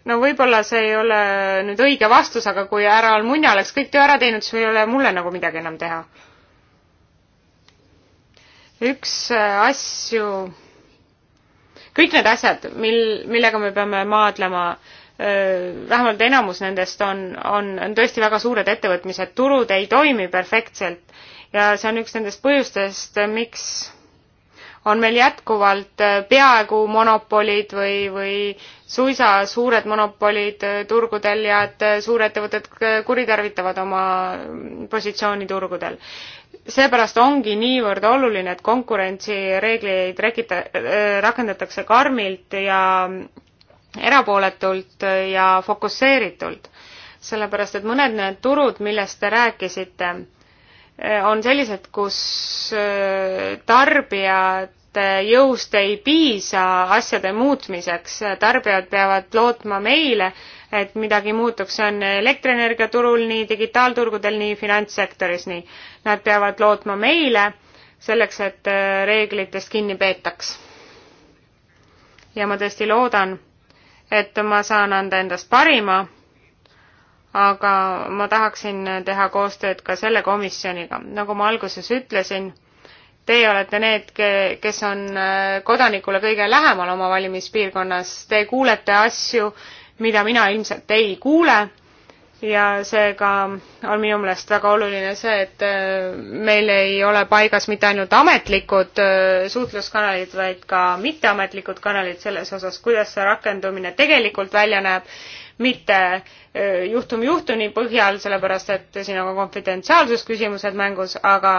no võib-olla see ei ole nüüd õige vastus, aga kui härra Almunia oleks kõik töö ära teinud, siis ei ole mulle nagu midagi enam teha. üks äh, asju, kõik need asjad, mil, millega me peame maadlema, äh, vähemalt enamus nendest on, on, on tõesti väga suured ettevõtmised, turud ei toimi perfektselt ja see on üks nendest põhjustest, miks on meil jätkuvalt äh, peaaegu monopolid või, või suisa suured monopolid äh, turgudel ja et äh, suurettevõtted kuritarvitavad oma mm, positsiooni turgudel. seepärast ongi niivõrd oluline, et konkurentsireegleid rekita-, rakendatakse karmilt ja mm, erapooletult ja fokusseeritult. sellepärast, et mõned need turud, millest te rääkisite, on sellised, kus äh, tarbijate jõust ei piisa asjade muutmiseks, tarbijad peavad lootma meile, et midagi muutuks, see on elektrienergia turul nii, digitaalturgudel nii, finantssektoris nii. Nad peavad lootma meile selleks, et äh, reeglitest kinni peetaks. ja ma tõesti loodan, et ma saan anda endast parima aga ma tahaksin teha koostööd ka selle komisjoniga. nagu ma alguses ütlesin, teie olete need, kes on äh, kodanikule kõige lähemal oma valimispiirkonnas, te kuulete asju, mida mina ilmselt ei kuule ja seega on minu meelest väga oluline see, et äh, meil ei ole paigas mitte ainult ametlikud äh, suhtluskanalid, vaid ka mitteametlikud kanalid selles osas, kuidas see rakendumine tegelikult välja näeb, mitte äh, juhtum juhtuni põhjal, sellepärast et siin on ka konfidentsiaalsusküsimused mängus, aga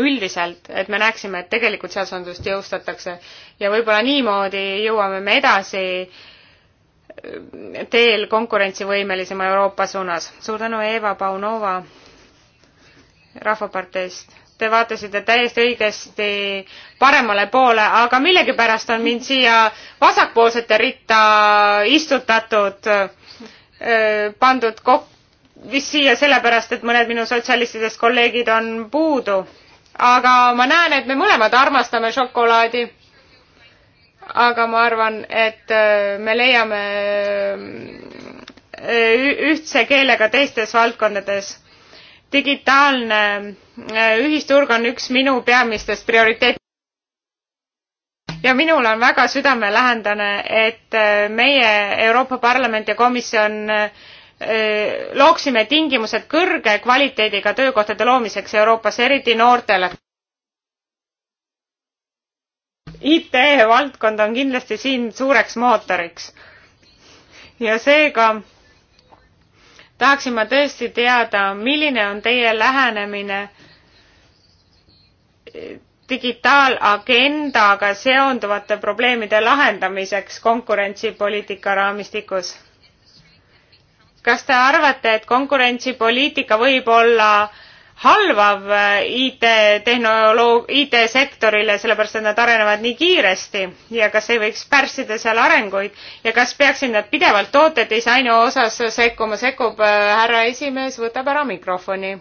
üldiselt, et me näeksime, et tegelikult seadusandlust jõustatakse ja võib-olla niimoodi jõuame me edasi äh, teel konkurentsivõimelisema Euroopa suunas. suur tänu, Eva Paunova Rahvaparteist. Te vaatasite täiesti õigesti paremale poole, aga millegipärast on mind siia vasakpoolsete ritta istutatud, pandud kokku vist siia sellepärast, et mõned minu sotsialistidest kolleegid on puudu. aga ma näen, et me mõlemad armastame šokolaadi aga ma arvan, et äh, me leiame äh, ühtse keele ka teistes valdkondades. digitaalne äh, ühisturg on üks minu peamistest prioriteet- ja minul on väga südamelähendane, et meie Euroopa Parlament ja komisjon looksime tingimused kõrge kvaliteediga töökohtade loomiseks Euroopas, eriti noortele IT valdkond on kindlasti siin suureks mootoriks. ja seega tahaksin ma tõesti teada, milline on teie lähenemine e, digitaalagendaga seonduvate probleemide lahendamiseks konkurentsipoliitika raamistikus? kas te arvate, et konkurentsipoliitika võib olla halvav äh, IT-tehnoloog-, IT-sektorile, sellepärast et nad arenevad nii kiiresti ja kas ei võiks pärssida seal arenguid ja kas peaksid nad pidevalt tootedisaini osas sekkuma, sekkub äh, härra esimees, võtab ära mikrofoni.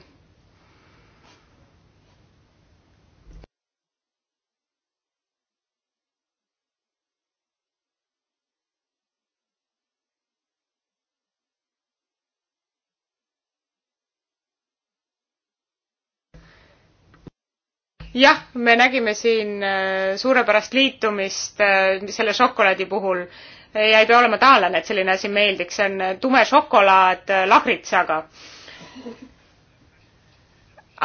jah, me nägime siin äh, suurepärast liitumist äh, selle šokolaadi puhul ja ei pea olema taanlane, et selline asi meeldiks, see on äh, tume šokolaad lahritsaga.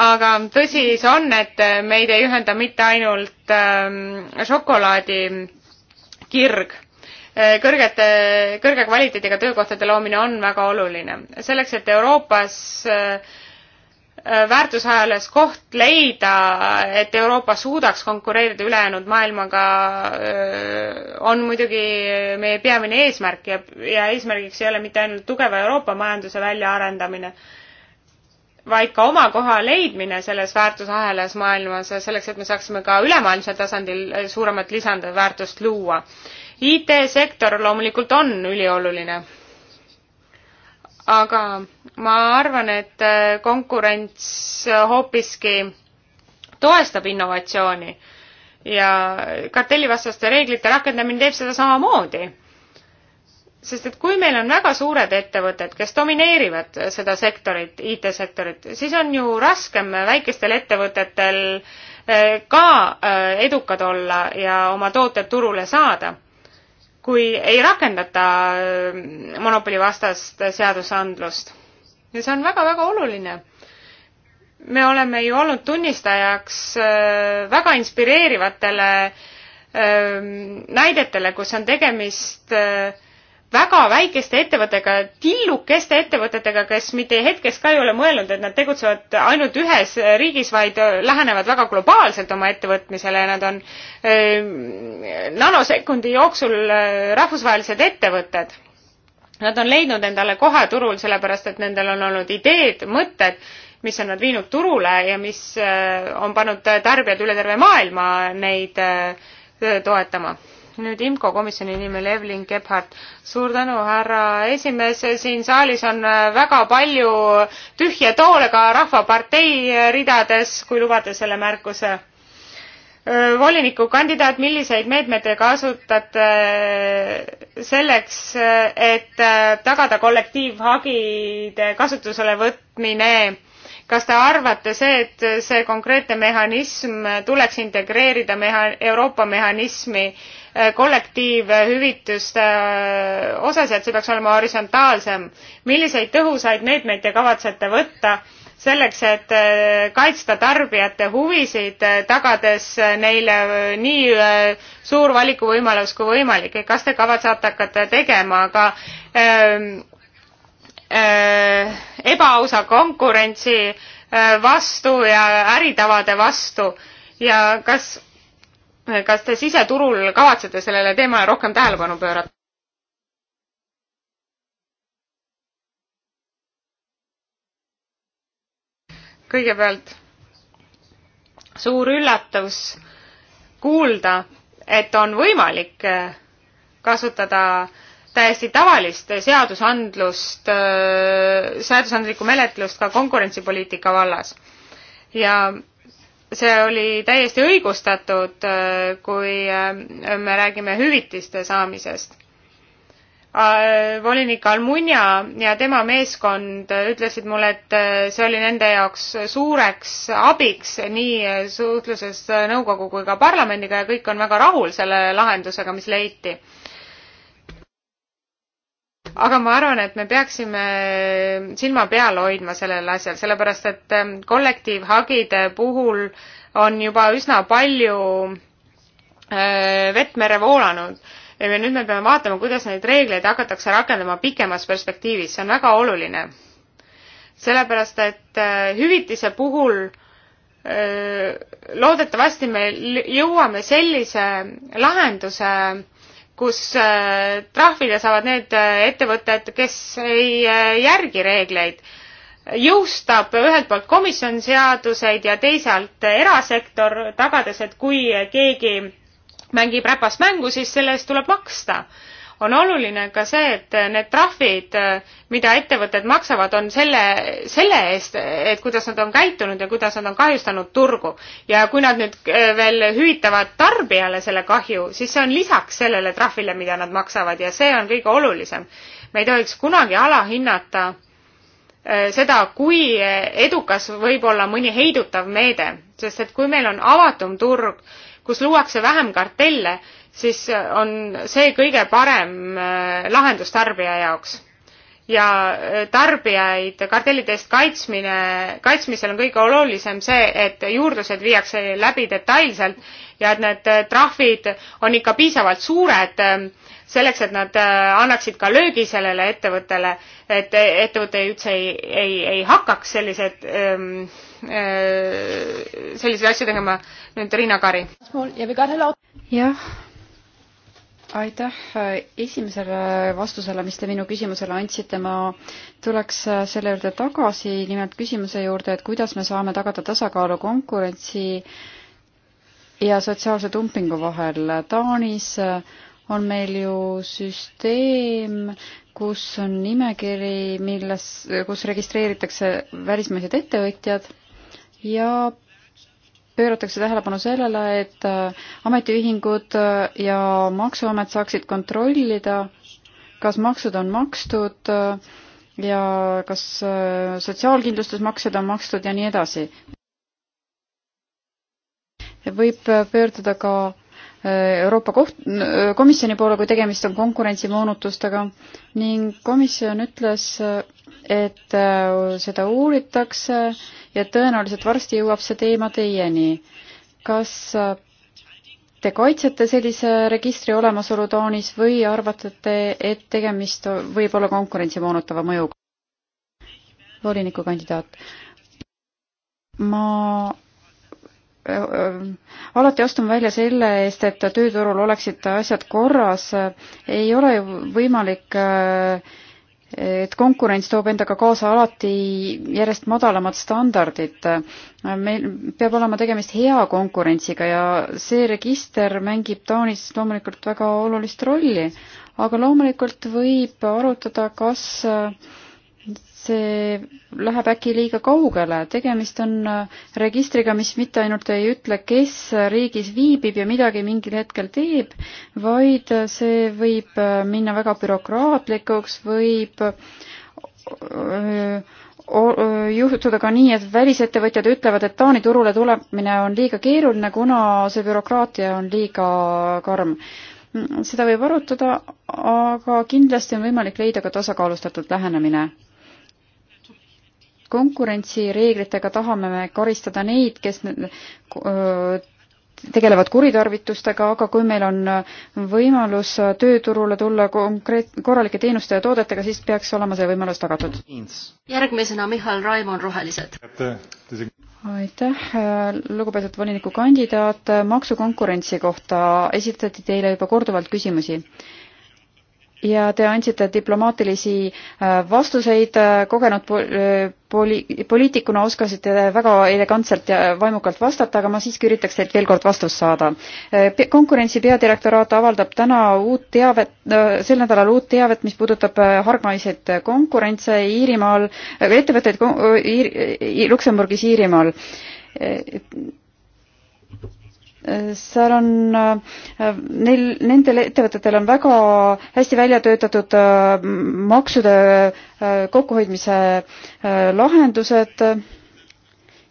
aga tõsi see on, et meid ei ühenda mitte ainult ähm, šokolaadikirg kõrgete, kõrge kvaliteediga töökohtade loomine on väga oluline. selleks, et Euroopas äh, Äh, väärtusahelas koht leida, et Euroopa suudaks konkureerida ülejäänud maailmaga, äh, on muidugi meie peamine eesmärk ja, ja eesmärgiks ei ole mitte ainult tugeva Euroopa majanduse väljaarendamine, vaid ka oma koha leidmine selles väärtusahelas maailmas, selleks et me saaksime ka ülemaailmsel tasandil äh, suuremat lisandväärtust luua. IT-sektor loomulikult on ülioluline aga ma arvan, et äh, konkurents äh, hoopiski toestab innovatsiooni ja kartellivastaste reeglite rakendamine teeb seda samamoodi. sest et kui meil on väga suured ettevõtted, kes domineerivad seda sektorit, IT-sektorit, siis on ju raskem väikestel ettevõtetel äh, ka edukad olla ja oma tooted turule saada kui ei rakendata äh, monopolivastast seadusandlust. ja see on väga-väga oluline. me oleme ju olnud tunnistajaks äh, väga inspireerivatele äh, näidetele, kus on tegemist äh, väga väikeste ettevõttega, tillukeste ettevõtetega, kes mitte hetkeks ka ei ole mõelnud, et nad tegutsevad ainult ühes riigis, vaid lähenevad väga globaalselt oma ettevõtmisele ja nad on öö, ehm, nanosekundi jooksul eh, rahvusvahelised ettevõtted. Nad on leidnud endale koha turul, sellepärast et nendel on olnud ideed, mõtted, mis on nad viinud turule ja mis öö, eh, on pannud tarbijad üle terve maailma neid öö, eh, toetama nüüd IMCO komisjoni nimel Evelyn Gebhardt. suur tänu, härra esimees, siin saalis on äh, väga palju tühje toole ka Rahvapartei ridades, kui lubate selle märkuse. Äh, volinikukandidaat, milliseid meetmeid te kasutate äh, selleks, et tagada kollektiivhagide kasutusele võtmine kas te arvate see, et see konkreetne mehhanism tuleks integreerida meha-, Euroopa mehhanismi kollektiivhüvitiste äh, osas ja et see peaks olema horisontaalsem. milliseid tõhusaid meetmeid te kavatsete võtta selleks, et äh, kaitsta tarbijate huvisid, äh, tagades neile nii suur valikuvõimalus kui võimalik, et kas te kavatsete hakata tegema ka ähm, äh, ebaausa konkurentsi äh, vastu ja äritavade vastu ja kas kas te siseturul kavatsete sellele teemale rohkem tähelepanu pöörata? kõigepealt suur üllatus kuulda, et on võimalik kasutada täiesti tavalist seadusandlust, äh, seadusandlikku menetlust ka konkurentsipoliitika vallas. ja see oli täiesti õigustatud, äh, kui äh, me räägime hüvitiste saamisest. Äh, volinik Almunia ja tema meeskond ütlesid mulle, et see oli nende jaoks suureks abiks nii suhtluses nõukogu kui ka parlamendiga ja kõik on väga rahul selle lahendusega, mis leiti aga ma arvan, et me peaksime silma peal hoidma sellel asjal, sellepärast et ähm, kollektiivhagide puhul on juba üsna palju äh, vett merre voolanud ja nüüd me peame vaatama, kuidas neid reegleid hakatakse rakendama pikemas perspektiivis, see on väga oluline. sellepärast, et äh, hüvitise puhul äh, loodetavasti me jõuame sellise lahenduse kus äh, trahvida saavad need äh, ettevõtted, kes ei äh, järgi reegleid. jõustab ühelt poolt komisjon seaduseid ja teisalt erasektor, tagades, et kui keegi mängib räpast mängu, siis selle eest tuleb maksta on oluline ka see, et need trahvid, mida ettevõtted maksavad, on selle, selle eest, et kuidas nad on käitunud ja kuidas nad on kahjustanud turgu. ja kui nad nüüd eh, veel hüvitavad tarbijale selle kahju, siis see on lisaks sellele trahvile, mida nad maksavad ja see on kõige olulisem. me ei tohiks kunagi alahinnata eh, seda, kui edukas võib olla mõni heidutav meede, sest et kui meil on avatum turg, kus luuakse vähem kartelle, siis on see kõige parem äh, lahendus tarbija jaoks. ja äh, tarbijaid kartellide eest kaitsmine, kaitsmisel on kõige olulisem see, et juurdlused viiakse läbi detailselt ja et need äh, trahvid on ikka piisavalt suured selleks, et nad annaksid ka löögi sellele ettevõttele, et ettevõte üldse ei, ei, ei hakkaks sellised ähm, selliseid asju tegema. nüüd Riina Kari.
jah, aitäh äh, esimesele vastusele, mis te minu küsimusele andsite, ma tuleks äh, selle juurde tagasi, nimelt küsimuse juurde, et kuidas me saame tagada tasakaalu konkurentsi ja sotsiaalse dumpingu vahel. Taanis äh, on meil ju süsteem, kus on nimekiri, milles, kus registreeritakse välismaised ettevõtjad ja pööratakse tähelepanu sellele, et äh, ametiühingud äh, ja Maksuamet saaksid kontrollida, kas maksud on makstud äh, ja kas sotsiaalkindlustusmaksed on makstud ja nii edasi. võib pöörduda ka Euroopa koht-, komisjoni poole, kui tegemist on konkurentsimoonutustega ning komisjon ütles, et äh, seda uuritakse ja tõenäoliselt varsti jõuab see teema teieni. kas äh, te kaitsete sellise registri olemasolu Taanis või arvate te, et tegemist võib olla konkurentsi moonutava mõjuga? volinikukandidaat. ma Äh, äh, alati astuma välja selle eest, et tööturul oleksid asjad korras, ei ole ju võimalik äh, et konkurents toob endaga kaasa alati järjest madalamad standardid. meil peab olema tegemist hea konkurentsiga ja see register mängib Taanis loomulikult väga olulist rolli, aga loomulikult võib arutada, kas äh, see läheb äkki liiga kaugele, tegemist on äh, registriga, mis mitte ainult ei ütle, kes riigis viibib ja midagi mingil hetkel teeb, vaid äh, see võib äh, minna väga bürokraatlikuks, võib juhtuda ka nii, et välisettevõtjad ütlevad, et Taani turule tulemine on liiga keeruline, kuna see bürokraatia on liiga karm seda võib arutada, aga kindlasti on võimalik leida ka tasakaalustatud lähenemine konkurentsireeglitega tahame me karistada neid, kes tegelevad kuritarvitustega, aga kui meil on võimalus tööturule tulla konkreet-, korralike teenuste ja toodetega, siis peaks olema see võimalus tagatud.
järgmisena Mihhail Raimon, Rohelised.
aitäh, lugupeetud volinikukandidaat, maksukonkurentsi kohta esitati teile juba korduvalt küsimusi ja te andsite diplomaatilisi äh, vastuseid äh, kogenud äh, poli-, poliitikuna oskasite väga elegantselt ja vaimukalt vastata, aga ma siiski üritaks teilt veel kord vastust saada. konkurentsi peadirektoraat avaldab täna uut teavet, sel nädalal uut teavet, mis puudutab hargmaiseid konkurentse Iirimaal, ettevõtteid Iir, Luksemburgis, Iirimaal seal on, äh, neil, nendel ettevõtetel on väga hästi välja töötatud äh, maksude äh, kokkuhoidmise lahendused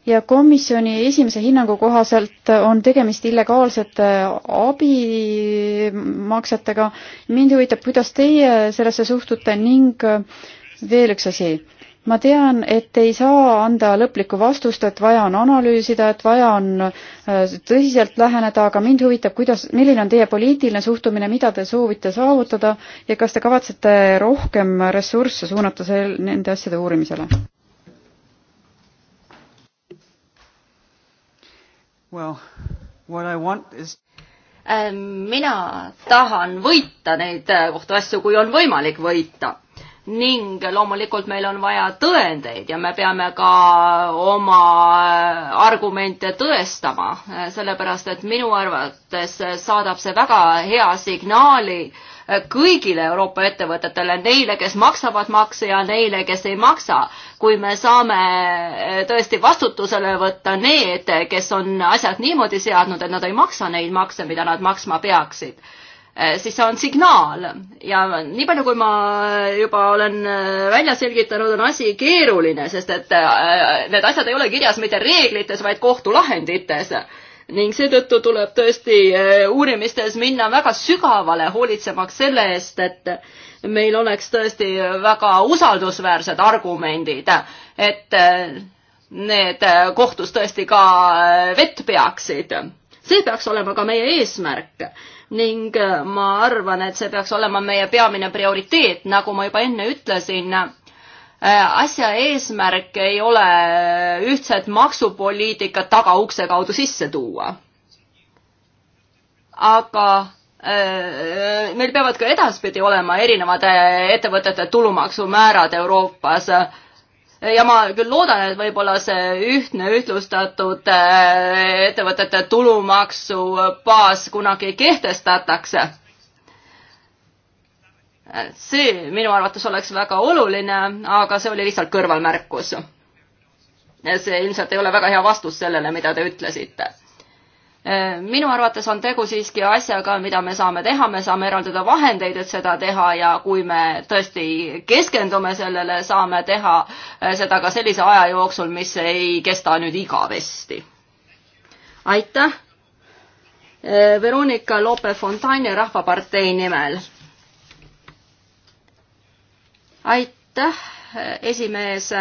ja komisjoni esimese hinnangu kohaselt on tegemist illegaalsete abimaksetega. mind huvitab, kuidas teie sellesse suhtute ning veel üks asi ma tean, et ei saa anda lõplikku vastust, et vaja on analüüsida, et vaja on äh, tõsiselt läheneda, aga mind huvitab, kuidas, milline on teie poliitiline suhtumine, mida te soovite saavutada ja kas te kavatsete rohkem ressursse suunata sel-, nende asjade uurimisele?
Well, what I want is ähm, mina tahan võita neid äh, kohtuasju, kui on võimalik võita ning loomulikult meil on vaja tõendeid ja me peame ka oma argumente tõestama, sellepärast et minu arvates saadab see väga hea signaali kõigile Euroopa ettevõtetele, neile, kes maksavad makse ja neile, kes ei maksa. kui me saame tõesti vastutusele võtta need, kes on asjad niimoodi seadnud, et nad ei maksa neid makse, mida nad maksma peaksid Eh, siis see on signaal ja nii palju, kui ma juba olen eh, välja selgitanud, on asi keeruline, sest et eh, need asjad ei ole kirjas mitte reeglites, vaid kohtulahendites ning seetõttu tuleb tõesti uurimistes minna väga sügavale, hoolitsemaks selle eest, et meil oleks tõesti väga usaldusväärsed argumendid, et need kohtus tõesti ka vett peaksid. see peaks olema ka meie eesmärk ning äh, ma arvan, et see peaks olema meie peamine prioriteet, nagu ma juba enne ütlesin äh, asja eesmärk ei ole ühtset maksupoliitikat tagaukse kaudu sisse tuua. aga äh, meil peavad ka edaspidi olema erinevad ettevõtete tulumaksumäärad Euroopas ja ma küll loodan, et võib-olla see ühtne ühtlustatud äh, ettevõtete tulumaksubaas kunagi kehtestatakse. see minu arvates oleks väga oluline, aga see oli lihtsalt kõrvalmärkus. see ilmselt ei ole väga hea vastus sellele, mida te ütlesite Äh, minu arvates on tegu siiski asjaga, mida me saame teha, me saame eraldada vahendeid, et seda teha ja kui me tõesti keskendume sellele, saame teha äh, seda ka sellise aja jooksul, mis ei kesta nüüd igavesti. aitäh. Äh, Veronika Lope-Fontaine Rahvapartei nimel. aitäh, esimees,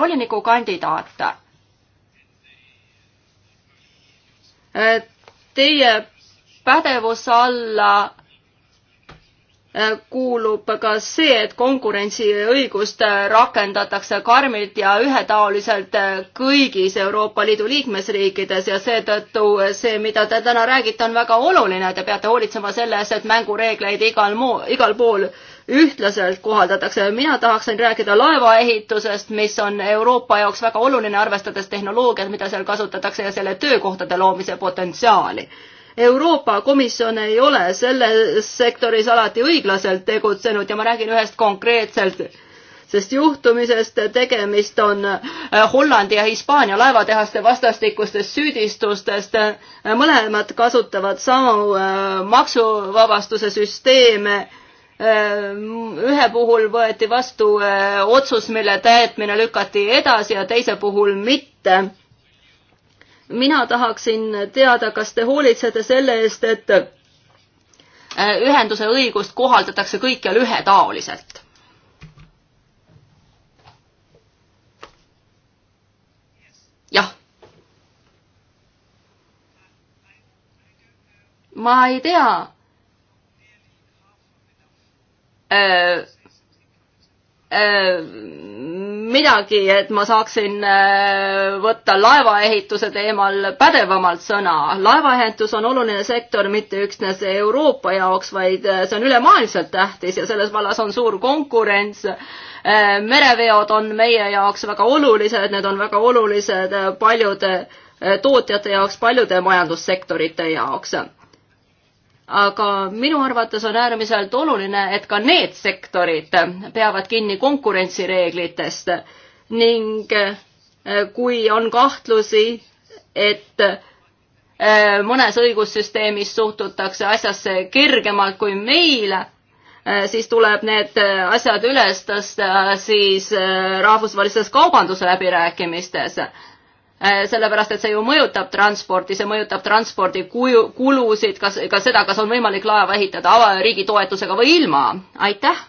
volinikukandidaat Äh, teie pädevuse alla äh, kuulub ka see, et konkurentsiõigust äh, rakendatakse karmilt ja ühetaoliselt kõigis Euroopa Liidu liikmesriikides ja seetõttu see, mida te täna räägite, on väga oluline. Te peate hoolitsema selle eest, et mängureegleid igal moo-, igal pool äh, ühtlaselt kohaldatakse. mina tahaksin rääkida laevaehitusest, mis on Euroopa jaoks väga oluline, arvestades tehnoloogiat, mida seal kasutatakse ja selle töökohtade loomise potentsiaali. Euroopa Komisjon ei ole selles sektoris alati õiglaselt tegutsenud ja ma räägin ühest konkreetselt sest juhtumisest tegemist on äh, Hollandi ja Hispaania laevatehaste vastastikustest süüdistustest. Äh, mõlemad kasutavad samu äh, maksuvabastuse süsteeme Äh, ühe puhul võeti vastu äh, otsus, mille täitmine lükati edasi ja teise puhul mitte. mina tahaksin teada, kas te hoolitsete selle eest, et äh, ühenduse õigust kohaldatakse kõikjal ühetaoliselt? jah. ma ei tea Äh, äh, midagi, et ma saaksin äh, võtta laevaehituse teemal pädevamalt sõna. laevaehitus on oluline sektor mitte üksnes Euroopa jaoks, vaid see on ülemaailmselt tähtis ja selles vallas on suur konkurents. mereveod on meie jaoks väga olulised, need on väga olulised paljude tootjate jaoks, paljude majandussektorite jaoks aga minu arvates on äärmiselt oluline, et ka need sektorid peavad kinni konkurentsireeglitest ning eh, kui on kahtlusi, et eh, mõnes õigussüsteemis suhtutakse asjasse kergemalt kui meil, eh, siis tuleb need asjad üles tõsta siis rahvusvahelises kaubanduse läbirääkimistes Äh, sellepärast et see ju mõjutab transporti, see mõjutab transpordi kuju, kulusid, kas, ka seda, kas on võimalik laeva ehitada riigi toetusega või ilma. aitäh!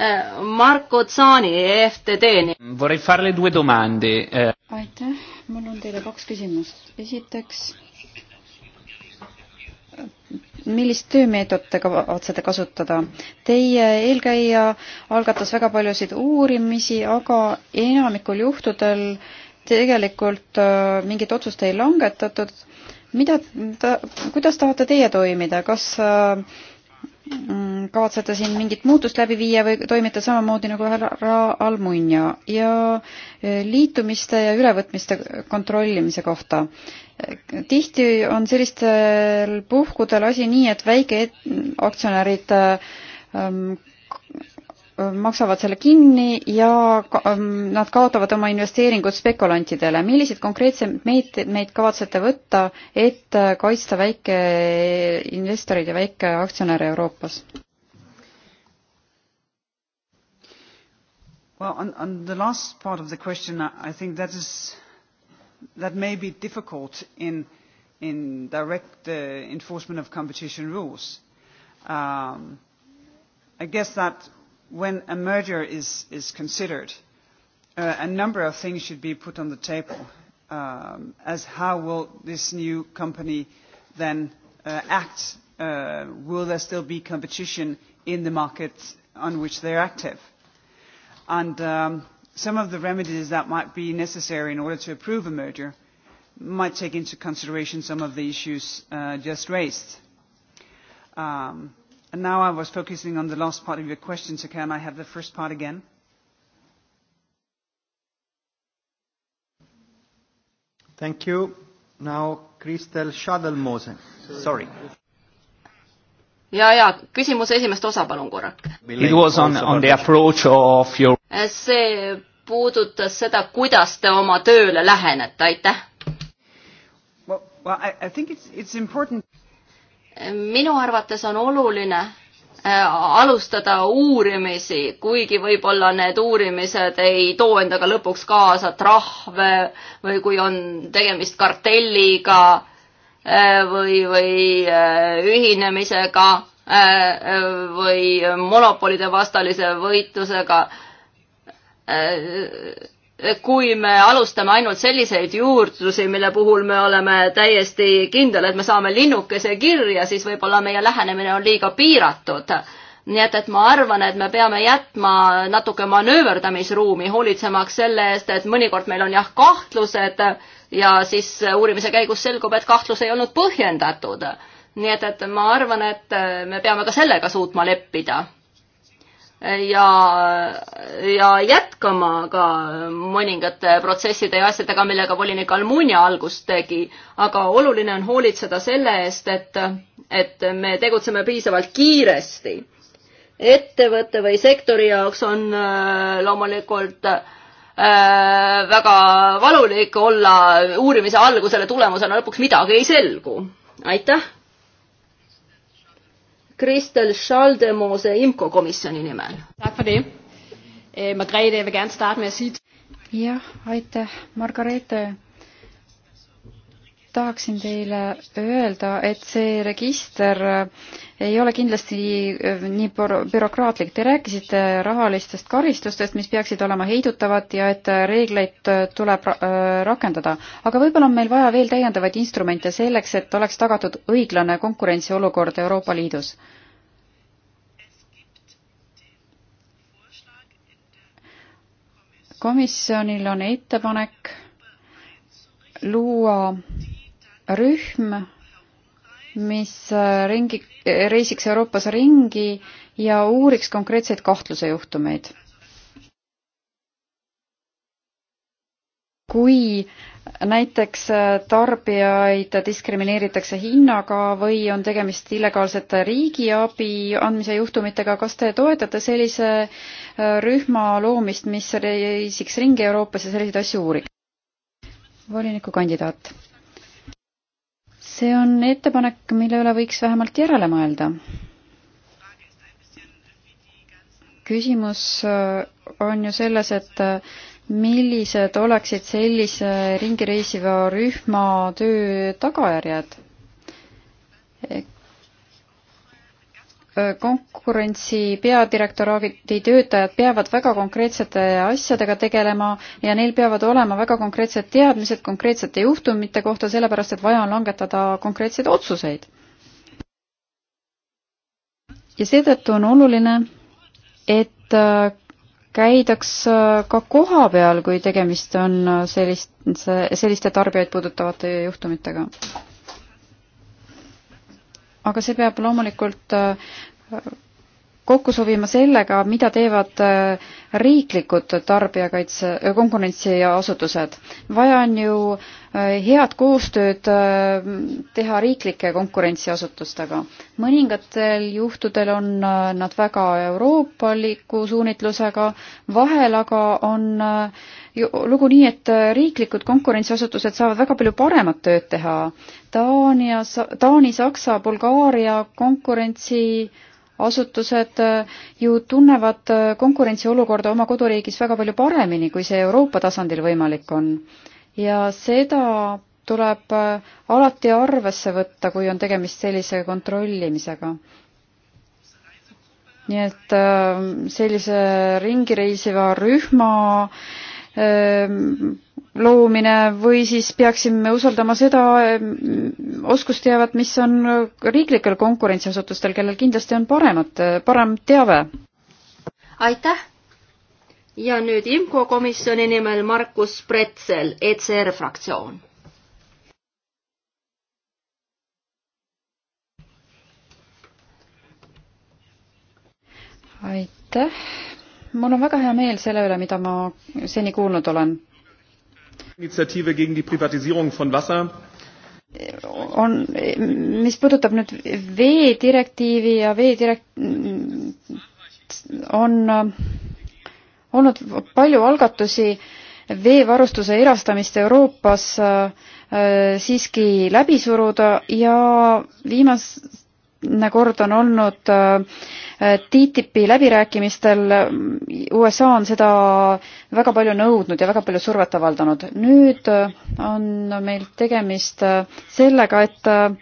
Äh, Marko Tsaani EFTD-ni.
Äh,
aitäh,
mul on teile kaks küsimust. esiteks millist töömeetodit te kavatsete kasutada? Teie eelkäija algatas väga paljusid uurimisi, aga enamikul juhtudel tegelikult äh, mingit otsust ei langetatud. mida ta, kuidas tahate teie toimida, kas äh, Mm, kavatsete siin mingit muutust läbi viia või toimite samamoodi nagu härra Almunia ja eh, liitumiste ja ülevõtmiste kontrollimise kohta. Eh, tihti on sellistel puhkudel asi nii, et väikeaktsionärid ehm, maksavad selle kinni ja ähm, nad kaotavad oma investeeringud spekulantidele. milliseid konkreetseid meetmeid kavatsete võtta, et äh, kaitsta väikeinvestoreid ja väikeaktsionäre Euroopas?
Well, on, on the last part of the question, I think that is that may be difficult in in direct uh, enforcement of competition rules. Um, I guess that when a merger is, is considered, uh, a number of things should be put on the table um, as how will this new company then uh, act? Uh, will there still be competition in the market on which they're active? And um, some of the remedies that might be necessary in order to approve a merger might take into consideration some of the issues uh, just raised. Um, And now I was focusing on the last part of your question, so can I have the first part again? Thank you. Now Kristel Schadelmose. Sorry.
ja, ja küsimuse esimest osa palun korrake.
It was on, on the approach of your.
see puudutas seda, kuidas te oma tööle lähenete, aitäh. Well, well, I, I think it's, it's important minu arvates on oluline äh, alustada uurimisi, kuigi võib-olla need uurimised ei too endaga lõpuks kaasa trahve või kui on tegemist kartelliga äh, või, või äh, ühinemisega või monopolide vastalise võitlusega kui me alustame ainult selliseid juurdlusi, mille puhul me oleme täiesti kindel, et me saame linnukese kirja, siis võib-olla meie lähenemine on liiga piiratud. nii et, et ma arvan, et me peame jätma natuke manööverdamisruumi, hoolitsemaks selle eest, et mõnikord meil on jah kahtlused ja siis uurimise käigus selgub, et kahtlus ei olnud põhjendatud. nii et, et ma arvan, et me peame ka sellega suutma leppida ja, ja jätkama ka mõningate protsesside ja asjadega, millega volinik Almunia algust tegi. aga oluline on hoolitseda selle eest, et, et me tegutseme piisavalt kiiresti. ettevõtte või sektori jaoks on äh, loomulikult äh, väga valulik olla uurimise algusele tulemusena lõpuks midagi ei selgu. aitäh Kristel Schaldemose IMCO komisjoni nimel. Øh,
jah, aitäh, Margareete tahaksin teile öelda, et see register äh, ei ole kindlasti äh, nii bürokraatlik. Te rääkisite rahalistest karistustest, mis peaksid olema heidutavad ja et äh, reegleid tuleb rakendada. aga võib-olla on meil vaja veel täiendavaid instrumente selleks, et oleks tagatud õiglane konkurentsiolukord Euroopa Liidus komisjonil on ettepanek luua rühm, mis äh, ringi, äh, reisiks Euroopas ringi ja uuriks konkreetseid kahtluse juhtumeid. kui näiteks äh, tarbijaid diskrimineeritakse hinnaga või on tegemist illegaalsete riigiabi andmise juhtumitega, kas te toetate sellise rühma loomist, mis reisiks ringi Euroopas ja selliseid asju uuriks? volinikukandidaat see on ettepanek, mille üle võiks vähemalt järele mõelda. küsimus äh, on ju selles, et äh, millised oleksid sellise ringi reisiva rühma töö tagajärjed? konkurentsi peadirektoraadi töötajad peavad väga konkreetsete asjadega tegelema ja neil peavad olema väga konkreetsed teadmised konkreetsete juhtumite kohta, sellepärast et vaja on langetada konkreetseid otsuseid. ja seetõttu on oluline, et äh, käidaks äh, ka koha peal, kui tegemist on sellist, selliste tarbijaid puudutavate juhtumitega aga see peab loomulikult äh, kokku sobima sellega, mida teevad äh, riiklikud tarbijakaitse, äh, konkurentsiasutused. vaja on ju head koostööd teha riiklike konkurentsiasutustega. mõningatel juhtudel on nad väga euroopaliku suunitlusega, vahel aga on lugu nii, et riiklikud konkurentsiasutused saavad väga palju paremat tööd teha. Taania, Taani, Saksa, Bulgaaria konkurentsiasutused äh, ju tunnevad äh, konkurentsiolukorda oma koduriigis väga palju paremini, kui see Euroopa tasandil võimalik on. ja seda tuleb äh, alati arvesse võtta, kui on tegemist sellise kontrollimisega. nii et sellise ringi reisiva rühma loomine või siis peaksime usaldama seda mm, oskusteavet, mis on riiklikel konkurentsiasutustel, kellel kindlasti on paremad, parem teave.
aitäh! ja nüüd IMCO komisjoni nimel Markus Pretzel, ECR fraktsioon.
aitäh, mul on väga hea meel selle üle, mida ma seni kuulnud olen
initsiatiive gegen die
privatiseerung von Wasser on, mis puudutab nüüd veedirektiivi ja veedirekt-, on äh, olnud palju algatusi veevarustuse erastamist Euroopas äh, äh, siiski läbi suruda ja viimas-, järgmine kord on olnud äh, TTIP-i läbirääkimistel, USA on seda väga palju nõudnud ja väga palju survet avaldanud. nüüd äh, on meil tegemist äh, sellega, et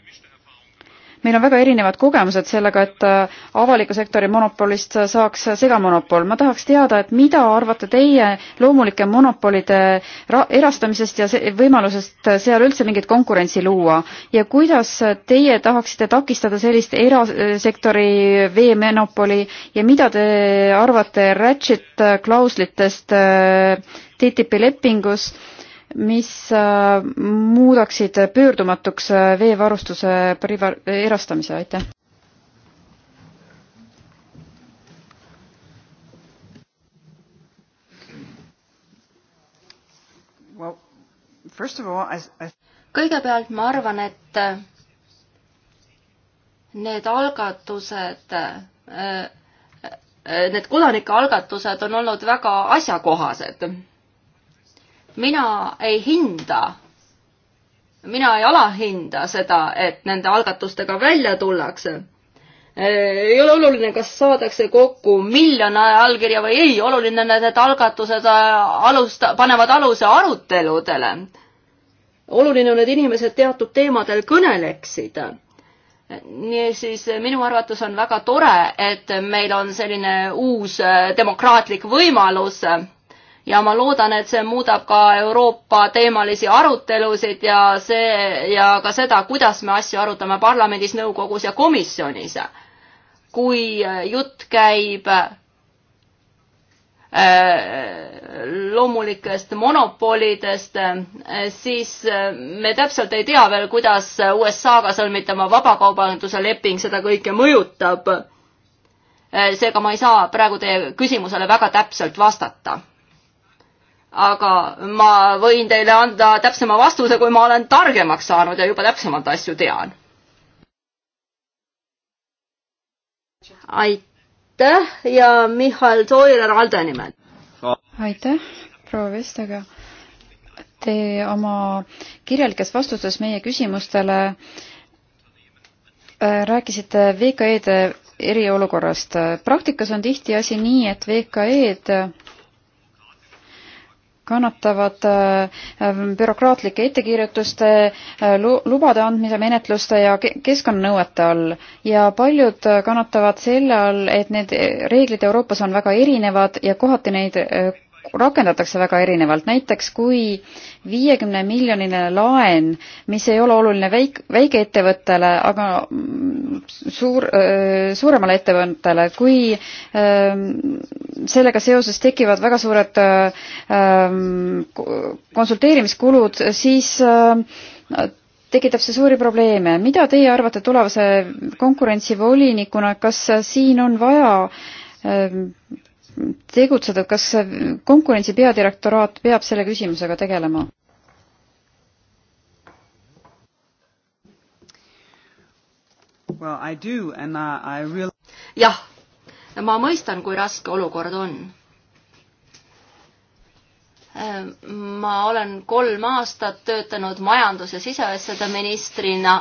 meil on väga erinevad kogemused sellega, et äh, avaliku sektori monopolist saaks segamonopol. ma tahaks teada, et mida arvate teie loomulike monopolide erastamisest ja võimalusest seal üldse mingit konkurentsi luua ja kuidas teie tahaksite takistada sellist erasektori veemonopoli ja mida te arvate ratchet klauslitest äh, TTIP-i lepingus mis äh, muudaksid pöördumatuks äh, veevarustuse priva-, erastamise, aitäh!
kõigepealt ma arvan, et äh, need algatused, need kodanike algatused on olnud väga asjakohased mina ei hinda, mina ei alahinda seda, et nende algatustega välja tullakse äh, ei ole oluline, kas saadakse kokku miljon allkirja või ei, oluline on, et need algatused äh, alusta-, panevad aluse aruteludele. oluline on, et inimesed teatud teemadel kõneleksid. niisiis, äh, minu arvates on väga tore, et meil on selline uus demokraatlik võimalus äh, ja ma loodan, et see muudab ka Euroopa teemalisi arutelusid ja see ja ka seda, kuidas me asju arutame parlamendis, nõukogus ja komisjonis. kui jutt käib äh, loomulikest monopolidest, äh, siis äh, me täpselt ei tea veel, kuidas USA-ga sõlmitama vabakaubanduse leping seda kõike mõjutab. seega ma ei saa praegu teie küsimusele väga täpselt vastata aga ma võin teile anda täpsema vastuse, kui ma olen targemaks saanud ja juba täpsemalt asju tean. aitäh ja Mihhail Soojer Alde nimel. aitäh, proua Vestaga. Te oma
kirjalikes vastustes meie küsimustele äh, rääkisite VKE-de eriolukorrast. praktikas on tihti asi nii, et VKE-d kannatavad äh, bürokraatlike ettekirjutuste, äh, lubade andmise menetluste ja keskkonnanõuete all ja paljud äh, kannatavad selle all, et need reeglid Euroopas on väga erinevad ja kohati neid rakendatakse väga erinevalt, näiteks kui viiekümne miljoniline laen, mis ei ole oluline väik-, väikeettevõttele, aga mm, suur, suuremale ettevõttele, kui sellega seoses tekivad väga suured konsulteerimiskulud, siis tekitab see suuri probleeme. mida teie arvate tulevase konkurentsivolinikuna, kas siin on vaja tegutseda, kas konkurentsi peadirektoraat peab selle küsimusega tegelema?
jah, ma mõistan, kui raske olukord on ehm, ma olen kolm aastat töötanud majandus- ja siseasjade ministrina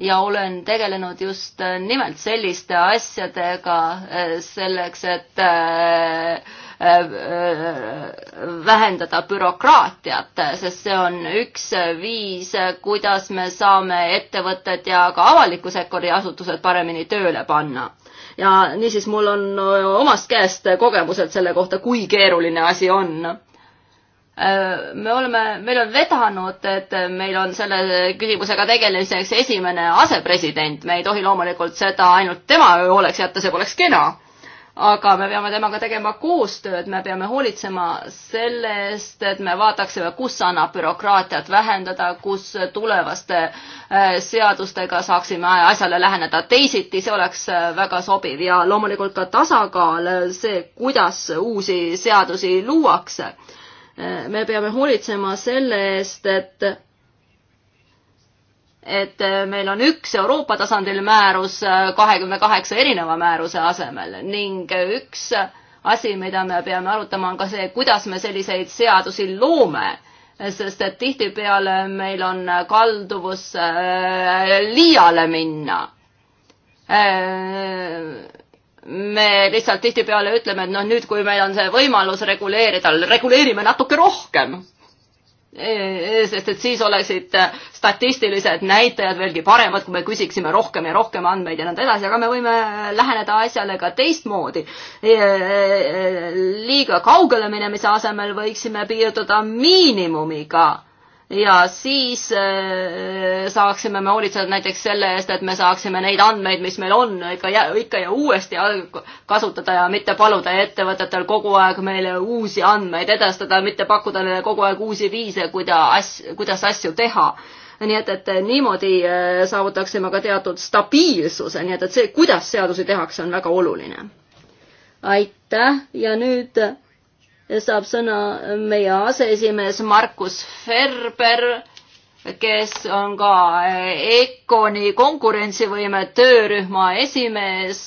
ja olen tegelenud just äh, nimelt selliste asjadega äh, selleks, et äh, vähendada bürokraatiat, sest see on üks viis, kuidas me saame ettevõtted ja ka avaliku sektori asutused paremini tööle panna. ja niisiis, mul on omast käest kogemused selle kohta, kui keeruline asi on Äh, me oleme, meil on vedanud, et meil on selle küsimusega tegelemiseks esimene asepresident, me ei tohi loomulikult seda ainult tema hooleks jätta, see poleks kena. aga me peame temaga tegema koostööd, me peame hoolitsema selle eest, et me vaataksime, kus annab bürokraatiat vähendada, kus tulevaste äh, seadustega saaksime asjale läheneda teisiti, see oleks äh, väga sobiv ja loomulikult ka tasakaal, see, kuidas uusi seadusi luuakse me peame hoolitsema selle eest, et et meil on üks Euroopa tasandil määrus äh, kahekümne kaheksa erineva määruse asemel ning üks asi, mida me peame arutama, on ka see, kuidas me selliseid seadusi loome, sest et tihtipeale meil on kalduvus äh, liiale minna äh, me lihtsalt tihtipeale ütleme, et noh, nüüd, kui meil on see võimalus reguleerida, reguleerime natuke rohkem. E, e, sest et siis oleksid statistilised näitajad veelgi paremad, kui me küsiksime rohkem ja rohkem andmeid ja nõnda edasi, aga me võime läheneda asjale ka teistmoodi. E, liiga kaugele minemise asemel võiksime piirduda miinimumiga ja siis äh, saaksime me hoolitseda näiteks selle eest, et me saaksime neid andmeid, mis meil on, ikka ja ikka ja uuesti kasutada ja mitte paluda ettevõtetel kogu aeg meile uusi andmeid edastada, mitte pakkuda neile kogu aeg uusi viise, kuidas, kuidas asju teha nii et, et niimoodi äh, saavutaksime ka teatud stabiilsuse, nii et, et see, kuidas seadusi tehakse, on väga oluline. aitäh ja nüüd saab sõna meie aseesimees Markus Ferber, kes on ka EKONi konkurentsivõime töörühma esimees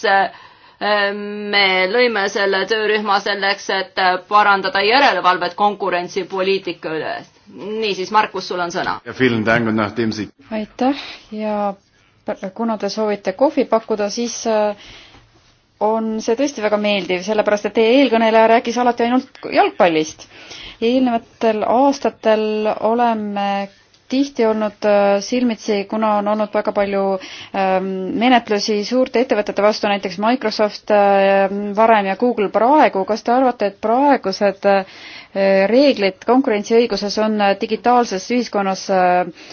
me lõime selle töörühma selleks, et parandada järelevalvet konkurentsipoliitika üle. niisiis, Markus, sul on sõna.
aitäh ja kuna te soovite kohvi pakkuda, siis äh, on see tõesti väga meeldiv, sellepärast et teie eelkõneleja rääkis alati ainult jalgpallist. eelnevatel aastatel oleme tihti olnud äh, silmitsi, kuna on olnud väga palju ähm, menetlusi suurte ettevõtete vastu, näiteks Microsoft äh, varem ja Google praegu. kas te arvate, et praegused äh, reeglid konkurentsiõiguses on digitaalses ühiskonnas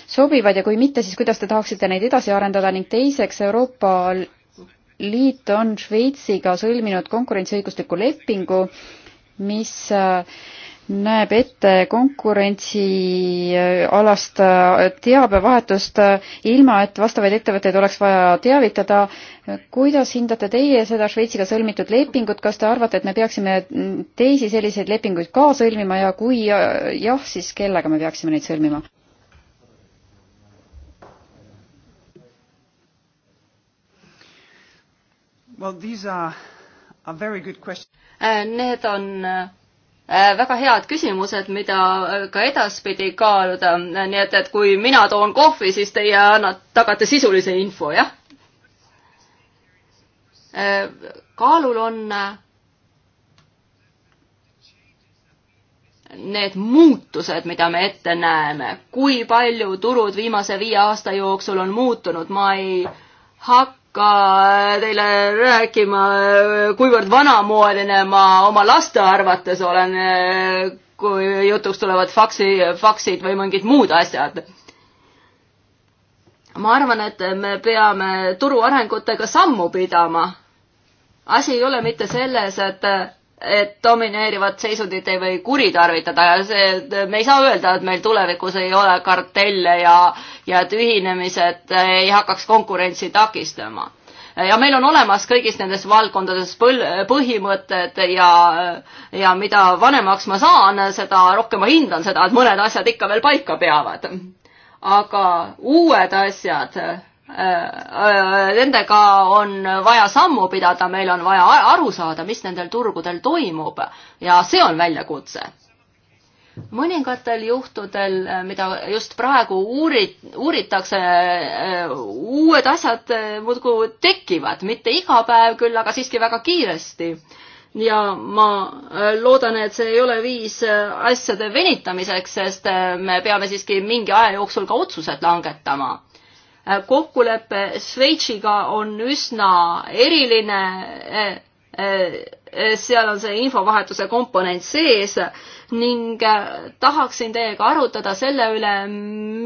sobivad ja kui mitte, siis kuidas te tahaksite neid edasi arendada ning teiseks Euroopa Liit on Šveitsiga sõlminud konkurentsiõigusliku lepingu, mis äh, näeb ette konkurentsialast äh, teabevahetust, äh, ilma et vastavaid ettevõtteid oleks vaja teavitada. kuidas hindate teie seda Šveitsiga sõlmitud lepingut, kas te arvate, et me peaksime teisi selliseid lepinguid ka sõlmima ja kui jah, siis kellega me peaksime neid sõlmima?
Well, these are a very good question.
Äh, need on äh, väga head küsimused, mida äh, ka edaspidi kaaluda, nii et, et kui mina toon kohvi, siis teie annate, tagate sisulise info, jah? kaalul on need muutused, mida me ette näeme, kui palju turud viimase viie aasta jooksul on muutunud, ma ei hakka ka teile rääkima, kuivõrd vanamoeline ma oma laste arvates olen, kui jutuks tulevad faksi, faksid või mingid muud asjad. ma arvan, et me peame turu arengutega sammu pidama. asi ei ole mitte selles, et et domineerivat seisundit ei või kuritarvitada ja see, me ei saa öelda, et meil tulevikus ei ole kartelle ja, ja et ühinemised ei hakkaks konkurentsi takistama. ja meil on olemas kõigis nendes valdkondades põl-, põhimõtted ja, ja mida vanemaks ma saan, seda rohkem ma hindan seda, et mõned asjad ikka veel paika peavad. aga uued asjad Äh, äh, nendega on vaja sammu pidada, meil on vaja aru saada, mis nendel turgudel toimub ja see on väljakutse. mõningatel juhtudel, äh, mida just praegu uurit-, uuritakse, uued asjad muudkui tekivad, mitte iga päev küll, aga siiski väga kiiresti ja ma loodan, et see ei ole viis asjade venitamiseks, sest me peame siiski mingi aja jooksul ka otsused langetama. Äh, kokkulepe Šveitsiga on üsna eriline äh, äh, Eh, seal on see infovahetuse komponent sees ning eh, tahaksin teiega arutada selle üle,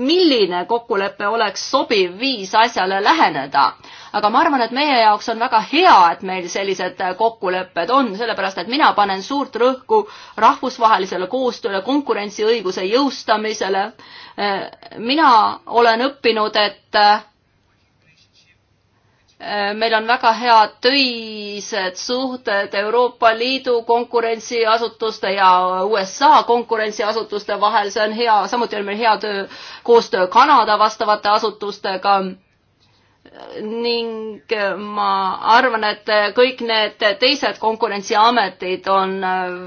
milline kokkulepe oleks sobiv viis asjale läheneda. aga ma arvan, et meie jaoks on väga hea, et meil sellised eh, kokkulepped on, sellepärast et mina panen suurt rõhku rahvusvahelisele koostööle, konkurentsiõiguse jõustamisele. mina olen õppinud, et Äh, meil on väga head töised suhted Euroopa Liidu konkurentsiasutuste ja USA konkurentsiasutuste vahel, see on hea, samuti on meil hea töö, koostöö Kanada vastavate asutustega ning ma arvan, et kõik need teised konkurentsiametid on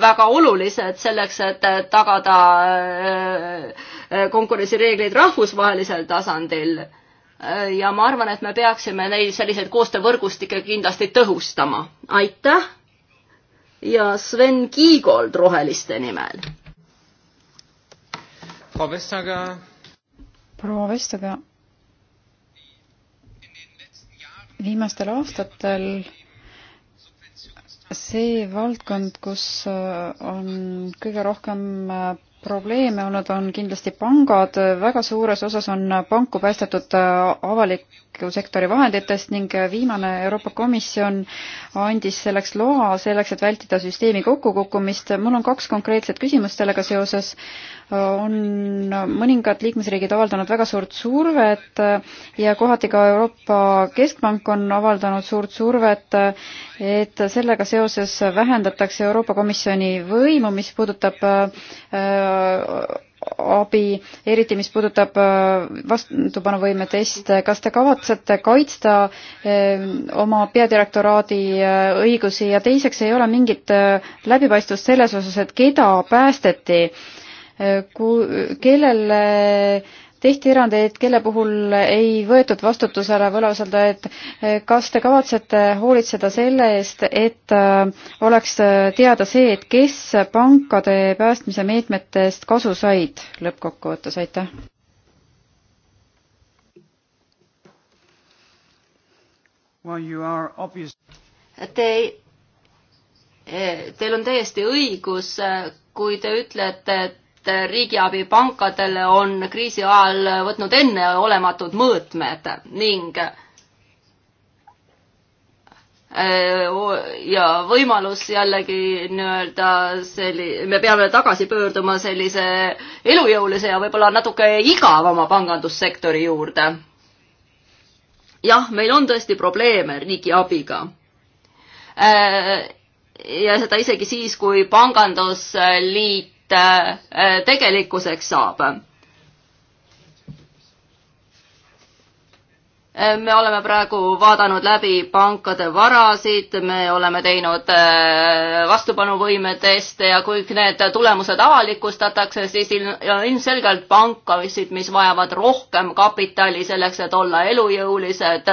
väga olulised selleks, et tagada äh, äh, konkurentsireeglid rahvusvahelisel tasandil ja ma arvan, et me peaksime neid selliseid koostöövõrgustikke kindlasti tõhustama. aitäh! ja Sven Kiigold Roheliste nimel. proua Vestaga.
proua Vestaga. viimastel aastatel see valdkond, kus äh, on kõige rohkem äh, probleeme olnud, on kindlasti pangad, väga suures osas on panku päästetud äh, avaliku sektori vahenditest ning viimane Euroopa Komisjon andis selleks loa, selleks, et vältida süsteemi kokkukukkumist. mul on kaks konkreetset küsimust sellega seoses on mõningad liikmesriigid avaldanud väga suurt survet ja kohati ka Euroopa Keskpank on avaldanud suurt survet, et sellega seoses vähendatakse Euroopa Komisjoni võimu, mis puudutab äh, abi, eriti mis puudutab äh, vastupanuvõime teste, kas te kavatsete kaitsta äh, oma peadirektoraadi õigusi ja teiseks ei ole mingit läbipaistvust selles osas, et keda päästeti kellele tehti erandeid, kelle puhul ei võetud vastutusele võlausaldajaid. kas te kavatsete hoolitseda selle eest, et äh, oleks äh, teada see, et kes pankade päästmise meetmetest kasu said lõppkokkuvõttes, aitäh?
Well, you are obvious. Te, eh, teil on täiesti õigus, äh, kui te ütlete, et et riigiabi pankadele on kriisi ajal võtnud enneolematud mõõtmed ning äh, ja võimalus jällegi nii-öelda selli-, me peame tagasi pöörduma sellise elujõulise ja võib-olla natuke igavama pangandussektori juurde. jah, meil on tõesti probleeme riigiabiga äh, ja seda isegi siis, kui pangandusliit Äh, tegelikkuseks saab. Äh, me oleme praegu vaadanud läbi pankade varasid, me oleme teinud äh, vastupanuvõimeteste ja kui need tulemused avalikustatakse, siis ilmselgelt pankasid, mis vajavad rohkem kapitali selleks, et olla elujõulised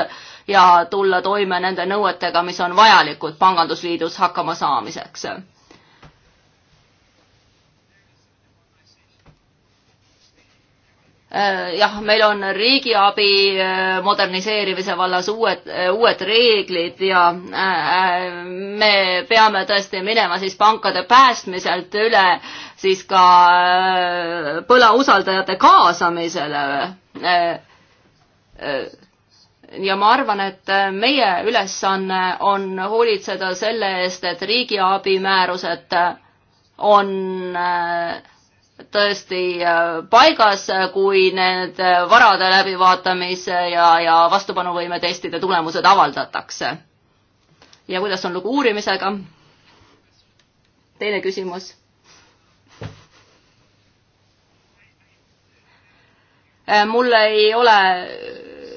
ja tulla toime nende nõuetega, mis on vajalikud pangandusliidus hakkama saamiseks Äh, jah, meil on riigiabi äh, moderniseerimise vallas uued, äh, uued reeglid ja me peame tõesti minema siis pankade päästmiselt üle siis ka võlausaldajate kaasamisele. ja ma arvan, et meie ülesanne on hoolitseda selle eest, et riigiabi määrused on äh, tõesti äh, paigas, äh, kui need äh, varade läbivaatamise ja, ja vastupanuvõime testide tulemused avaldatakse. ja kuidas on lugu uurimisega? teine küsimus. mul ei ole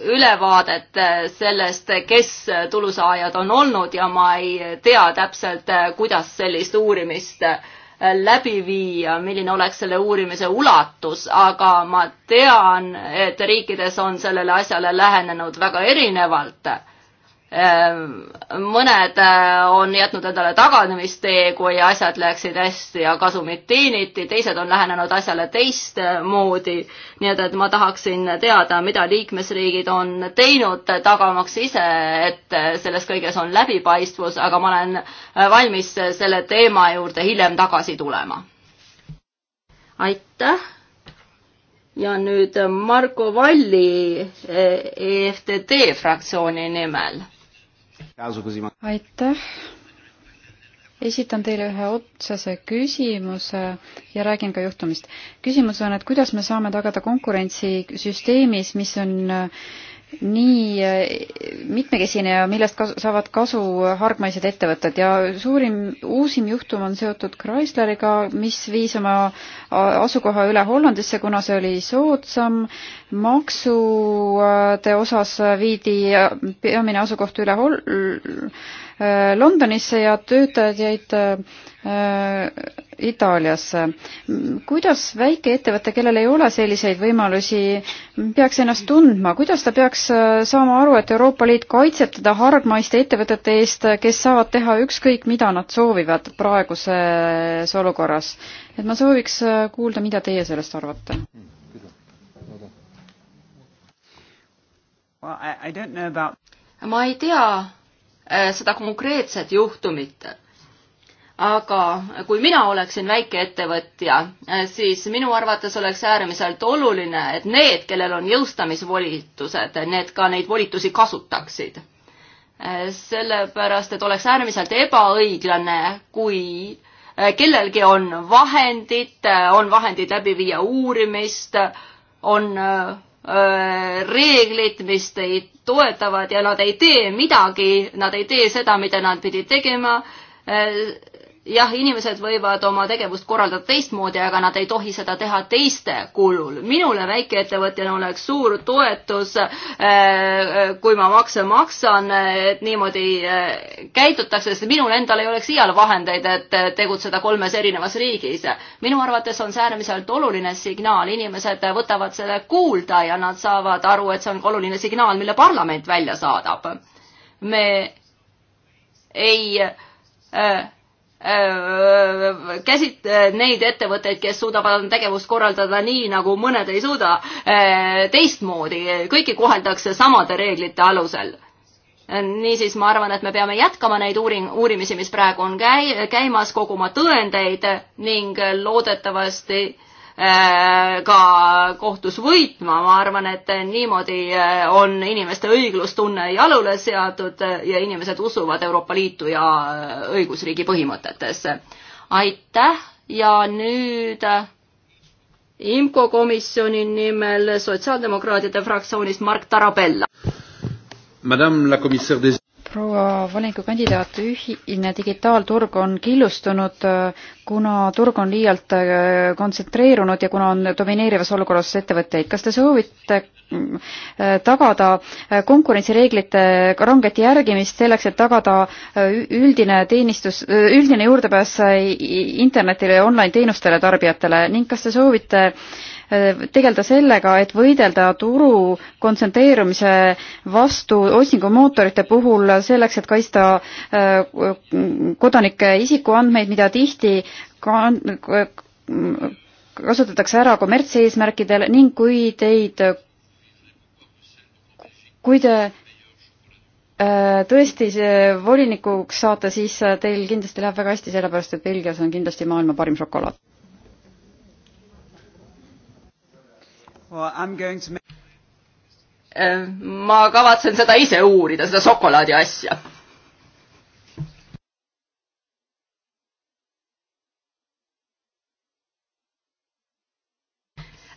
ülevaadet sellest, kes tulusaajad on olnud ja ma ei tea täpselt, kuidas sellist uurimist äh, läbi viia, milline oleks selle uurimise ulatus, aga ma tean, et riikides on sellele asjale lähenenud väga erinevalt Ehm, mõned äh, on jätnud endale taganemistee, kui asjad läksid hästi ja kasumid teeniti, teised on lähenenud asjale teistmoodi. nii et, et ma tahaksin teada, mida liikmesriigid on teinud, tagamaks ise, et selles kõiges on läbipaistvus, aga ma olen äh, valmis selle teema juurde hiljem tagasi tulema. aitäh ja nüüd Marko Valli EFTD fraktsiooni nimel
aitäh. esitan teile ühe otsese küsimuse ja räägin ka juhtumist. küsimus on, et kuidas me saame tagada konkurentsi süsteemis, mis on äh, nii eh, mitmekesine ja millest kasu, saavad kasu hargmaised ettevõtted ja suurim, uusim juhtum on seotud Chrysleriga, mis viis oma asukoha üle Hollandisse, kuna see oli soodsam. maksude osas viidi eh, peamine asukoht üle Hol-, Äh, Londonisse ja töötajad jäid äh, Itaaliasse. kuidas väikeettevõte, kellel ei ole selliseid võimalusi, peaks ennast tundma, kuidas ta peaks äh, saama aru, et Euroopa Liit kaitseb teda hargmaiste ettevõtete eest, kes saavad teha ükskõik, mida nad soovivad praeguses olukorras? et ma sooviks kuulda, mida teie sellest arvate
well,. About... ma ei tea Äh, seda konkreetset juhtumit. aga kui mina oleksin väikeettevõtja, äh, siis minu arvates oleks äärmiselt oluline, et need, kellel on jõustamisvolitused, need ka neid volitusi kasutaksid äh, sellepärast, et oleks äärmiselt ebaõiglane, kui kellelgi on vahendid, on vahendid läbi viia uurimist, on reeglid, mis teid toetavad ja nad ei tee midagi, nad ei tee seda, mida nad pidid tegema jah, inimesed võivad oma tegevust korraldada teistmoodi, aga nad ei tohi seda teha teiste kulul. minule väikeettevõtjana oleks suur toetus, äh, äh, kui ma makse maksan, et niimoodi äh, käitutakse, sest minul endal ei oleks iial vahendeid, et tegutseda kolmes erinevas riigis. minu arvates on see äärmiselt oluline signaal, inimesed võtavad selle kuulda ja nad saavad aru, et see on ka oluline signaal, mille parlament välja saadab. me ei äh, Äh, käsit-, äh, neid ettevõtteid, kes suudavad oma tegevust korraldada nii, nagu mõned ei suuda, äh, teistmoodi, kõiki koheldakse samade reeglite alusel. niisiis, ma arvan, et me peame jätkama neid uuring, uurimisi, mis praegu on käi-, käimas, koguma tõendeid ning loodetavasti Äh, ka kohtus võitma, ma arvan, et niimoodi äh, on inimeste õiglustunne jalule seatud äh, ja inimesed usuvad Euroopa Liitu ja õigusriigi põhimõtetesse. aitäh ja nüüd IMCO komisjoni nimel sotsiaaldemokraatide fraktsioonist Mark Tarabella. Madame la commissaire des
proua volinikukandidaat, ühine digitaalturg on killustunud, äh, kuna turg on liialt äh, kontsentreerunud ja kuna on domineerivas olukorras ettevõtteid. kas te soovite äh, tagada konkurentsireeglite ranget järgimist selleks, et tagada üldine teenistus, üldine juurdepääs internetile ja online teenustele tarbijatele ning kas te soovite äh, Äh, tegeleda sellega, et võidelda turu kontsenteerumise vastu otsingumootorite puhul selleks, et kaitsta äh, kodanike isikuandmeid, mida tihti äh, kasutatakse ära kommertseesmärkidel ning kui teid, kui te tõesti volinikuks saate, siis teil kindlasti läheb väga hästi, sellepärast et Belgias on kindlasti maailma parim šokolaad.
Äh, ma kavatsen seda ise uurida, seda šokolaadi asja.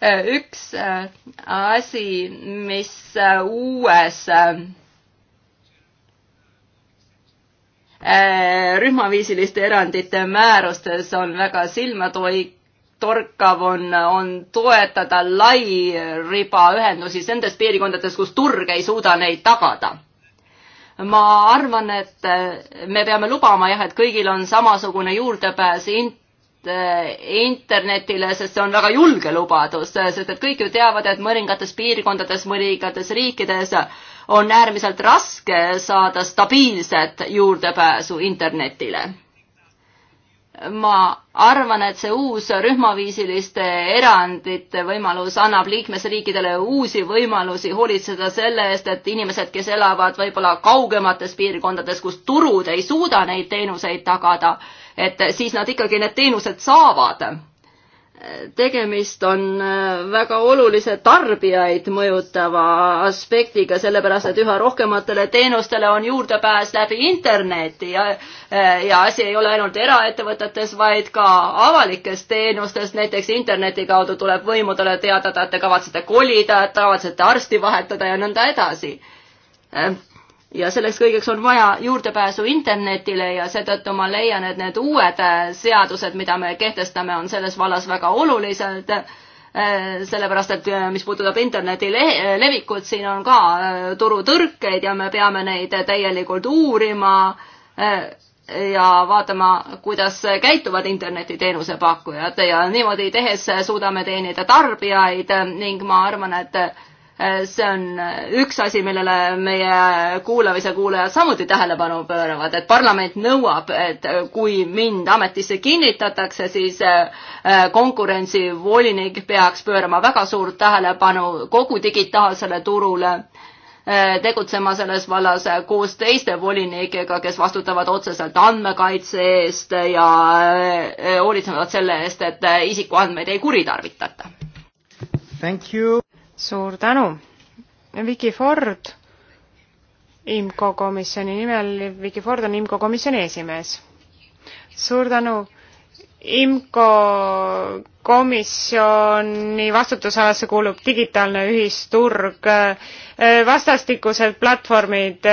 Äh, üks äh, asi, mis uues rühmaviisiliste erandite määrustes on väga silmatoik-, torkav on, on toetada lairibaühendusi nendes piirkondades, kus turg ei suuda neid tagada. ma arvan, et me peame lubama jah, et kõigil on samasugune juurdepääs int-, internetile, sest see on väga julge lubadus, sest et kõik ju teavad, et mõningates piirkondades, mõningates riikides on äärmiselt raske saada stabiilset juurdepääsu internetile ma arvan, et see uus rühmaviisiliste erandite võimalus annab liikmesriikidele uusi võimalusi hoolitseda selle eest, et inimesed, kes elavad võib-olla kaugemates piirkondades, kus turud ei suuda neid teenuseid tagada, et siis nad ikkagi need teenused saavad tegemist on äh, väga olulise tarbijaid mõjutava aspektiga, sellepärast et üha rohkematele teenustele on juurdepääs läbi interneti ja, äh, ja asi ei ole ainult eraettevõtetes, vaid ka avalikes teenustes, näiteks interneti kaudu tuleb võimudele teatada, et te kavatsete kolida, et kavatsete arsti vahetada ja nõnda edasi äh, ja selleks kõigeks on vaja juurdepääsu internetile ja seetõttu ma leian, et need uued äh, seadused, mida me kehtestame, on selles vallas väga olulised. Äh, sellepärast, et äh, mis puudutab interneti levikut, siin on ka turutõrkeid ja me peame neid täielikult uurima ja vaatama, kuidas käituvad internetiteenuse pakkujad ja niimoodi tehes suudame teenida tarbijaid ning ma arvan, et Äh, see on äh, üks asi, millele meie kuulamise kuulajad samuti tähelepanu pööravad, et parlament nõuab, et äh, kui mind ametisse kinnitatakse, siis konkurentsivolinik peaks pöörama väga suurt tähelepanu kogu digitaalsele turule, tegutsema selles vallas koos teiste volinikega, kes vastutavad otseselt andmekaitse eest ja hoolitsevad selle eest, et isikuandmeid ei kuritarvitata.
Thank you suur tänu. Vicky Ford IMCO komisjoni nimel, Vicky Ford on IMCO komisjoni esimees. suur tänu. IMCO komisjoni vastutusalasse kuulub digitaalne ühisturg, vastastikused platvormid,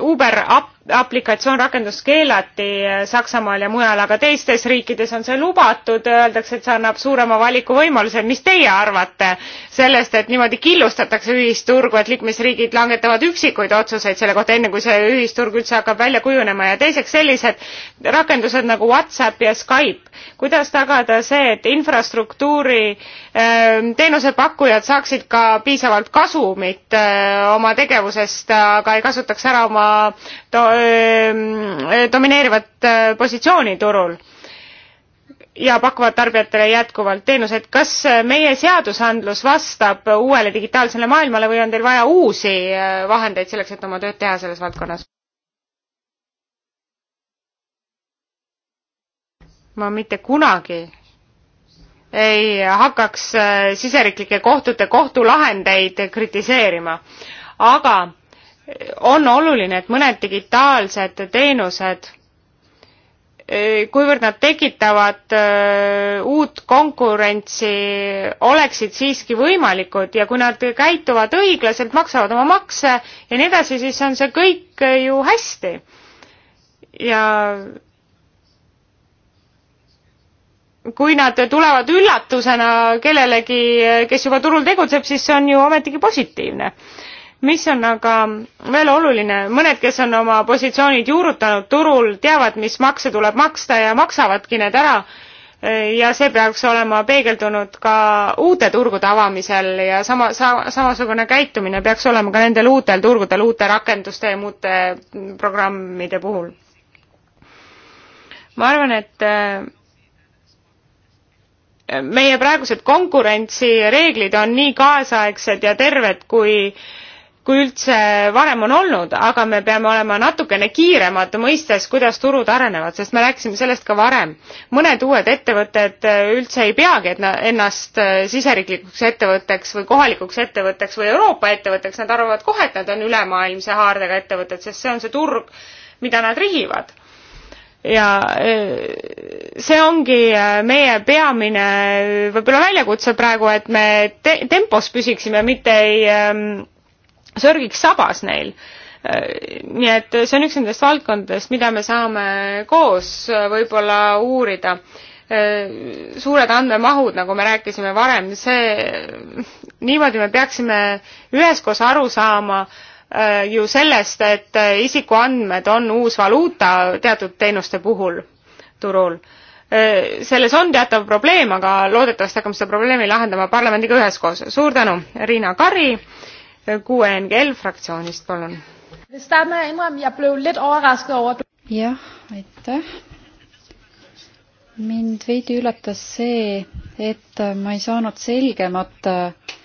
Uber, Up aplikatsioon rakendus keelati eh, Saksamaal ja mujal, aga teistes riikides on see lubatud, öeldakse, et see annab suurema valikuvõimaluse. mis teie arvate sellest, et niimoodi killustatakse ühisturgu, et liikmesriigid langetavad üksikuid otsuseid selle kohta, enne kui see ühisturg üldse hakkab välja kujunema ja teiseks sellised rakendused nagu Whatsapp ja Skype, kuidas tagada see, et infrastruktuuri eh, teenusepakkujad saaksid ka piisavalt kasumit eh, oma tegevusest, aga ei kasutaks ära oma to domineerivat positsiooni turul ja pakuvad tarbijatele jätkuvalt teenuseid. kas meie seadusandlus vastab uuele digitaalsele maailmale või on teil vaja uusi vahendeid selleks, et oma tööd teha selles valdkonnas? ma mitte kunagi ei hakkaks siseriiklike kohtute kohtulahendeid kritiseerima, aga on oluline, et mõned digitaalsed teenused, kuivõrd nad tekitavad äh, uut konkurentsi, oleksid siiski võimalikud ja kui nad käituvad õiglaselt, maksavad oma makse ja nii edasi, siis on see kõik ju hästi. ja kui nad tulevad üllatusena kellelegi, kes juba turul tegutseb, siis see on ju ometigi positiivne mis on aga veel oluline, mõned, kes on oma positsioonid juurutanud turul, teavad, mis makse tuleb maksta ja maksavadki need ära. ja see peaks olema peegeldunud ka uute turgude avamisel ja sama sa,, samasugune käitumine peaks olema ka nendel uutel turgudel, uute rakenduste ja muude programmide puhul. ma arvan, et äh, meie praegused konkurentsireeglid on nii kaasaegsed ja terved, kui äh, kui üldse varem on olnud, aga me peame olema natukene kiiremad mõistes, kuidas turud arenevad, sest me rääkisime sellest ka varem. mõned uued ettevõtted äh, üldse ei peagi ennast äh, siseriiklikuks ettevõtteks või kohalikuks ettevõtteks või Euroopa ettevõtteks, nad arvavad kohe, et nad on ülemaailmse haardega ettevõtted, sest see on see turg, mida nad rihivad ja äh, see ongi meie peamine võib-olla väljakutse praegu, et me te tempos püsiksime, mitte ei ähm, sörgiks sabas neil. nii et see on üks nendest valdkondadest, mida me saame koos võib-olla uurida. suured andmemahud, nagu me rääkisime varem, see, niimoodi me peaksime üheskoos aru saama äh, ju sellest, et isikuandmed on uus valuuta teatud teenuste puhul turul äh, selles on teatav probleem, aga loodetavasti hakkame seda probleemi lahendama parlamendiga üheskoos. suur tänu, Riina Kari QNGL fraktsioonist, palun.
jah, aitäh. mind veidi üllatas see, et ma ei saanud selgemat äh,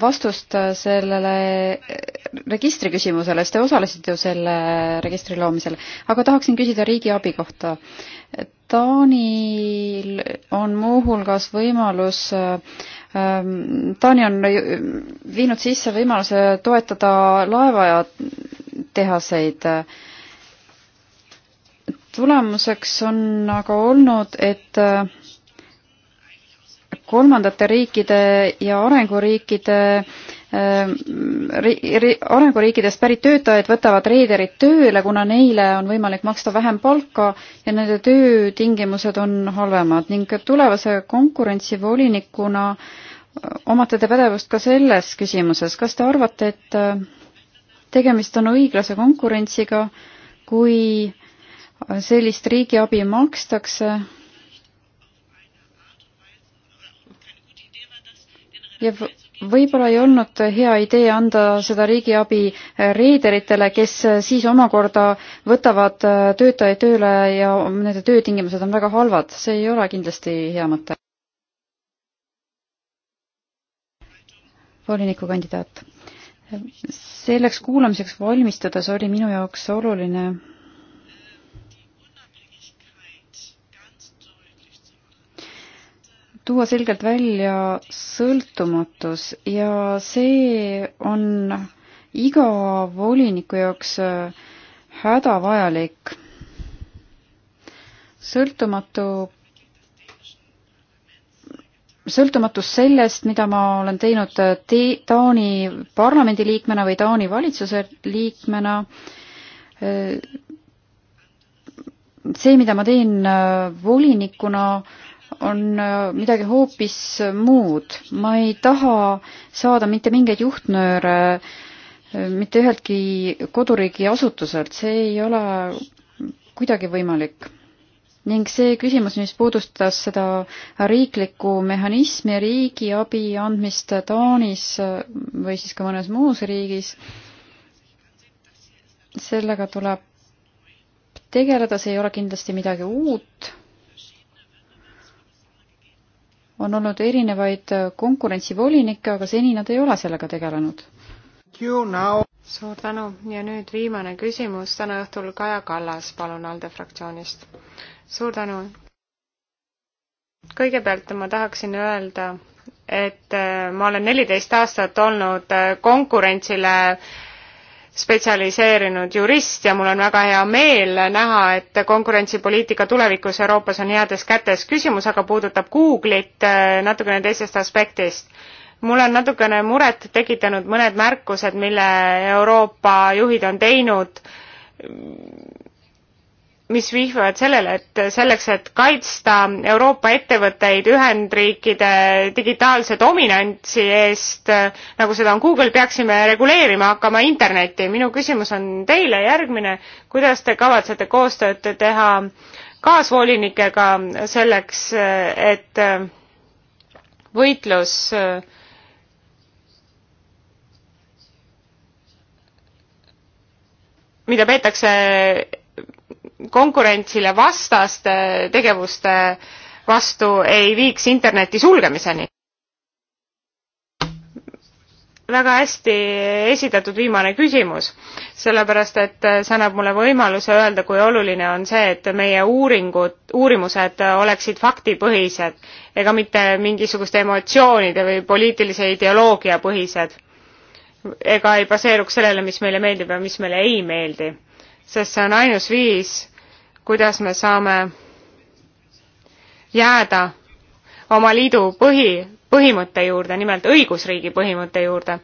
vastust sellele registri küsimusele, sest te osalesite ju selle registri loomisel, aga tahaksin küsida riigiabi kohta. Taanil on muuhulgas võimalus äh, Ehm, Taani on viinud sisse võimaluse toetada laeva ja tehaseid. tulemuseks on aga olnud, et eh, kolmandate riikide ja arenguriikide ehm, arenguriikidest pärit töötajad võtavad reederid tööle, kuna neile on võimalik maksta vähem palka ja nende töötingimused on halvemad ning tulevase konkurentsivolinikuna äh, omate te pädevust ka selles küsimuses, kas te arvate, et äh, tegemist on õiglase konkurentsiga, kui sellist riigiabi makstakse ja võib-olla ei olnud hea idee anda seda riigiabi äh, reederitele, kes äh, siis omakorda võtavad töötajaid tööle ja nende töötingimused on väga halvad, see ei ole kindlasti hea mõte. volinikukandidaat. selleks kuulamiseks valmistudes oli minu jaoks oluline tuua selgelt välja sõltumatus ja see on iga voliniku jaoks äh, hädavajalik. sõltumatu sõltumatus sellest, mida ma olen teinud äh, te Taani parlamendiliikmena või Taani valitsuse liikmena, äh, see, mida ma teen äh, volinikuna, on midagi hoopis muud. ma ei taha saada mitte mingeid juhtnööre mitte üheltki koduriigi asutuselt, see ei ole kuidagi võimalik ning see küsimus, mis puudustas seda riiklikku mehhanismi, riigiabi andmist Taanis või siis ka mõnes muus riigis, sellega tuleb tegeleda, see ei ole kindlasti midagi uut. on olnud erinevaid konkurentsivolinikke, aga seni nad ei ole sellega tegelenud.
suur tänu ja nüüd viimane küsimus täna õhtul, Kaja Kallas, palun, ALDE fraktsioonist suur tänu! kõigepealt ma tahaksin öelda, et äh, ma olen neliteist aastat olnud äh, konkurentsile spetsialiseerunud jurist ja mul on väga hea meel näha, et konkurentsipoliitika tulevikus Euroopas on heades kätes. küsimus aga puudutab Google'it äh, natukene teisest aspektist. mul on natukene muret tekitanud mõned märkused, mille Euroopa juhid on teinud mis vihjavad sellele, et selleks, et kaitsta Euroopa ettevõtteid Ühendriikide digitaalse dominantsi eest, nagu seda on Google, peaksime reguleerima hakkama Internetti. minu küsimus on teile järgmine, kuidas te kavatsete koostööd teha kaasvolinikega selleks, et võitlus mida peetakse konkurentsile vastaste tegevuste vastu ei viiks interneti sulgemiseni. väga hästi esitatud viimane küsimus, sellepärast et see annab mulle võimaluse öelda, kui oluline on see, et meie uuringud, uurimused oleksid faktipõhised ega mitte mingisuguste emotsioonide või poliitilise ideoloogia põhised ega ei baseeruks sellele, mis meile meeldib ja mis meile ei meeldi sest see on ainus viis, kuidas me saame jääda oma liidu põhi, põhimõtte juurde, nimelt õigusriigi põhimõtte juurde.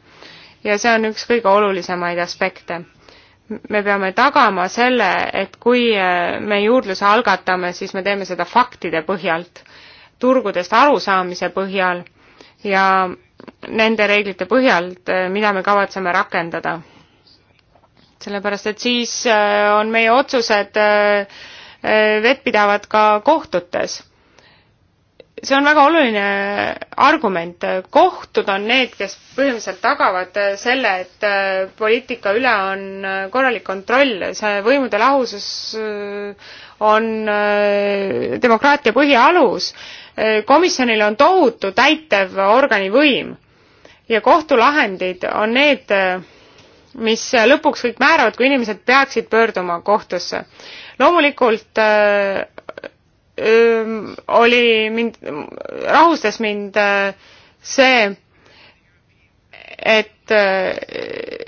ja see on üks kõige olulisemaid aspekte. me peame tagama selle, et kui äh, me juurdluse algatame, siis me teeme seda faktide põhjalt, turgudest arusaamise põhjal ja nende reeglite põhjalt, äh, mida me kavatseme rakendada sellepärast et siis äh, on meie otsused äh, äh, vettpidavad ka kohtutes. see on väga oluline argument, kohtud on need, kes põhimõtteliselt tagavad selle, et poliitika üle on korralik kontroll, see võimude lahusus on demokraatia põhialus. komisjonil on tohutu täitevorgani võim ja kohtulahendid on need mis lõpuks kõik määravad, kui inimesed peaksid pöörduma kohtusse. loomulikult öö, äh, öö, ähm, oli mind, rahustas mind öö, äh, see, et öö, äh,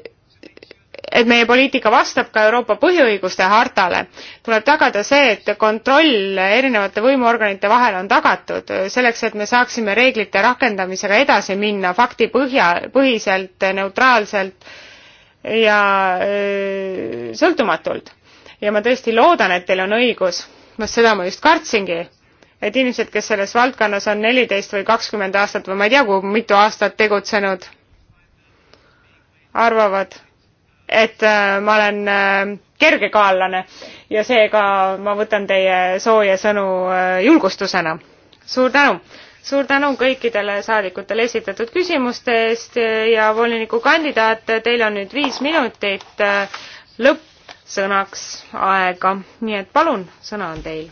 et meie poliitika vastab ka Euroopa põhiõiguste hartale, tuleb tagada see, et kontroll erinevate võimuorganite vahel on tagatud, selleks et me saaksime reeglite rakendamisega edasi minna faktipõhja, põhiselt, neutraalselt ja sõltumatult. ja ma tõesti loodan, et teil on õigus, vot seda ma just kartsingi, et inimesed, kes selles valdkonnas on neliteist või kakskümmend aastat või ma ei tea, kui mitu aastat tegutsenud, arvavad, et ma olen kergekaallane ja seega ma võtan teie sooja sõnu julgustusena. suur tänu! suur tänu kõikidele saadikutele esitatud küsimuste eest ja volinikukandidaat, teil on nüüd viis minutit äh, lõppsõnaks aega, nii et palun, sõna on teil.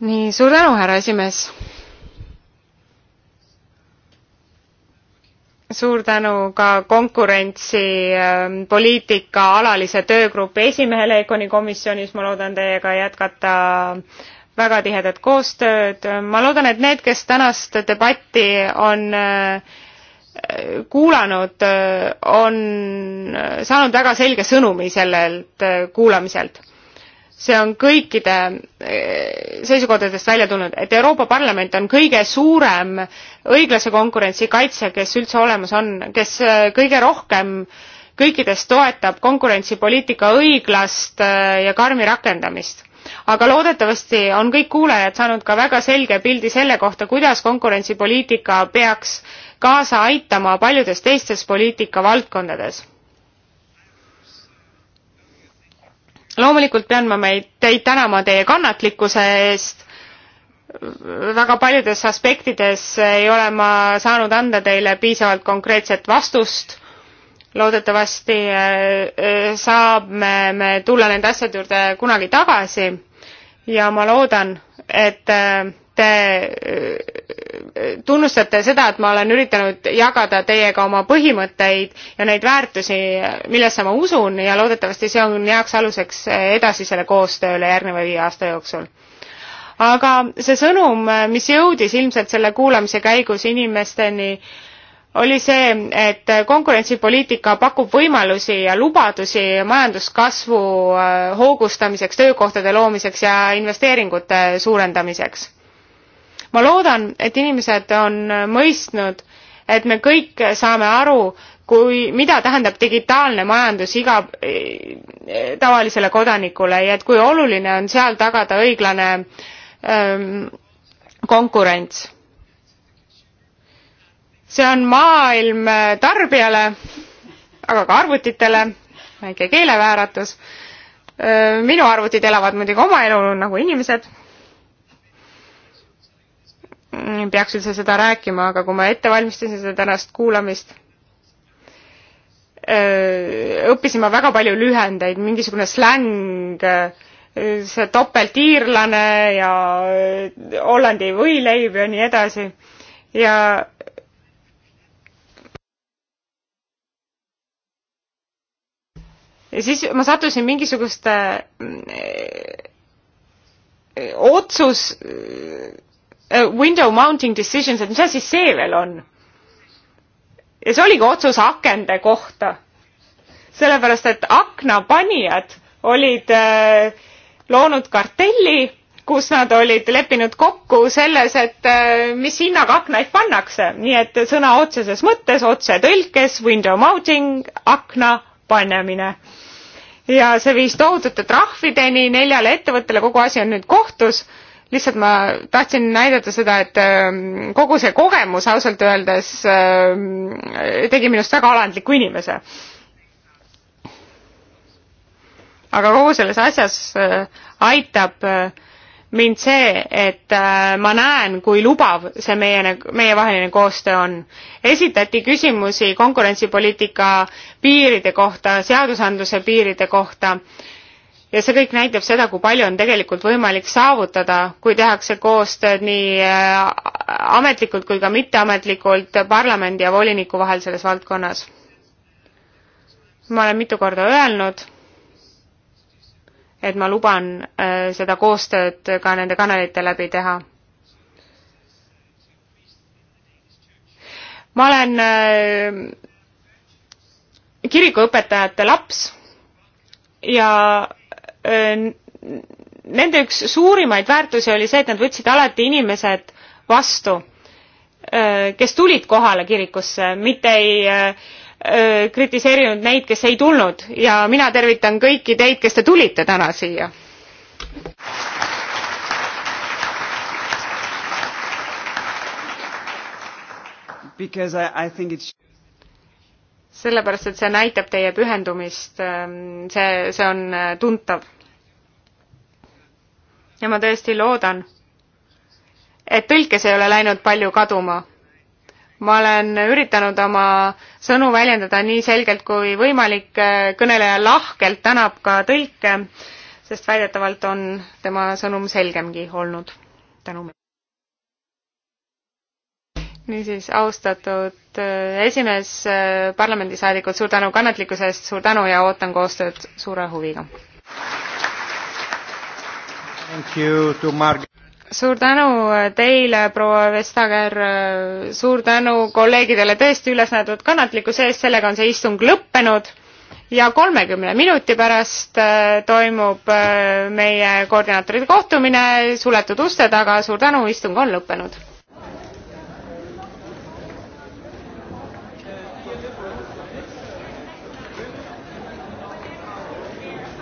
nii, suur tänu, härra esimees suur tänu ka konkurentsipoliitika ähm, alalise töögrupi esimehele ECONi komisjonis, ma loodan teiega jätkata väga tihedat koostööd, ma loodan, et need, kes tänast debatti on äh, kuulanud, äh, on saanud väga selge sõnumi sellelt äh, kuulamiselt see on kõikide eh, seisukohtadest välja tulnud, et Euroopa Parlament on kõige suurem õiglase konkurentsi kaitsja, kes üldse olemas on, kes eh, kõige rohkem kõikidest toetab konkurentsipoliitika õiglast eh, ja karmi rakendamist. aga loodetavasti on kõik kuulajad saanud ka väga selge pildi selle kohta, kuidas konkurentsipoliitika peaks kaasa aitama paljudes teistes poliitikavaldkondades loomulikult pean ma meid, teid tänama teie kannatlikkuse eest. väga paljudes aspektides ei ole ma saanud anda teile piisavalt konkreetset vastust. loodetavasti eh, eh, saame me tulla nende asjade juurde kunagi tagasi ja ma loodan, et eh, te äh, tunnustate seda, et ma olen üritanud jagada teiega oma põhimõtteid ja neid väärtusi, millesse ma usun ja loodetavasti see on heaks aluseks edasisele koostööle järgneva viie aasta jooksul. aga see sõnum, mis jõudis ilmselt selle kuulamise käigus inimesteni, oli see, et konkurentsipoliitika pakub võimalusi ja lubadusi majanduskasvu äh, hoogustamiseks, töökohtade loomiseks ja investeeringute suurendamiseks ma loodan, et inimesed on mõistnud, et me kõik saame aru, kui, mida tähendab digitaalne majandus iga äh, tavalisele kodanikule ja et kui oluline on seal tagada õiglane ähm, konkurents. see on maailm äh, tarbijale, aga ka arvutitele, väike keelevääratus äh,. minu arvutid elavad muidugi oma elu nagu inimesed peaks üldse seda rääkima, aga kui ma ette valmistasin seda tänast kuulamist, õppisin ma väga palju lühendeid, mingisugune släng, see topeltiirlane ja Hollandi võileib ja nii edasi ja ja siis ma sattusin mingisuguste otsus Äh, window mounting decisions, et mis asi see veel on? ja see oligi otsus akende kohta. sellepärast, et aknapanijad olid äh, loonud kartelli, kus nad olid leppinud kokku selles, et äh, mis hinnaga aknaid pannakse, nii et sõna otseses mõttes, otsetõlkes, window mounting, akna panemine ja see viis tohutute trahvideni neljale ettevõttele, kogu asi on nüüd kohtus lihtsalt ma tahtsin näidata seda, et ähm, kogu see kogemus ausalt öeldes ähm, tegi minust väga alandliku inimese. aga kogu selles asjas äh, aitab äh, mind see, et äh, ma näen, kui lubav see meie, meievaheline koostöö on. esitati küsimusi konkurentsipoliitika piiride kohta, seadusandluse piiride kohta ja see kõik näitab seda, kui palju on tegelikult võimalik saavutada, kui tehakse koostööd nii äh, ametlikult kui ka mitteametlikult parlamendi ja voliniku vahel selles valdkonnas. ma olen mitu korda öelnud, et ma luban äh, seda koostööd ka nende kanalite läbi teha ma olen äh, kirikuõpetajate laps ja nende üks suurimaid väärtusi oli see, et nad võtsid alati inimesed vastu, kes tulid kohale kirikusse, mitte ei kritiseerinud neid, kes ei tulnud ja mina tervitan kõiki teid, kes te tulite täna siia.
Because I, I think it's
sellepärast, et see näitab teie pühendumist, ähm, see, see on äh, tuntav. ja ma tõesti loodan, et tõlkes ei ole läinud palju kaduma. ma olen üritanud oma sõnu väljendada nii selgelt kui võimalik, kõneleja lahkelt tänab ka tõlke, sest väidetavalt on tema sõnum selgemgi olnud. tänu niisiis, austatud äh, esimees, äh, parlamendisaadikud, suur tänu kannatlikkuse eest, suur tänu ja ootan koostööd suure huviga. suur tänu äh, teile, proua Vestager, suur tänu kolleegidele tõesti üles näidatud kannatlikkuse eest, sellega on see istung lõppenud ja kolmekümne minuti pärast toimub meie koordinaatoride kohtumine suletud uste taga, suur tänu, istung on lõppenud.